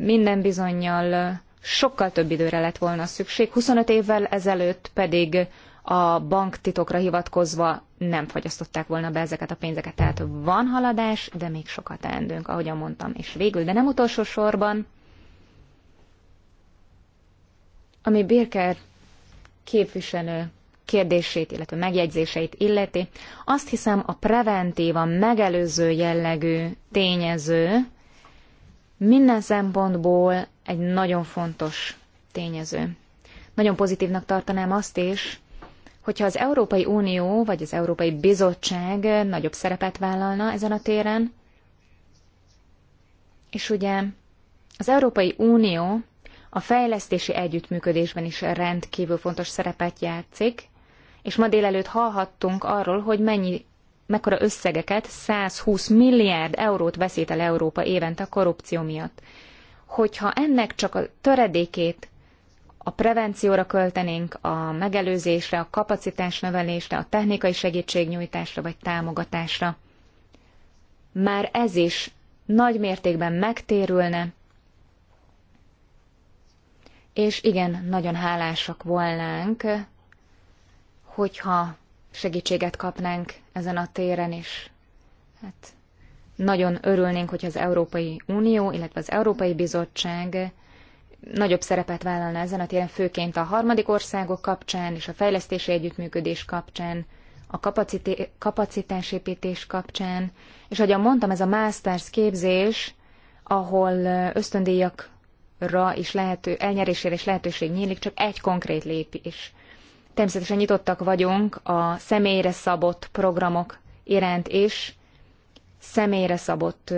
minden bizonyal sokkal több időre lett volna szükség, 25 évvel ezelőtt pedig a banktitokra hivatkozva nem fogyasztották volna be ezeket a pénzeket. Tehát van haladás, de még sokat teendőnk, ahogyan mondtam. És végül, de nem utolsó sorban, ami Birker képviselő kérdését, illetve megjegyzéseit illeti, azt hiszem a preventív, a megelőző jellegű tényező minden szempontból egy nagyon fontos tényező. Nagyon pozitívnak tartanám azt is, hogyha az Európai Unió vagy az Európai Bizottság nagyobb szerepet vállalna ezen a téren, és ugye az Európai Unió a fejlesztési együttműködésben is rendkívül fontos szerepet játszik, és ma délelőtt hallhattunk arról, hogy mennyi, mekkora összegeket, 120 milliárd eurót veszít el Európa évente a korrupció miatt. Hogyha ennek csak a töredékét a prevencióra költenénk, a megelőzésre, a kapacitásnövelésre, a technikai segítségnyújtásra vagy támogatásra. Már ez is nagy mértékben megtérülne, és igen, nagyon hálásak volnánk, hogyha segítséget kapnánk ezen a téren is. Hát nagyon örülnénk, hogy az Európai Unió, illetve az Európai Bizottság nagyobb szerepet vállalna ezen a téren, főként a harmadik országok kapcsán és a fejlesztési együttműködés kapcsán, a kapacité- kapacitásépítés kapcsán, és ahogyan mondtam, ez a masters képzés, ahol ösztöndíjakra is lehető, elnyerésére is lehetőség nyílik, csak egy konkrét lépés. Természetesen nyitottak vagyunk a személyre szabott programok iránt is, személyre szabott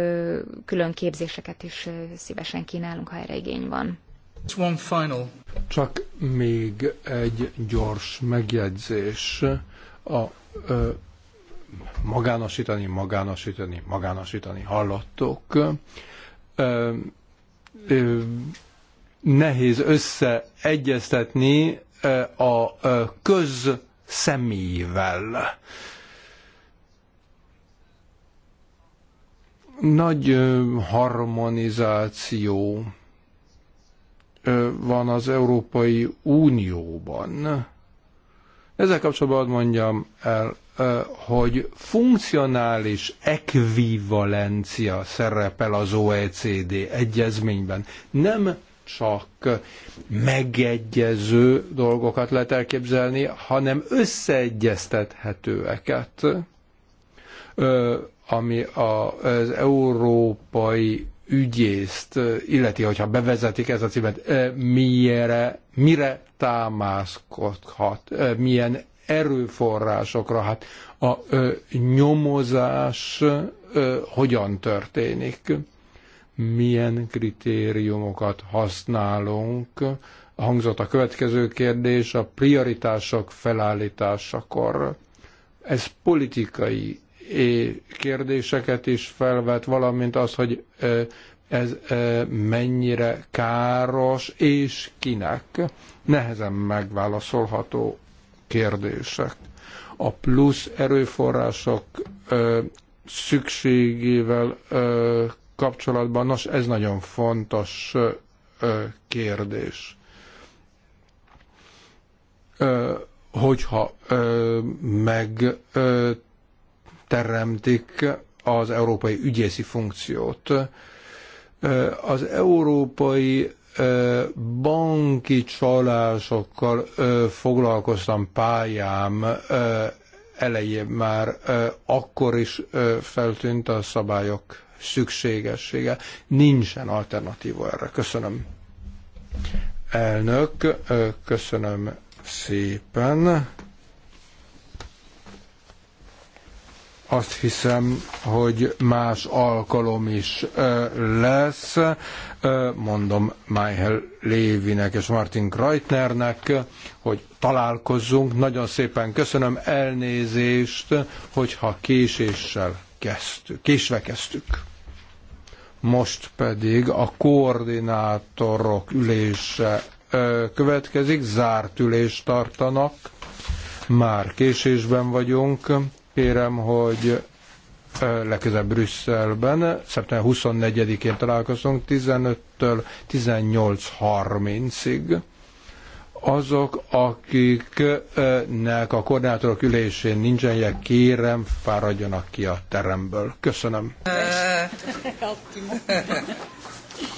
külön képzéseket is szívesen kínálunk, ha erre igény van. Csak még egy gyors megjegyzés. A ö, magánosítani, magánosítani, magánosítani hallottok. Ö, ö, nehéz összeegyeztetni a köz személyével. Nagy harmonizáció van az Európai Unióban. Ezzel kapcsolatban mondjam el, hogy funkcionális ekvivalencia szerepel az OECD egyezményben. Nem csak megegyező dolgokat lehet elképzelni, hanem összeegyeztethetőeket, ami az európai ügyészt illeti, hogyha bevezetik ez a címet, mire, mire támaszkodhat, milyen erőforrásokra, hát a nyomozás hogyan történik, milyen kritériumokat használunk. Hangzott a következő kérdés a prioritások felállításakor. Ez politikai kérdéseket is felvet, valamint az, hogy ez mennyire káros, és kinek. Nehezen megválaszolható kérdések. A plusz erőforrások szükségével kapcsolatban, nos, ez nagyon fontos kérdés. Hogyha meg teremtik az európai ügyészi funkciót. Az európai banki csalásokkal foglalkoztam pályám elején már akkor is feltűnt a szabályok szükségessége. Nincsen alternatíva erre. Köszönöm. Elnök, köszönöm szépen. Azt hiszem, hogy más alkalom is lesz. Mondom Michael Lévinek és Martin Kreitnernek, hogy találkozzunk. Nagyon szépen köszönöm elnézést, hogyha késéssel kezdtük, késve kezdtük. Most pedig a koordinátorok ülése következik, zárt ülést tartanak, már késésben vagyunk kérem, hogy legközelebb Brüsszelben, szeptember 24-én találkozunk 15-től 18.30-ig. Azok, akiknek a koordinátorok ülésén nincsenek, kérem, fáradjanak ki a teremből. Köszönöm.